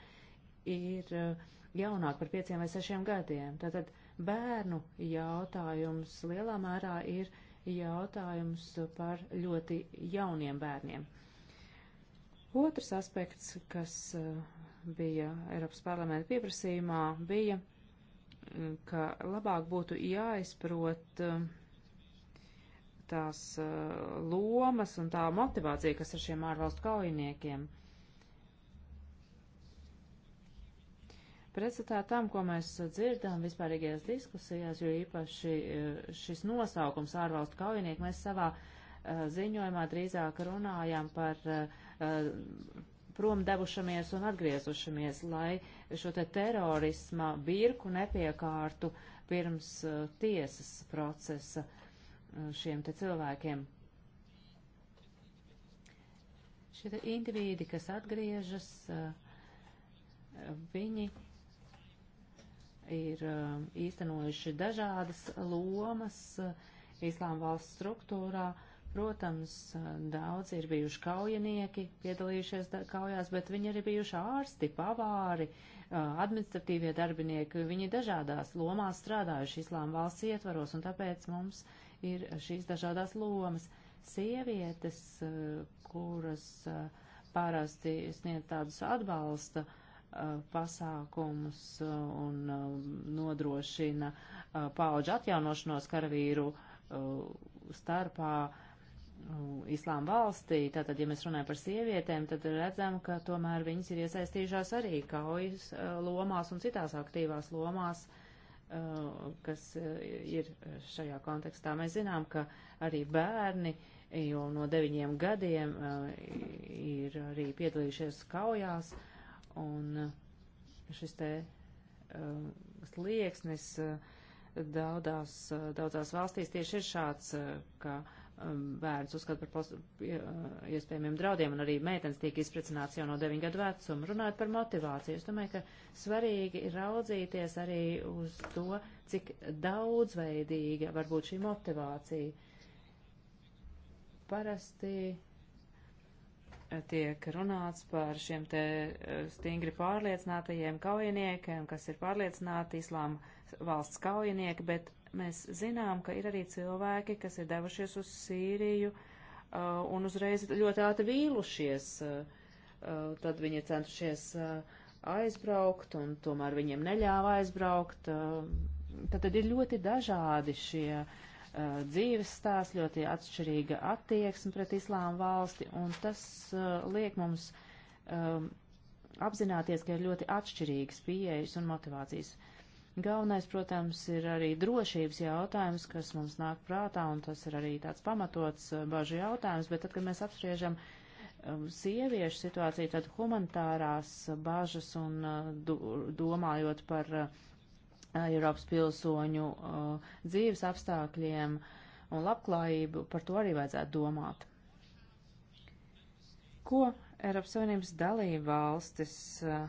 ir uh, jaunāk par pieciem vai sešiem gadiem. Tātad bērnu jautājums lielā mērā ir jautājums par ļoti jauniem bērniem. Otrs aspekts, kas uh, bija Eiropas parlamenta pieprasījumā, bija ka labāk būtu jāizprot um, tās uh, lomas un tā motivācija, kas ir šiem ārvalstu kaujiniekiem. Pretstatā tam, ko mēs dzirdām vispārīgajās diskusijās, jo īpaši uh, šis nosaukums ārvalstu kaujinieki, mēs savā uh, ziņojumā drīzāk runājām par uh, prom devušamies un atgriezušamies, lai šo te terorisma birku nepiekārtu pirms uh, tiesas procesa uh, šiem te cilvēkiem. Šie te indivīdi, kas atgriežas, uh, viņi ir īstenojuši dažādas lomas Islāma valsts struktūrā, uh, Protams, daudzi ir bijuši kaujinieki, piedalījušies kaujās, bet viņi arī bijuši ārsti, pavāri, administratīvie darbinieki. Viņi dažādās lomās strādājuši islāma valsts ietvaros, un tāpēc mums ir šīs dažādās lomas. Sievietes, kuras parasti sniedz tādus atbalsta pasākumus un nodrošina paauģu atjaunošanos karavīru starpā islāma valstī, tātad, ja mēs runājam par sievietēm, tad redzam, ka tomēr viņas ir iesaistījušās arī kaujas lomās un citās aktīvās lomās, kas ir šajā kontekstā. Mēs zinām, ka arī bērni jau no deviņiem gadiem ir arī piedalījušies kaujās, un šis te slieksnis daudzās, daudzās valstīs tieši ir šāds, ka bērns um, uzskata par uh, iespējamiem draudiem, un arī meitenes tiek izprecināts jau no 9 gadu vecuma. Runājot par motivāciju, es domāju, ka svarīgi ir raudzīties arī uz to, cik daudzveidīga var būt šī motivācija. Parasti uh, tiek runāts par šiem te uh, stingri pārliecinātajiem kaujiniekiem, kas ir pārliecināti islāma valsts kaujinieki, bet mēs zinām, ka ir arī cilvēki, kas ir devušies uz Sīriju uh, un uzreiz ļoti ātri vīlušies. Uh, uh tad viņi ir centušies uh, aizbraukt un tomēr viņiem neļāva aizbraukt. Uh, tad, tad ir ļoti dažādi šie uh, dzīves stāsti, ļoti atšķirīga attieksme pret islāma valsti, un tas liek mums um, apzināties, ka ir ļoti atšķirīgas pieejas un motivācijas. Uh, Galvenais, protams, ir arī drošības jautājums, kas mums nāk prātā, un tas ir arī tāds pamatots eh, bažu jautājums, bet tad, kad mēs apspriežam um, sieviešu situāciju, tad humanitārās bažas un uh, domājot par uh, Eiropas pilsoņu uh, dzīves apstākļiem un labklājību, par to arī vajadzētu domāt. Ko Eiropas Savienības dalība valstis uh,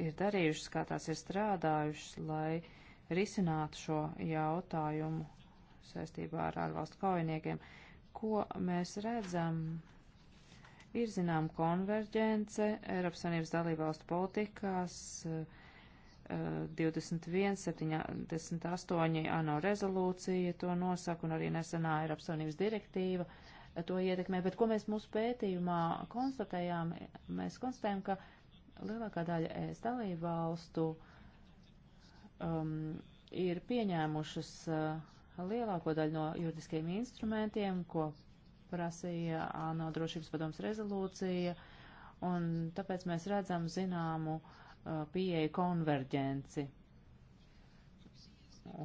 ir darījušas, kā tās ir strādājušas, lai risinātu šo jautājumu saistībā ar ārvalstu kaujiniekiem. Ko mēs redzam? Ir zinām konverģence Eiropas Savienības dalībvalstu politikās, 21, eh, 78 ANO rezolūcija to nosaka un arī nesenā Eiropas Savienības direktīva to ietekmē, bet ko mēs mūsu pētījumā konstatējām? Mēs konstatējām, ka Lielākā daļa ES dalību valstu um, ir pieņēmušas uh, lielāko daļu no juridiskajiem instrumentiem, ko prasīja ANO drošības padomas rezolūcija, un tāpēc mēs redzam zināmu uh, pieeju konverģenci.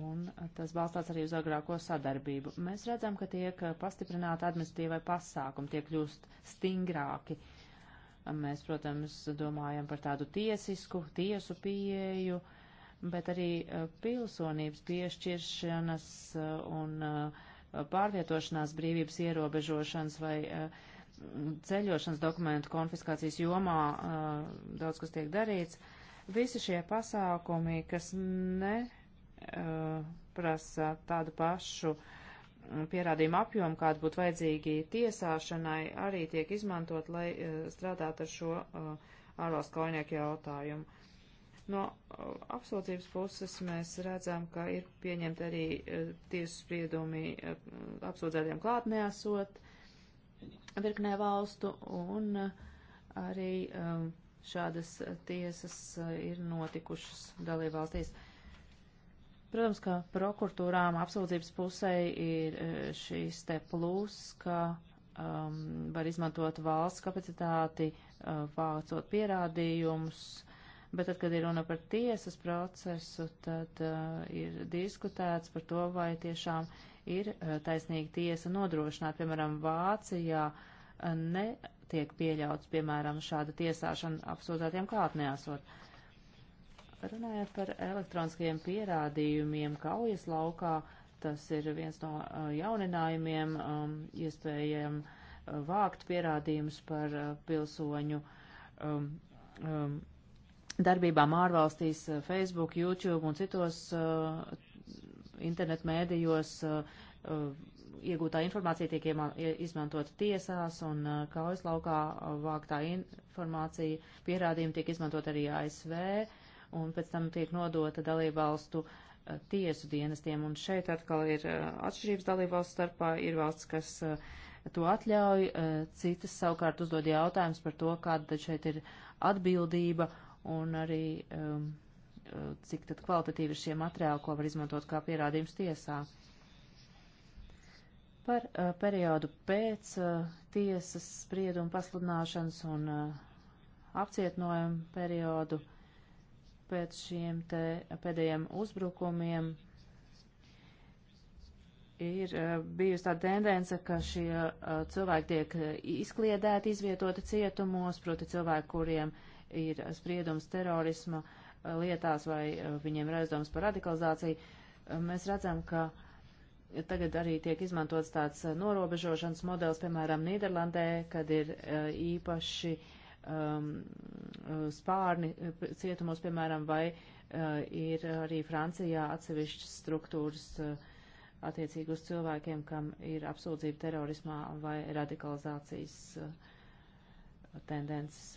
Un tas balstās arī uz agrāko sadarbību. Mēs redzam, ka tiek uh, pastiprināta administratīvai pasākumi, tiek kļūst stingrāki uh, Mēs, protams, domājam par tādu tiesisku, tiesu pieeju, bet arī e, pilsonības piešķiršanas e, un e, pārvietošanās brīvības ierobežošanas vai ceļošanas dokumentu konfiskācijas jomā daudz kas tiek darīts. Visi šie pasākumi, kas neprasa tādu pašu uh, pierādījumu apjomu, kāda būtu vajadzīgi tiesāšanai, arī tiek izmantot, lai e, strādātu ar šo e, ārvalstu kaujinieku jautājumu. No e, apsūdzības puses mēs redzam, ka ir pieņemti arī tiesas spriedumi apsūdzētiem klāt neesot virknē valstu, un arī šādas tiesas ir notikušas dalībvalstīs. valstīs. Protams, ka prokuratūrām apsūdzības pusē ir e, šīs te plus, ka um, var izmantot valsts kapacitāti, uh, vācot pierādījumus, bet tad, kad ir runa par tiesas procesu, tad uh, ir diskutēts par to, vai tiešām ir uh, taisnīgi tiesa nodrošināt, piemēram, Vācijā. Uh, ne, tiek pieļauts, piemēram, šāda tiesāšana apsūdzētiem klātnēsot. Uh, Runājot par elektroniskajiem pierādījumiem kaujas laukā, tas ir viens no jauninājumiem, um, iespējam vākt pierādījumus par uh, pilsoņu um, um, darbībām ārvalstīs, Facebook, YouTube un citos uh, internetmēdījos. Uh, iegūtā informācija tiek izmantota tiesās un kaujas laukā vāktā informācija, pierādījumi tiek izmantot arī ASV. Uh, un pēc tam tiek nodota dalībvalstu eh, tiesu dienestiem. Un šeit atkal ir eh, atšķirības dalībvalstu starpā. Ir valsts, kas eh, to atļauj, citas savukārt uzdod jautājums par to, kāda tad šeit ir atbildība un arī ehm, cik tad kvalitatīvi ir šie materiāli, ko var izmantot kā pierādījums tiesā. Par uh, periodu pēc uh, tiesas sprieduma pasludināšanas un uh, apcietinājumu periodu uh, pēc šiem te pēdējiem uzbrukumiem ir eh, bijusi tā tendence, ka šie eh, cilvēki tiek eh, izkliedēti, izvietoti cietumos, proti cilvēki, kuriem ir spriedums terorisma lietās vai viņiem ir aizdomas par radikalizāciju. Mēs redzam, ka tagad arī tiek izmantots tāds norobežošanas modelis, piemēram, Nīderlandē, kad ir īpaši uh, um, spārni cietumos, piemēram, vai uh, ir arī Francijā atsevišķas struktūras uh, attiecīgi uz cilvēkiem, kam ir apsūdzība terorismā vai radikalizācijas uh, tendences.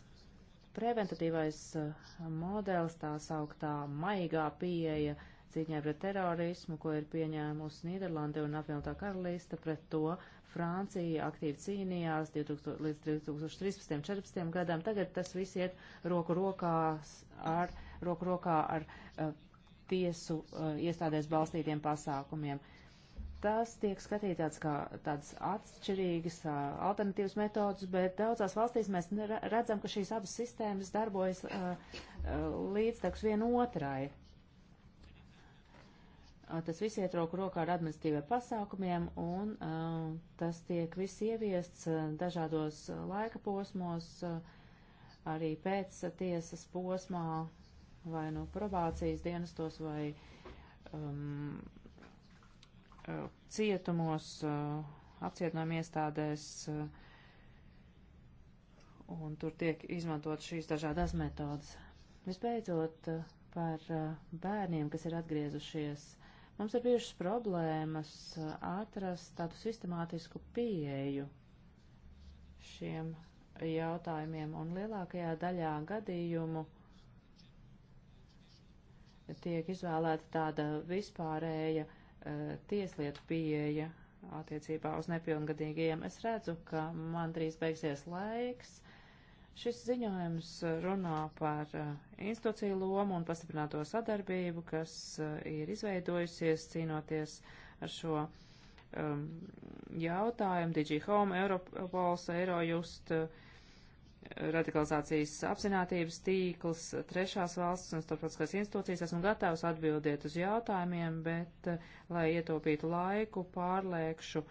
Preventatīvais uh, modelis, tā sauktā maigā pieeja cīņā pret terorismu, ko ir pieņēmusi Nīderlanda un apvienotā karalīste, pret to uh, Francija aktīvi cīnījās 2000, līdz 2013. 14. gadam. Tagad tas viss iet roku rokās ar, roku rokā ar uh, tiesu uh, iestādēs balstītiem pasākumiem. Tas tiek skatīts kā tādas atšķirīgas uh, alternatīvas metodas, bet daudzās valstīs mēs redzam, ka šīs abas sistēmas darbojas uh, uh, līdztekus vienotrai. Tas viss iet roku rokā ar administratīviem pasākumiem, un uh, tas tiek viss ieviests dažādos laika posmos, uh, arī pēc tiesas posmā, vai no nu probācijas dienestos, vai um, cietumos, uh, apcietinājuma iestādēs, uh, un tur tiek izmantot šīs dažādas metodas. Visbeidzot, uh, par uh, bērniem, kas ir atgriezušies Mums ir bijušas problēmas uh, atrast tādu sistemātisku pieeju šiem jautājumiem, un lielākajā daļā gadījumu tiek izvēlēta tāda vispārēja uh, tieslietu pieeja attiecībā uz nepilngadīgajiem. Es redzu, ka man drīz beigsies laiks, Šis ziņojums uh, runā par uh, institūciju lomu un pastiprināto sadarbību, kas uh, ir izveidojusies cīnoties ar šo um, jautājumu. DG Home, Europols, Eurojust, radikalizācijas apzinātības tīkls, trešās valsts un starptautiskās institūcijas. Esmu gatavs atbildēt uz jautājumiem, bet, lai ietaupītu laiku, pārliekšu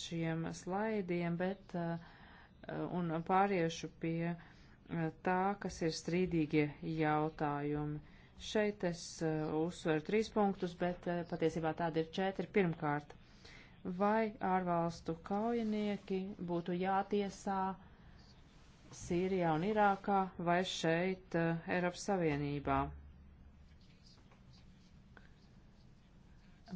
šiem slaidiem, bet uh, un pāriešu pie eh, tā, kas ir strīdīgie jautājumi. Šeit es eh, uzsveru trīs punktus, bet eh, patiesībā tādi ir četri. Pirmkārt, vai ārvalstu kaujinieki būtu jātiesā Sīrijā un Irākā vai šeit Eiropas Savienībā?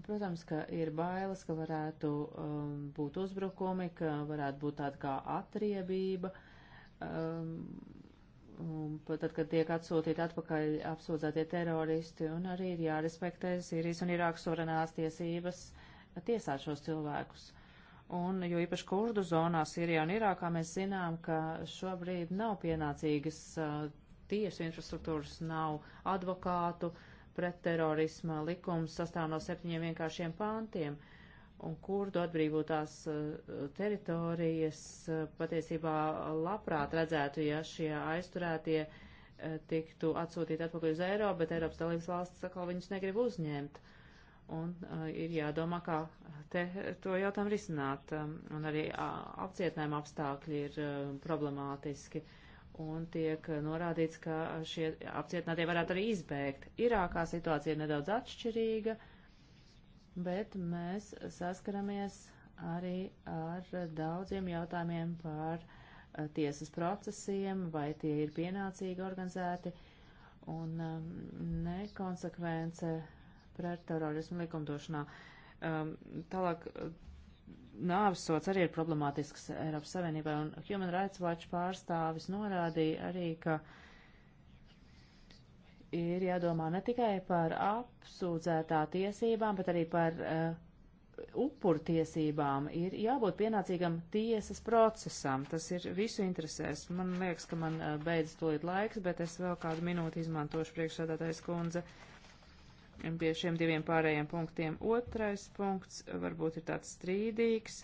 Protams, ka ir bailes, ka varētu um, būt uzbrukumi, ka varētu būt tāda kā atriebība. Um, tad, kad tiek atsūtīti atpakaļ apsūdzētie teroristi, un arī ir jārespektē Sīrijas un Irākas suverenās tiesības tiesāt šos cilvēkus. Un, jo īpaši kurdu zonā, Sīrijā un Irākā, mēs zinām, ka šobrīd nav pienācīgas uh, tiesu infrastruktūras, nav advokātu, uh, pretterorisma likums sastāv no septiņiem vienkāršiem pāntiem, un kurdu atbrīvotās eh, teritorijas eh, patiesībā labprāt redzētu, ja šie aizturētie eh, tiktu atsūtīti atpakaļ uz Eiropu, bet Eiropas dalības valsts atkal viņus negrib uzņemt. Un uh, ir jādomā, kā te to jautājumu risināt. Um, un arī uh, apcietinājuma apstākļi ir uh, problemātiski. Uh, un tiek norādīts, ka šie apcietinātie varētu arī izbēgt. Irākā situācija ir nedaudz atšķirīga, bet mēs saskaramies arī ar daudziem jautājumiem par eh, tiesas procesiem, vai tie ir pienācīgi organizēti, un um, nekonsekvence pret terorismu likumdošanā. Um, tālāk nāvisots arī ir problemātisks Eiropas Savienībai, un Human Rights Watch pārstāvis norādīja arī, ka ir jādomā ne tikai par apsūdzētā tiesībām, bet arī par uh, upuru tiesībām. Ir jābūt pienācīgam tiesas procesam. Tas ir visu interesēs. Man liekas, ka man uh, beidz to ir laiks, bet es vēl kādu minūti izmantošu priekšsēdētājs kundze. Uh, pie šiem diviem pārējiem punktiem. Otrais punkts varbūt ir tāds strīdīgs,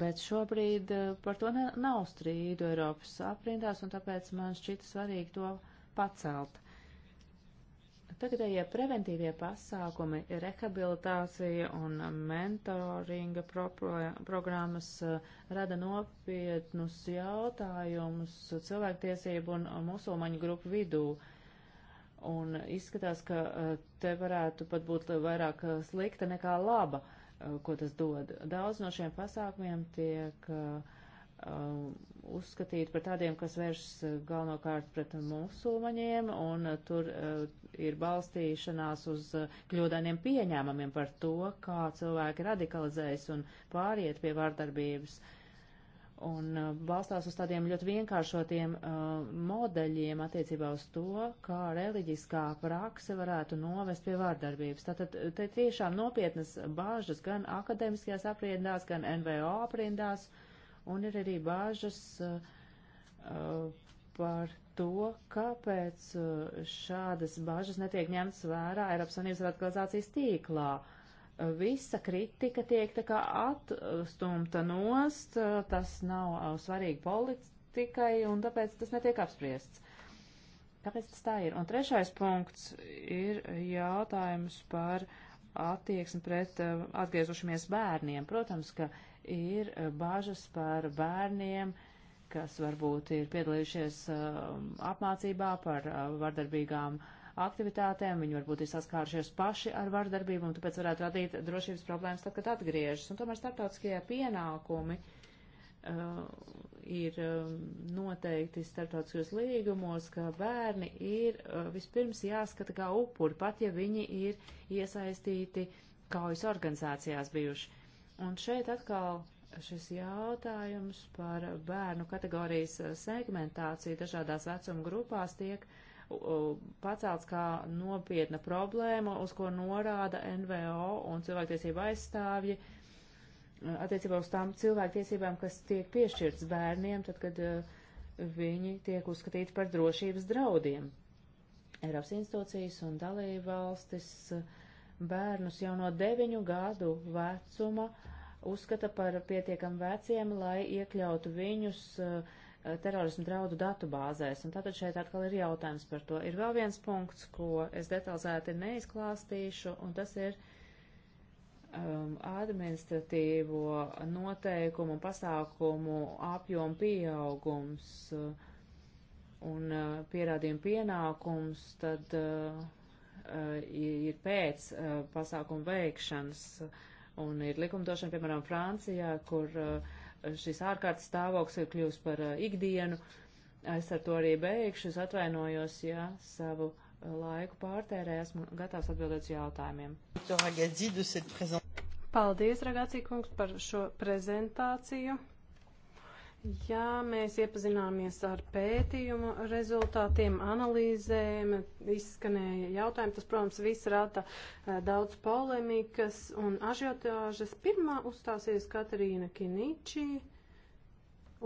bet šobrīd eh, par to ne, nav strīdu Eiropas aprindās, un tāpēc man šķita svarīgi to pacelt. Tagadējie ja preventīvie pasākumi, rehabilitācija un mentoringa pro programmas eh, rada nopietnus jautājumus cilvēktiesību un musulmaņu grupu vidū. Uh, Un izskatās, ka eh, te varētu pat būt vairāk eh, slikta nekā laba, eh, ko tas dod. Daudz no šiem pasākumiem tiek um, uzskatīt par tādiem, kas vēršas galvenokārt pret musulmaņiem, un tur ir balstīšanās uz kļūdainiem pieņēmumiem par to, kā cilvēki radikalizējas un pāriet pie vārdarbības. Uh, un uh, balstās uz tādiem ļoti vienkāršotiem uh, modeļiem attiecībā uz to, kā reliģiskā prakse varētu novest pie vārdarbības. Tātad uh, te tiešām nopietnas bāžas gan akadēmiskajās aprindās, gan NVO aprindās, un ir arī bāžas uh, uh par to, kāpēc šādas bāžas netiek ņemtas vērā Eiropas Savienības radikalizācijas tīklā. Uh, visa kritika tiek tā kā atstumta nost, tas nav uh, svarīgi politikai un tāpēc tas netiek apspriests. Kāpēc tas tā ir? Un trešais punkts ir jautājums par attieksmi pret uh, atgriezušamies bērniem. Protams, ka ir uh, bažas par bērniem, kas varbūt ir piedalījušies apmācībā par vardarbīgām uh, aktivitātēm, viņi varbūt ir saskārušies paši ar vardarbību un tāpēc varētu radīt drošības problēmas tad, kad atgriežas. Un tomēr starptautiskie pienākumi uh, ir um, noteikti starptautiskos līgumos, ka bērni ir uh, vispirms jāskata kā upuri, pat ja viņi ir iesaistīti kaujas organizācijās bijuši. Un šeit atkal šis jautājums par bērnu kategorijas uh, segmentāciju dažādās vecuma grupās tiek uh, pacelts kā nopietna problēma, uz ko norāda NVO un cilvēktiesība aizstāvji uh, attiecībā uz tām cilvēktiesībām, kas tiek piešķirts bērniem, tad, kad uh, viņi tiek uzskatīti par drošības draudiem. Eiropas institūcijas un dalība valstis uh, bērnus jau no 9 gadu vecuma uzskata par pietiekam veciem, lai iekļautu viņus uh, Eh, terorismu draudu datubāzēs. Un tātad šeit atkal ir jautājums par to. Ir vēl viens punkts, ko es detalizēti neizklāstīšu, un tas ir um, administratīvo noteikumu un pasākumu apjomu pieaugums uh, un uh, pierādījumu pienākums, tad uh, ir pēc uh, pasākumu veikšanas. Un ir likumdošana, piemēram, Francijā, kur uh, šis ārkārtas stāvoklis ir kļuvis par uh, ikdienu. Es ar to arī beigšu, es atvainojos, ja savu uh, laiku pārtērē, esmu gatavs atbildēt uz jautājumiem. Paldies, Ragācī kungs, par šo prezentāciju. Jā, mēs iepazināmies ar pētījumu rezultātiem, analīzēm, izskanēja jautājumi. Tas, protams, viss rata eh, daudz polemikas un ažiotāžas. Pirmā uzstāsies Katarīna Kiniči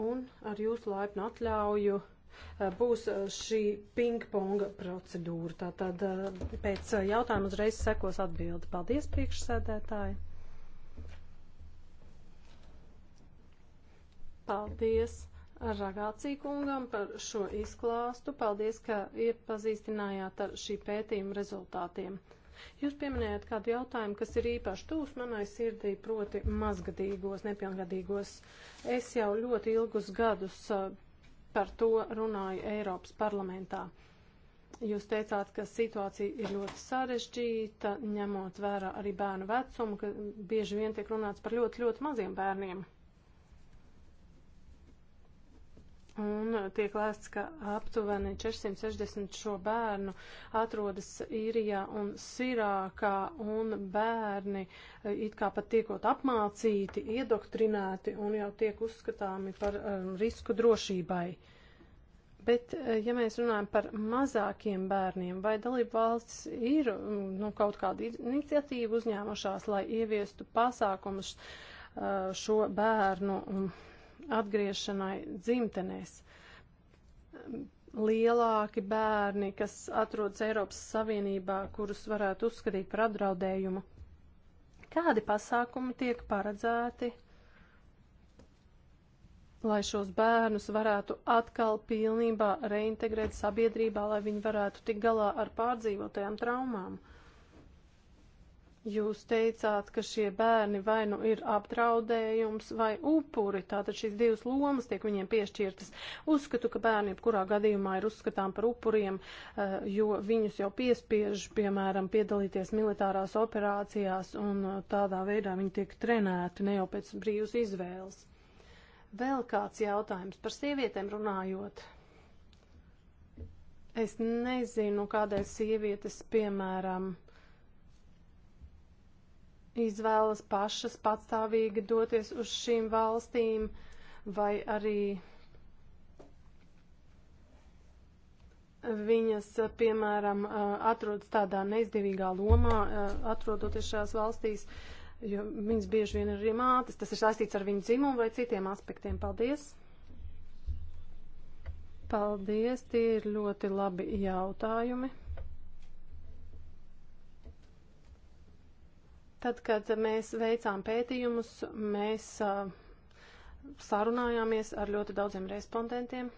un ar jūsu laipnu atļauju eh, būs eh, šī pingponga procedūra. Tātad pēc jautājuma uzreiz sekos atbildi. Paldies, priekšsēdētāji! Paldies Ragācīkungam par šo izklāstu. Paldies, ka iepazīstinājāt ar šī pētījuma rezultātiem. Jūs pieminējāt kādu jautājumu, kas ir īpaši tūs manai sirdī, proti mazgadīgos, nepilngadīgos. Es jau ļoti ilgus gadus par to runāju Eiropas parlamentā. Jūs teicāt, ka situācija ir ļoti sarežģīta, ņemot vērā arī bērnu vecumu, ka bieži vien tiek runāts par ļoti, ļoti maziem bērniem. Un tiek lēsts, ka aptuveni 460 šo bērnu atrodas īrijā un sirākā, un bērni eh, it kā pat tiekot apmācīti, iedoktrinēti un jau tiek uzskatāmi par um, risku drošībai. Bet, eh, ja mēs runājam par mazākiem bērniem, vai dalību valsts ir mm, nu, kaut kāda iniciatīva uzņēmušās, lai ieviestu pasākumus šo bērnu mm, atgriešanai dzimtenēs. Lielāki bērni, kas atrodas Eiropas Savienībā, kurus varētu uzskatīt par apdraudējumu. Kādi pasākumi tiek paredzēti, lai šos bērnus varētu atkal pilnībā reintegrēt sabiedrībā, lai viņi varētu tik galā ar pārdzīvotajām traumām? Uh, Jūs teicāt, ka šie bērni vai nu ir apdraudējums vai upuri, tātad šīs divas lomas tiek viņiem piešķirtas. Uzskatu, ka bērni jebkurā gadījumā ir uzskatām par upuriem, eh, jo viņus jau piespiež, piemēram, piedalīties militārās operācijās, un eh, tādā veidā viņi tiek trenēti ne jau pēc brīvas izvēles. Vēl kāds jautājums par sievietēm runājot. Es nezinu, kādēļ sievietes, piemēram, izvēlas pašas patstāvīgi doties uz šīm valstīm, vai arī viņas, piemēram, atrodas tādā neizdevīgā lomā, atrodoties šajās valstīs, jo viņas bieži vien ir arī mātes. Tas ir saistīts ar viņu dzimumu vai citiem aspektiem. Paldies! Paldies, tie ir ļoti labi jautājumi. Tad, kad mēs veicām pētījumus, mēs uh, sarunājāmies ar ļoti daudziem respondentiem.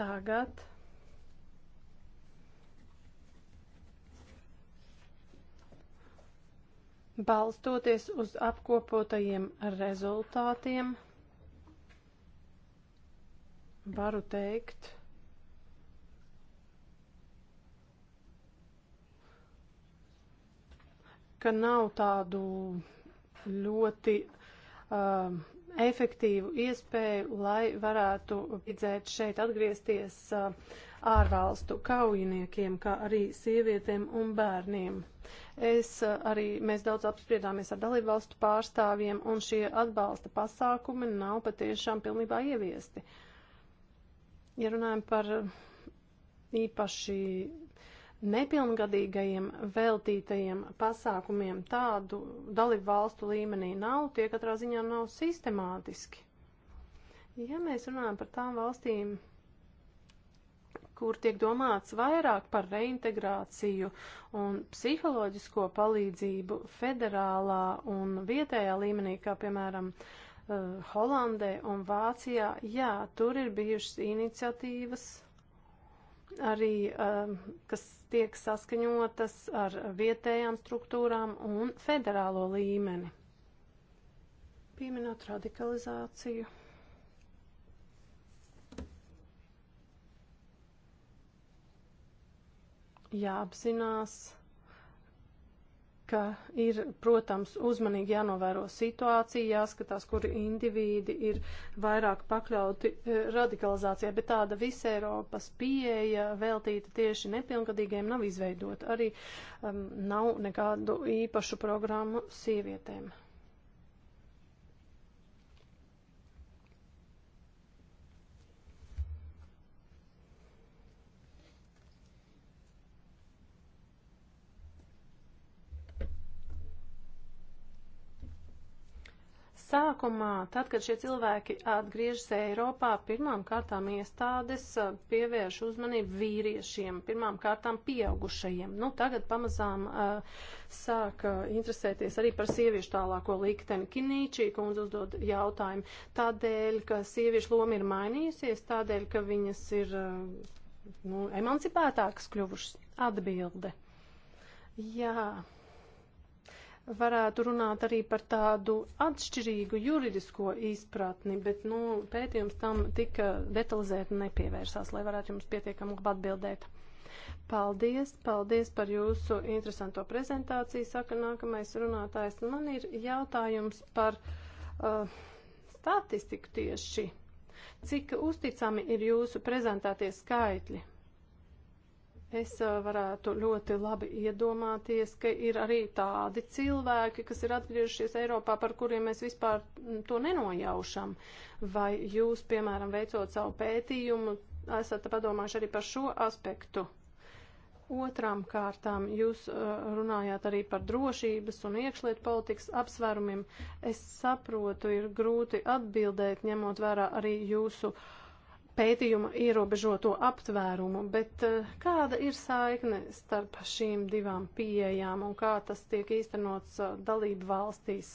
Tagad. Balstoties uz apkopotajiem rezultātiem, varu teikt, ka nav tādu ļoti uh, efektīvu iespēju, lai varētu piedzēt šeit atgriezties uh, ārvalstu kaujiniekiem, kā arī sievietēm un bērniem. Es uh, arī, mēs daudz apspriedāmies ar dalībvalstu pārstāvjiem, un šie atbalsta pasākumi nav patiešām pilnībā ieviesti. Ja runājam par īpaši nepilngadīgajiem veltītajiem pasākumiem tādu dalību valstu līmenī nav, tie katrā ziņā nav sistemātiski. Ja mēs runājam par tām valstīm, kur tiek domāts vairāk par reintegrāciju un psiholoģisko palīdzību federālā un vietējā līmenī, kā piemēram eh, Holandē un Vācijā, jā, tur ir bijušas iniciatīvas arī, um, kas tiek saskaņotas ar vietējām struktūrām un federālo līmeni. Pieminot radikalizāciju. Jāapzinās. Ja ka ir, protams, uzmanīgi jānovēro situācija, jāskatās, kuri indivīdi ir vairāk pakļauti e, radikalizācijai, bet tāda visa Eiropas pieeja veltīta tieši nepilngadīgiem nav izveidota. Arī um, nav nekādu īpašu programmu sievietēm. Sākumā, tad, kad šie cilvēki atgriežas Eiropā, pirmām kārtām iestādes eh, pievērš uzmanību vīriešiem, pirmām kārtām pieaugušajiem. Nu, tagad pamazām uh, sāk uh, interesēties arī par sieviešu tālāko likteni. Kinīčī kundze uzdod jautājumu tādēļ, ka sieviešu loma ir mainījusies, tādēļ, ka viņas ir uh, nu, emancipētākas kļuvušas. Atbilde. Jā. Yeah varētu runāt arī par tādu atšķirīgu juridisko izpratni, bet nu, pētījums tam tik eh, detalizēti nepievērsās, lai varētu jums pietiekami labi atbildēt. Paldies, paldies par jūsu interesanto prezentāciju. Saka nākamais runātājs. Man ir jautājums par uh, statistiku tieši. Cik uzticami ir jūsu prezentētie skaitļi? Es uh, varētu ļoti labi iedomāties, ka ir arī tādi cilvēki, kas ir atgriežušies Eiropā, par kuriem mēs vispār mm, to nenojaušam. Vai jūs, piemēram, veicot savu pētījumu, esat padomājuši arī par šo aspektu? Otrām kārtām jūs uh, runājāt arī par drošības un iekšlietu politikas apsvērumiem. Es saprotu, ir grūti atbildēt, ņemot vērā arī jūsu uh, pētījuma ierobežoto aptvērumu, bet eh, kāda ir saikne starp šīm divām pieejām un kā tas tiek īstenots eh, dalību valstīs,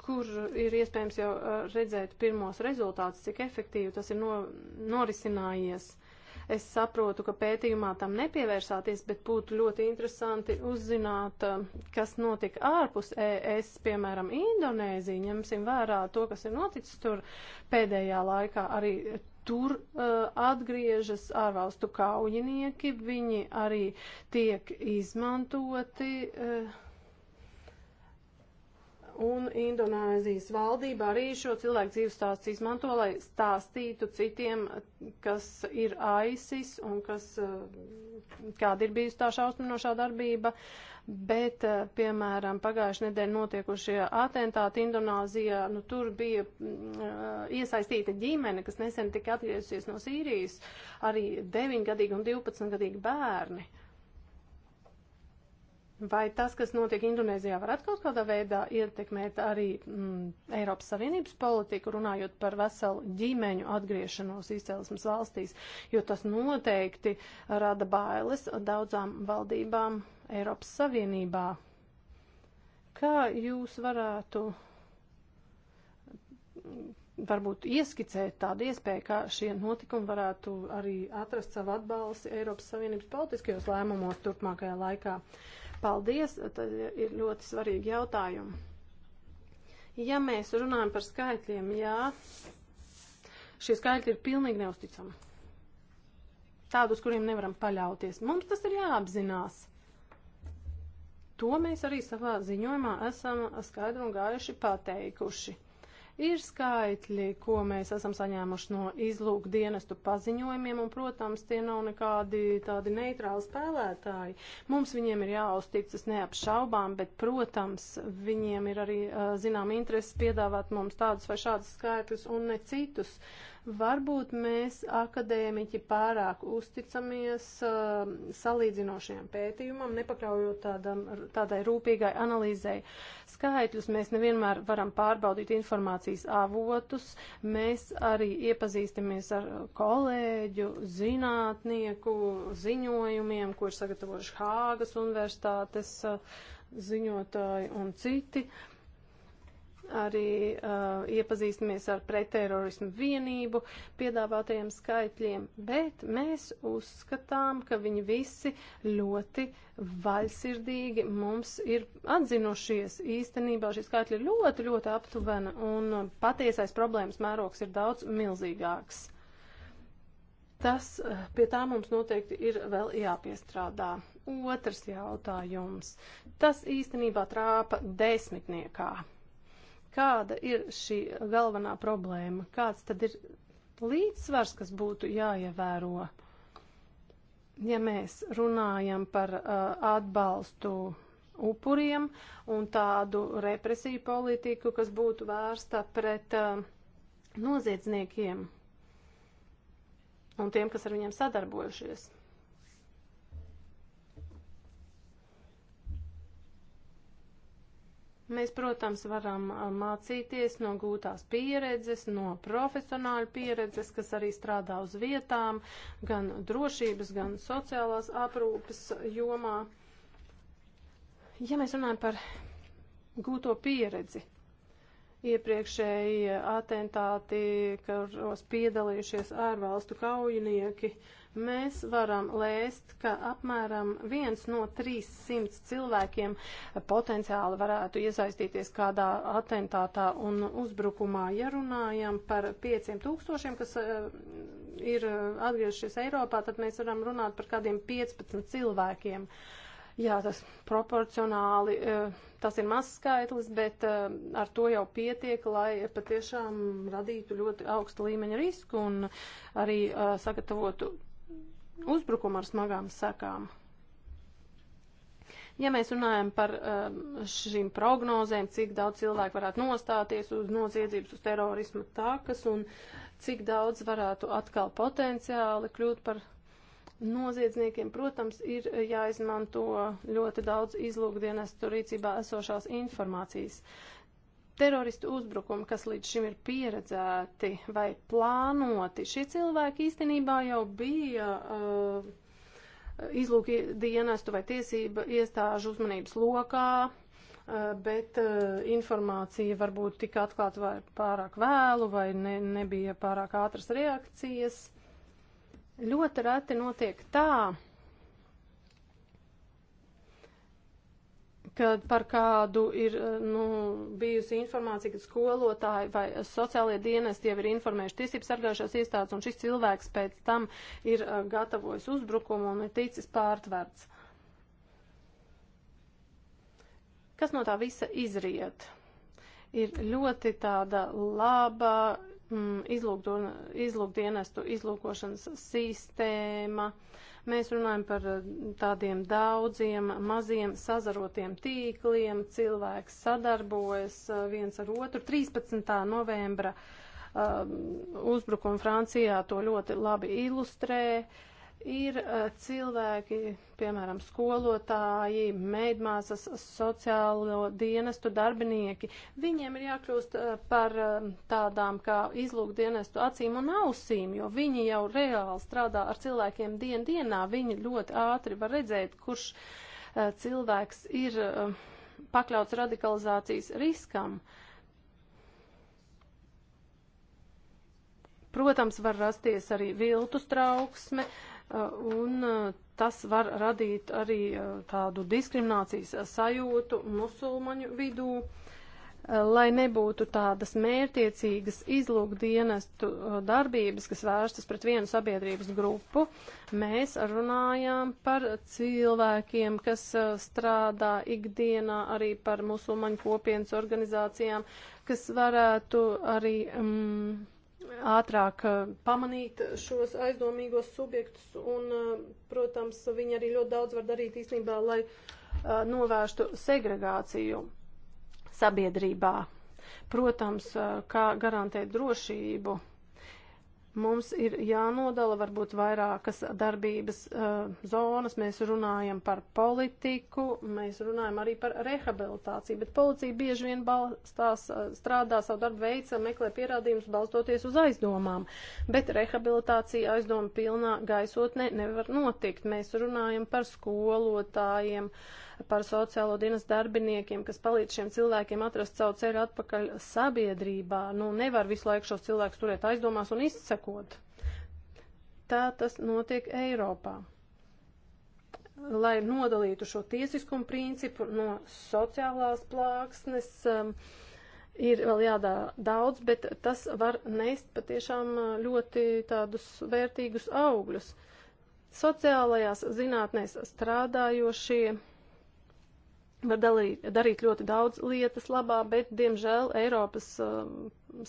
kur ir iespējams jau eh, redzēt pirmos rezultātus, cik efektīvi tas ir no, norisinājies. Es saprotu, ka pētījumā tam nepievērsāties, bet būtu ļoti interesanti uzzināt, kas notika ārpus ES, piemēram, Indonēzija. Ņemsim vērā to, kas ir noticis tur pēdējā laikā. Arī tur uh, atgriežas ārvalstu kaujinieki, viņi arī tiek izmantoti. Uh, un Indonēzijas valdība arī šo cilvēku dzīves stāstu izmanto, lai stāstītu citiem, kas ir ISIS un kas, uh, kāda ir bijusi tā šausminošā darbība. Uh, bet, eh, piemēram, pagājušajā nedēļā notiekušie atentāti Indonāzijā, nu tur bija mm, eh, iesaistīta ģimene, kas nesen tika atgriezusies no Sīrijas, arī 9-gadīgi un 12-gadīgi bērni. Uh, Vai tas, kas notiek Indonēzijā, varētu kaut kādā veidā ietekmēt arī mm, Eiropas Savienības politiku, runājot par veselu ģimeņu atgriešanos izcelsmes valstīs, jo tas noteikti rada bailes daudzām valdībām Eiropas Savienībā? Kā jūs varētu mm, varbūt ieskicēt tādu iespēju, kā šie notikumi varētu arī atrast savu atbalsi Eiropas Savienības politiskajos lēmumos turpmākajā laikā? Paldies, tad ir ļoti svarīgi jautājumi. Ja mēs runājam par skaitļiem, jā, šie skaitļi ir pilnīgi neusticami. Tādus, kuriem nevaram paļauties. Mums tas ir jāapzinās. To mēs arī savā ziņojumā esam skaidri un gājuši pateikuši. Ir skaitļi, ko mēs esam saņēmuši no izlūk dienestu paziņojumiem, un, protams, tie nav nekādi tādi neitrāli spēlētāji. Mums viņiem ir jāuzticas neapšaubām, bet, protams, viņiem ir arī, zinām, interesi piedāvāt mums tādus vai šādus skaitļus un ne citus. Uh, Varbūt mēs akadēmiķi pārāk uzticamies uh, salīdzinošajam pētījumam, nepakraujot tādam, tādai rūpīgai analīzei. Skaitļus mēs nevienmēr varam pārbaudīt informācijas avotus, mēs arī iepazīstamies ar kolēģu, zinātnieku ziņojumiem, ko ir sagatavojuši Hāgas universitātes uh, ziņotāji un citi. Uh, arī uh, iepazīstamies ar pretterorismu vienību piedāvātajiem skaitļiem, bet mēs uzskatām, ka viņi visi ļoti vaļsirdīgi mums ir atzinušies. Īstenībā šie skaitļi ir ļoti, ļoti aptuveni un patiesais problēmas mērogs ir daudz milzīgāks. Tas uh, pie tā mums noteikti ir vēl jāpiestrādā. Otrs jautājums. Tas īstenībā trāpa desmitniekā Kāda ir šī galvenā problēma? Kāds tad ir līdzsvars, kas būtu jāievēro? Ja mēs runājam par uh, atbalstu upuriem un tādu represiju politiku, kas būtu vērsta pret uh, noziedzniekiem un tiem, kas ar viņiem sadarbojušies. Mēs, protams, varam uh, mācīties no gūtās pieredzes, no profesionāļu pieredzes, kas arī strādā uz vietām, gan drošības, gan sociālās aprūpes jomā. Ja mēs runājam par gūto pieredzi, iepriekšēji atentāti, kuros piedalījušies ārvalstu kaujinieki, uh, mēs varam lēst, ka apmēram viens no 300 cilvēkiem potenciāli varētu iesaistīties kādā atentātā un uzbrukumā. Ja runājam par 5000, kas eh, ir eh, atgriežies Eiropā, tad mēs varam runāt par kādiem 15 cilvēkiem. Jā, tas proporcionāli, eh, tas ir mazs skaitlis, bet ar to jau pietiek, lai patiešām radītu ļoti augsta līmeņa risku un arī sagatavotu uzbrukuma ar smagām sekām. Ja mēs runājam par um, šīm prognozēm, cik daudz cilvēku varētu nostāties uz noziedzības, uz terorisma takas un cik daudz varētu atkal potenciāli kļūt par noziedzniekiem, protams, ir jāizmanto ļoti daudz izlūkdienestu rīcībā esošās informācijas. Uh, teroristu uzbrukumi, kas līdz šim ir pieredzēti vai plānoti, šie cilvēki īstenībā jau bija uh, izlūki dienestu vai tiesība iestāžu uzmanības lokā, uh, bet uh, informācija varbūt tika atklāta vai pārāk vēlu vai ne, nebija pārāk ātras reakcijas. Ļoti reti notiek tā, kad par kādu ir eh, nu, bijusi informācija, ka skolotāji vai sociālie dienesti jau ir informējuši tiesības sargājušās iestādes, un šis cilvēks pēc tam ir eh, gatavojis uzbrukumu un ir ticis pārtverts. Kas no tā visa izriet? Ir ļoti tāda laba mm, izlūkdienestu izlūkošanas sistēma. Uh, Mēs runājam par eh, tādiem daudziem maziem sazarotiem tīkliem, cilvēks sadarbojas eh, viens ar otru. 13. novembra uh, uzbrukuma Francijā to ļoti labi ilustrē. Uh, Ir uh, cilvēki, piemēram, skolotāji, meidmāsas, sociālo dienestu darbinieki. Viņiem ir jākļūst uh, par uh, tādām kā izlūkdienestu acīm un ausīm, jo viņi jau reāli strādā ar cilvēkiem dien dienā. Viņi ļoti ātri var redzēt, kurš uh, cilvēks ir uh, pakļauts radikalizācijas riskam. Uh, Protams, var rasties arī viltus trauksme, Eh, un eh, tas var radīt arī eh, tādu diskriminācijas sajūtu musulmaņu vidū, lai nebūtu tādas mērtiecīgas izlūkdienestu darbības, kas vērstas pret vienu sabiedrības grupu. Mēs runājām par cilvēkiem, kas strādā ikdienā arī par musulmaņu kopienas organizācijām, kas varētu arī. Mm, ātrāk eh, pamanīt šos aizdomīgos subjektus un, eh, protams, viņi arī ļoti daudz var darīt īstenībā, lai eh, novērstu segregāciju sabiedrībā. Protams, kā garantēt drošību Mums ir jānodala varbūt vairākas darbības uh, zonas. Mēs runājam par politiku, mēs runājam arī par rehabilitāciju, bet policija bieži vien balstās, eh, strādā savu darbu veica, meklē pierādījumus balstoties uz aizdomām. Bet rehabilitācija aizdoma pilnā gaisotnē nevar notikt. Mēs runājam par skolotājiem. Uh, par sociālo dienas darbiniekiem, kas palīdz šiem cilvēkiem atrast savu ceļu atpakaļ sabiedrībā. Nu, nevar visu laiku šos cilvēkus turēt aizdomās un izsekot. Tā tas notiek Eiropā. Lai nodalītu šo tiesiskumu principu no sociālās plāksnes, um, ir vēl jādara daudz, bet tas var nest patiešām uh, ļoti tādus vērtīgus augļus. Sociālajās zinātnēs strādājošie var dalīt, darīt ļoti daudz lietas labā, bet, diemžēl, Eiropas um,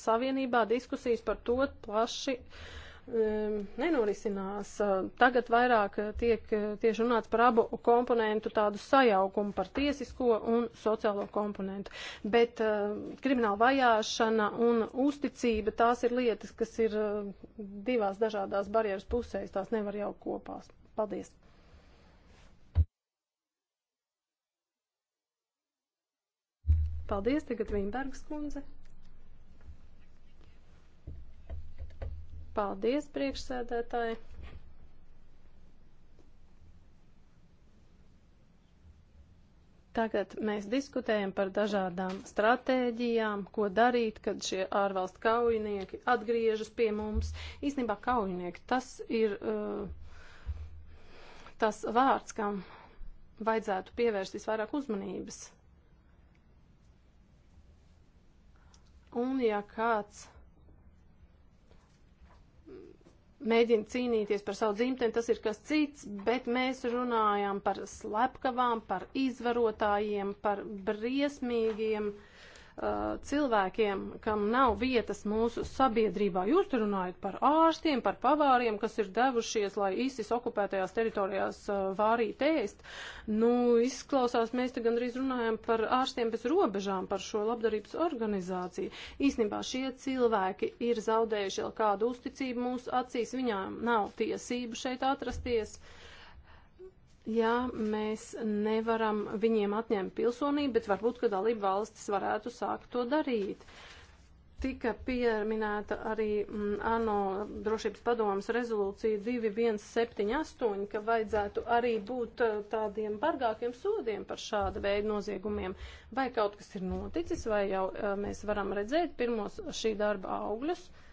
Savienībā diskusijas par to plaši um, nenorisinās. Um, tagad vairāk tiek uh, tieši runāts par abu komponentu tādu sajaukumu par tiesisko un sociālo komponentu. Bet um, krimināla vajāšana un uzticība tās ir lietas, kas ir um, divās dažādās barjeras pusēs, tās nevar jau kopās. Paldies! Paldies, tagad Vīmbergs kundze. Paldies, priekšsēdētāji. Tagad mēs diskutējam par dažādām stratēģijām, ko darīt, kad šie ārvalstu kaujinieki atgriežas pie mums. Īstenībā kaujinieki tas ir uh, tas vārds, kam vajadzētu pievērst visvairāk uzmanības. Un ja kāds mēģina cīnīties par savu dzimteni, tas ir kas cits, bet mēs runājam par slepkavām, par izvarotājiem, par briesmīgiem uh, Uh, cilvēkiem, kam nav vietas mūsu sabiedrībā. Jūs tur runājat par ārstiem, par pavāriem, kas ir devušies, lai īsis okupētajās teritorijās uh, vārīt ēst. Nu, izklausās, mēs te gandrīz runājam par ārstiem bez robežām, par šo labdarības organizāciju. Īsnībā šie cilvēki ir zaudējuši jau kādu uzticību mūsu acīs, viņām nav tiesību šeit atrasties. Uh, ja mēs nevaram viņiem atņemt pilsonību, bet varbūt, ka dalība valstis varētu sākt to darīt. Tika pieminēta arī mm, ANO drošības padomas rezolūcija 2178, ka vajadzētu arī būt eh, tādiem bargākiem sodiem par šāda veida noziegumiem. Vai kaut kas ir noticis, vai jau eh, mēs varam redzēt pirmos šī darba augļus? Uh,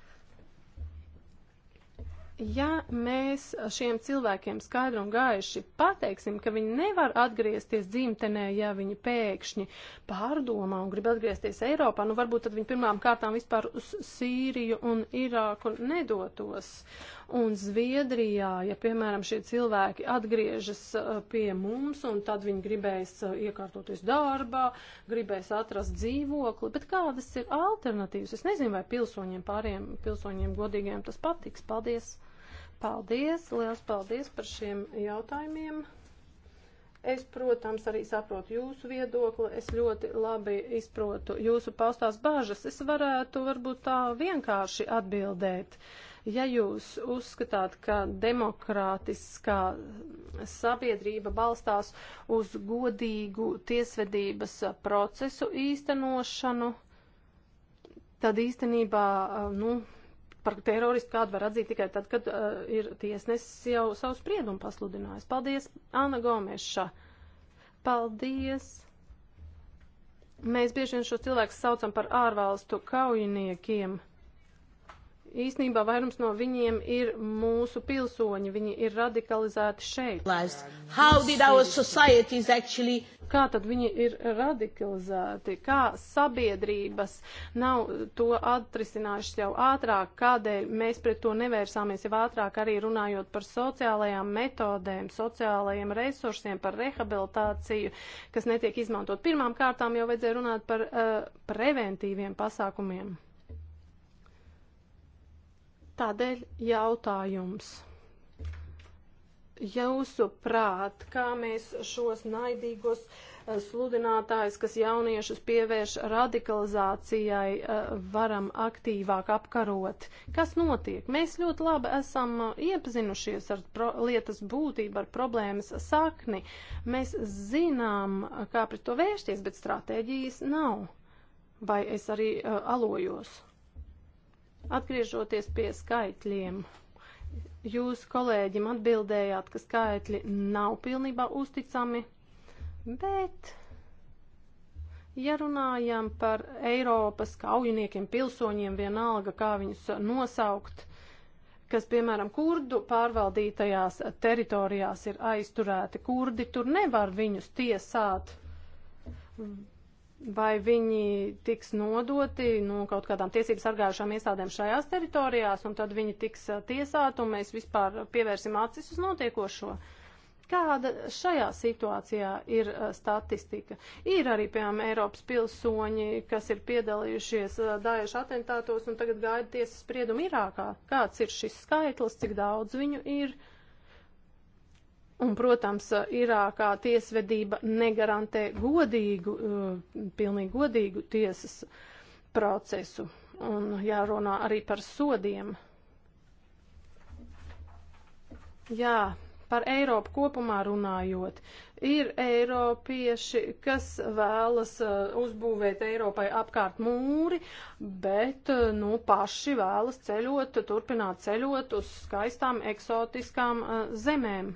ja mēs šiem cilvēkiem skaidri un gaiši pateiksim, ka viņi nevar atgriezties dzimtenē, ja viņi pēkšņi pārdomā un grib atgriezties Eiropā, nu varbūt tad viņi pirmām kārtām vispār uz Sīriju un Irāku nedotos. Un Zviedrijā, ja, piemēram, šie cilvēki atgriežas uh, pie mums, un tad viņi gribēs uh, iekārtoties darbā, gribēs atrast dzīvokli, bet kādas ir alternatīvas? Es nezinu, vai pilsoņiem pāriem, pilsoņiem godīgiem tas patiks. Paldies! Paldies! Liels paldies par šiem jautājumiem! Es, protams, arī saprotu jūsu viedokli, es ļoti labi izprotu jūsu paustās bāžas. Es varētu varbūt tā vienkārši atbildēt. Uh, Ja jūs uzskatāt, ka demokrātiskā sabiedrība balstās uz godīgu tiesvedības procesu īstenošanu, tad īstenībā, uh, nu, par teroristu kādu var atzīt tikai tad, kad uh, ir tiesnesis jau savu spriedumu pasludinājis. Paldies, Anna Gomeša. Paldies. Mēs bieži vien šos cilvēkus saucam par ārvalstu kaujiniekiem īsnībā vairums no viņiem ir mūsu pilsoņi, viņi ir radikalizēti šeit. Actually... Kā tad viņi ir radikalizēti? Kā sabiedrības nav to atrisinājušas jau ātrāk? Kādēļ mēs pret to nevērsāmies jau ātrāk, arī runājot par sociālajām metodēm, sociālajiem resursiem, par rehabilitāciju, kas netiek izmantot? Pirmām kārtām jau vajadzēja runāt par uh, preventīviem pasākumiem. Tādēļ jautājums. Jūsu prāt, kā mēs šos naidīgos eh, sludinātājus, kas jauniešus pievērš radikalizācijai, eh, varam aktīvāk apkarot? Kas notiek? Mēs ļoti labi esam eh, iepazinušies ar pro, lietas būtību, ar problēmas sakni. Mēs zinām, kā pret to vērsties, bet stratēģijas nav. Vai es arī alojos? Atgriežoties pie skaitļiem, jūs kolēģim atbildējāt, ka skaitļi nav pilnībā uzticami, bet Ja runājam par Eiropas kaujiniekiem, pilsoņiem, vienalga, kā viņus nosaukt, kas, piemēram, kurdu pārvaldītajās teritorijās ir aizturēti kurdi, tur nevar viņus tiesāt vai viņi tiks nodoti no kaut kādām tiesību sargājušām iestādēm šajās teritorijās, un tad viņi tiks tiesāti, un mēs vispār pievērsim acis uz notiekošo. Kāda šajā situācijā ir uh, statistika? Ir arī, piemēram, Eiropas pilsoņi, kas ir piedalījušies uh, dājuši atentātos un tagad gaida tiesas spriedumu Irākā. Kāds ir šis skaitlis, cik daudz viņu ir? Uh, Un, protams, Irākā tiesvedība negarantē godīgu, eh, pilnīgi godīgu tiesas procesu. Un jārunā arī par sodiem. Jā, par Eiropu kopumā runājot, ir Eiropieši, kas vēlas eh, uzbūvēt Eiropai apkārt mūri, bet eh, nu, paši vēlas ceļot, turpināt ceļot uz skaistām, eksotiskām zemēm.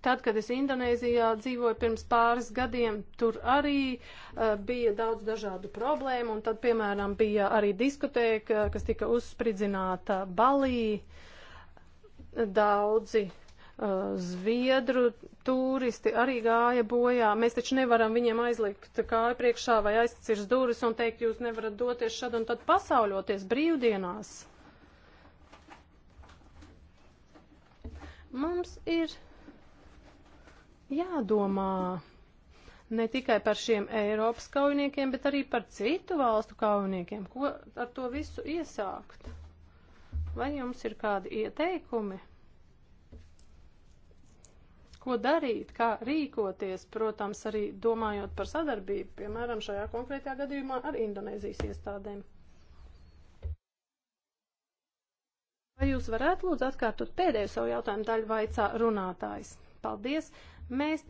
Tad, kad es Indonēzijā dzīvoju pirms pāris gadiem, tur arī uh, bija daudz dažādu problēmu, un tad, piemēram, bija arī diskotēka, kas tika uzspridzināta Balī. Daudzi uh, zviedru turisti arī gāja bojā. Mēs taču nevaram viņiem aizlikt kāju priekšā vai aizcirs durvis un teikt, jūs nevarat doties šad un tad pasauļoties brīvdienās. Mums ir jādomā ne tikai par šiem Eiropas kaujiniekiem, bet arī par citu valstu kaujiniekiem. Ko ar to visu iesākt? Vai jums ir kādi ieteikumi? Ko darīt, kā rīkoties, protams, arī domājot par sadarbību, piemēram, šajā konkrētajā gadījumā ar Indonēzijas iestādēm? Vai jūs varētu lūdzu atkārtot pēdējo savu jautājumu daļu vaicā runātājs? Paldies! Mēs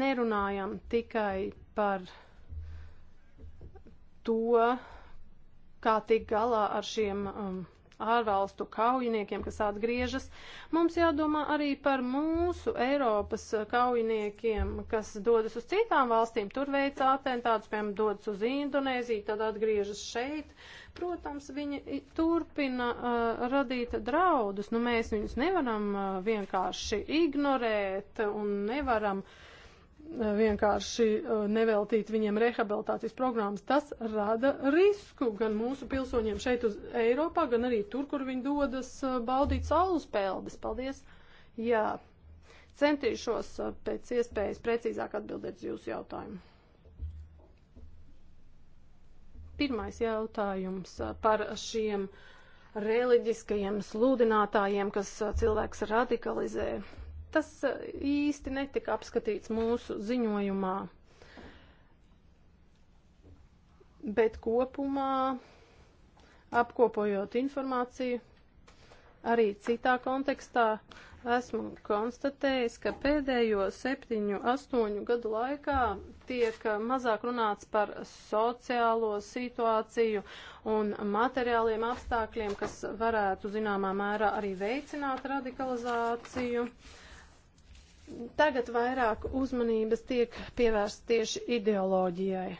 nerunājam tikai par to, kā tikt galā ar šiem um, ārvalstu kaujiniekiem, kas atgriežas. Mums jādomā arī par mūsu Eiropas kaujiniekiem, kas dodas uz citām valstīm, tur veic atentātus, piemēram, dodas uz Indonēziju, tad atgriežas šeit. Protams, viņi turpina uh, radīt draudus, nu mēs viņus nevaram uh, vienkārši ignorēt un nevaram uh, vienkārši eh, neveltīt viņiem rehabilitācijas programmas, tas rada risku gan mūsu pilsoņiem šeit uz Eiropā, gan arī tur, kur viņi dodas eh, baudīt saules peldes. Paldies! Jā, centīšos eh, pēc iespējas precīzāk atbildēt uz jūsu jautājumu. Pirmais jautājums par šiem reliģiskajiem sludinātājiem, kas cilvēks radikalizē tas eh, īsti netika apskatīts mūsu ziņojumā. Bet kopumā, apkopojot informāciju, arī citā kontekstā esmu konstatējis, ka pēdējo septiņu, astoņu gadu laikā tiek eh, mazāk runāts par sociālo situāciju un materiāliem apstākļiem, kas varētu zināmā mērā arī veicināt radikalizāciju. Uh, Tagad vairāk uzmanības tiek pievērsta tieši ideoloģijai.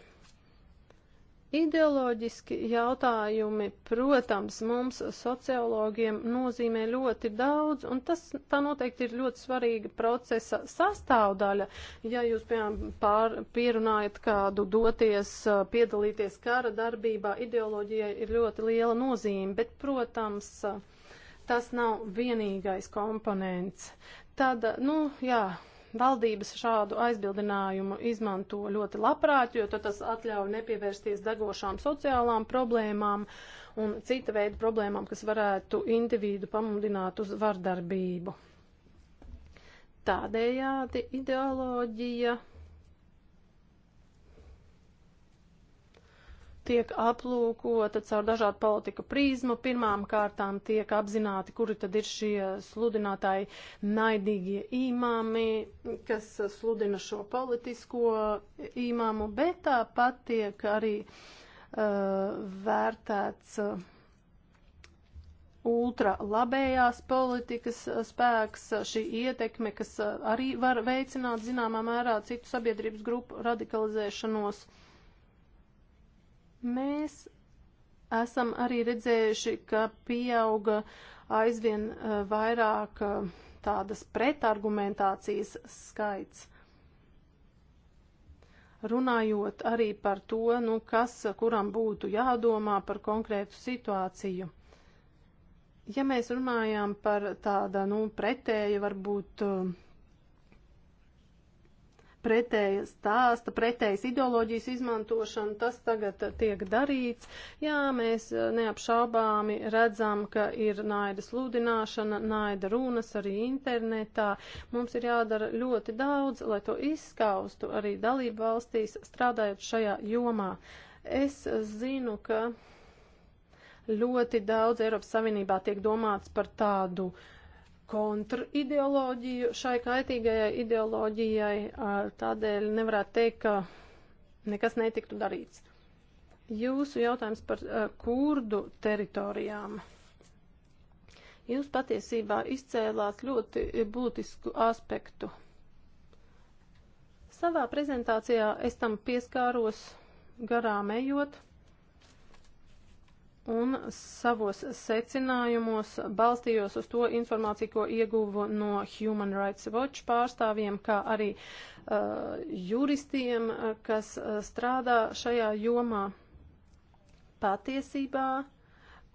Ideoloģiski jautājumi, protams, mums sociologiem nozīmē ļoti daudz, un tas tā noteikti ir ļoti svarīga procesa sastāvdaļa. Ja jūs, piemēram, pār, pierunājat kādu doties, piedalīties kara darbībā, ideoloģijai ir ļoti liela nozīme, bet, protams, tas nav vienīgais komponents tāda, nu, jā, valdības šādu aizbildinājumu izmanto ļoti labprāt, jo tas atļauj nepievērsties degošām sociālām problēmām un cita veida problēmām, kas varētu individu pamudināt uz vardarbību. Tādējādi ideoloģija tiek aplūkota caur dažādu politiku prizmu. Pirmām kārtām tiek apzināti, kuri tad ir šie sludinātāji naidīgie īmāmi, kas sludina šo politisko īmāmu, bet tāpat tiek arī uh, vērtēts. Uh, ultralabējās politikas uh, spēks, uh, šī ietekme, kas uh, arī var veicināt zināmā mērā citu sabiedrības grupu radikalizēšanos. Uh, Mēs esam arī redzējuši, ka pieauga aizvien eh, vairāk eh, tādas pretargumentācijas skaits. Runājot arī par to, nu, kas kuram būtu jādomā par konkrētu situāciju. Ja mēs runājām par tāda, nu, pretēja varbūt uh, pretēja stāsta, pretējas ideoloģijas izmantošana, tas tagad tiek darīts. Jā, mēs eh, neapšaubāmi redzam, ka ir naida sludināšana, naida runas arī internetā. Mums ir jādara ļoti daudz, lai to izskaustu arī dalību valstīs strādājot šajā jomā. Es zinu, ka ļoti daudz Eiropas Savienībā tiek domāts par tādu uh, kontrideoloģiju šai kaitīgajai ideoloģijai, tādēļ nevarētu teikt, ka nekas netiktu darīts. Jūsu jautājums par kurdu teritorijām. Jūs patiesībā izcēlāt ļoti būtisku aspektu. Savā prezentācijā es tam pieskāros garām ejot un savos secinājumos balstījos uz to informāciju, ko ieguvu no Human Rights Watch pārstāvjiem, kā arī uh, juristiem, uh, kas uh, strādā šajā jomā patiesībā.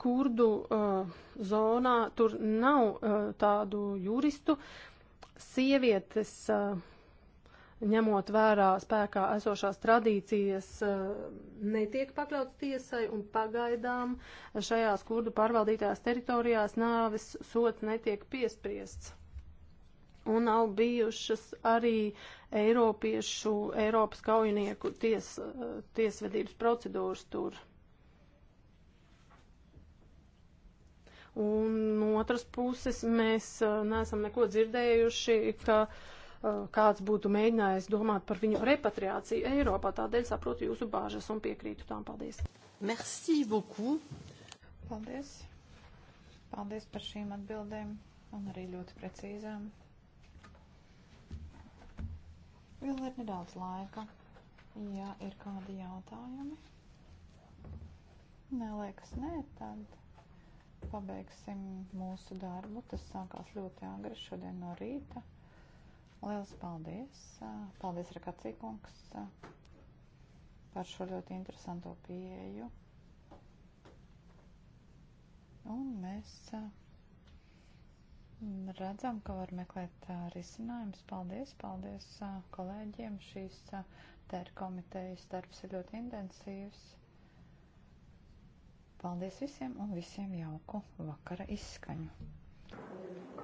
Kurdu uh, zonā tur nav uh, tādu juristu. Sievietes uh, ņemot vērā spēkā esošās tradīcijas, eh, netiek pakļauts tiesai un pagaidām šajās kurdu pārvaldītās teritorijās nāves sots netiek piespriests. Un nav bijušas arī Eiropiešu, Eiropas kaujinieku ties, eh, tiesvedības procedūras tur. Un no otras puses mēs eh, neesam neko dzirdējuši, ka uh, Eh, kāds būtu mēģinājis domāt par viņu repatriāciju Eiropā. Tādēļ saprotu jūsu bāžas un piekrītu tām. Paldies! Merci beaucoup! Paldies! Paldies par šīm atbildēm un arī ļoti precīzām. Vēl ir nedaudz laika, ja ir kādi jautājumi. Nē, liekas, nē, tad pabeigsim mūsu darbu. Tas sākās ļoti agri šodien no rīta. Lielas paldies! Paldies, Rakacīkungs, par šo ļoti interesanto pieeju. Un mēs redzam, ka var meklēt risinājumus. Paldies, paldies kolēģiem. Šīs tēra komitejas darbs ir ļoti intensīvs. Paldies visiem un visiem jauku vakara izskaņu. Thank you.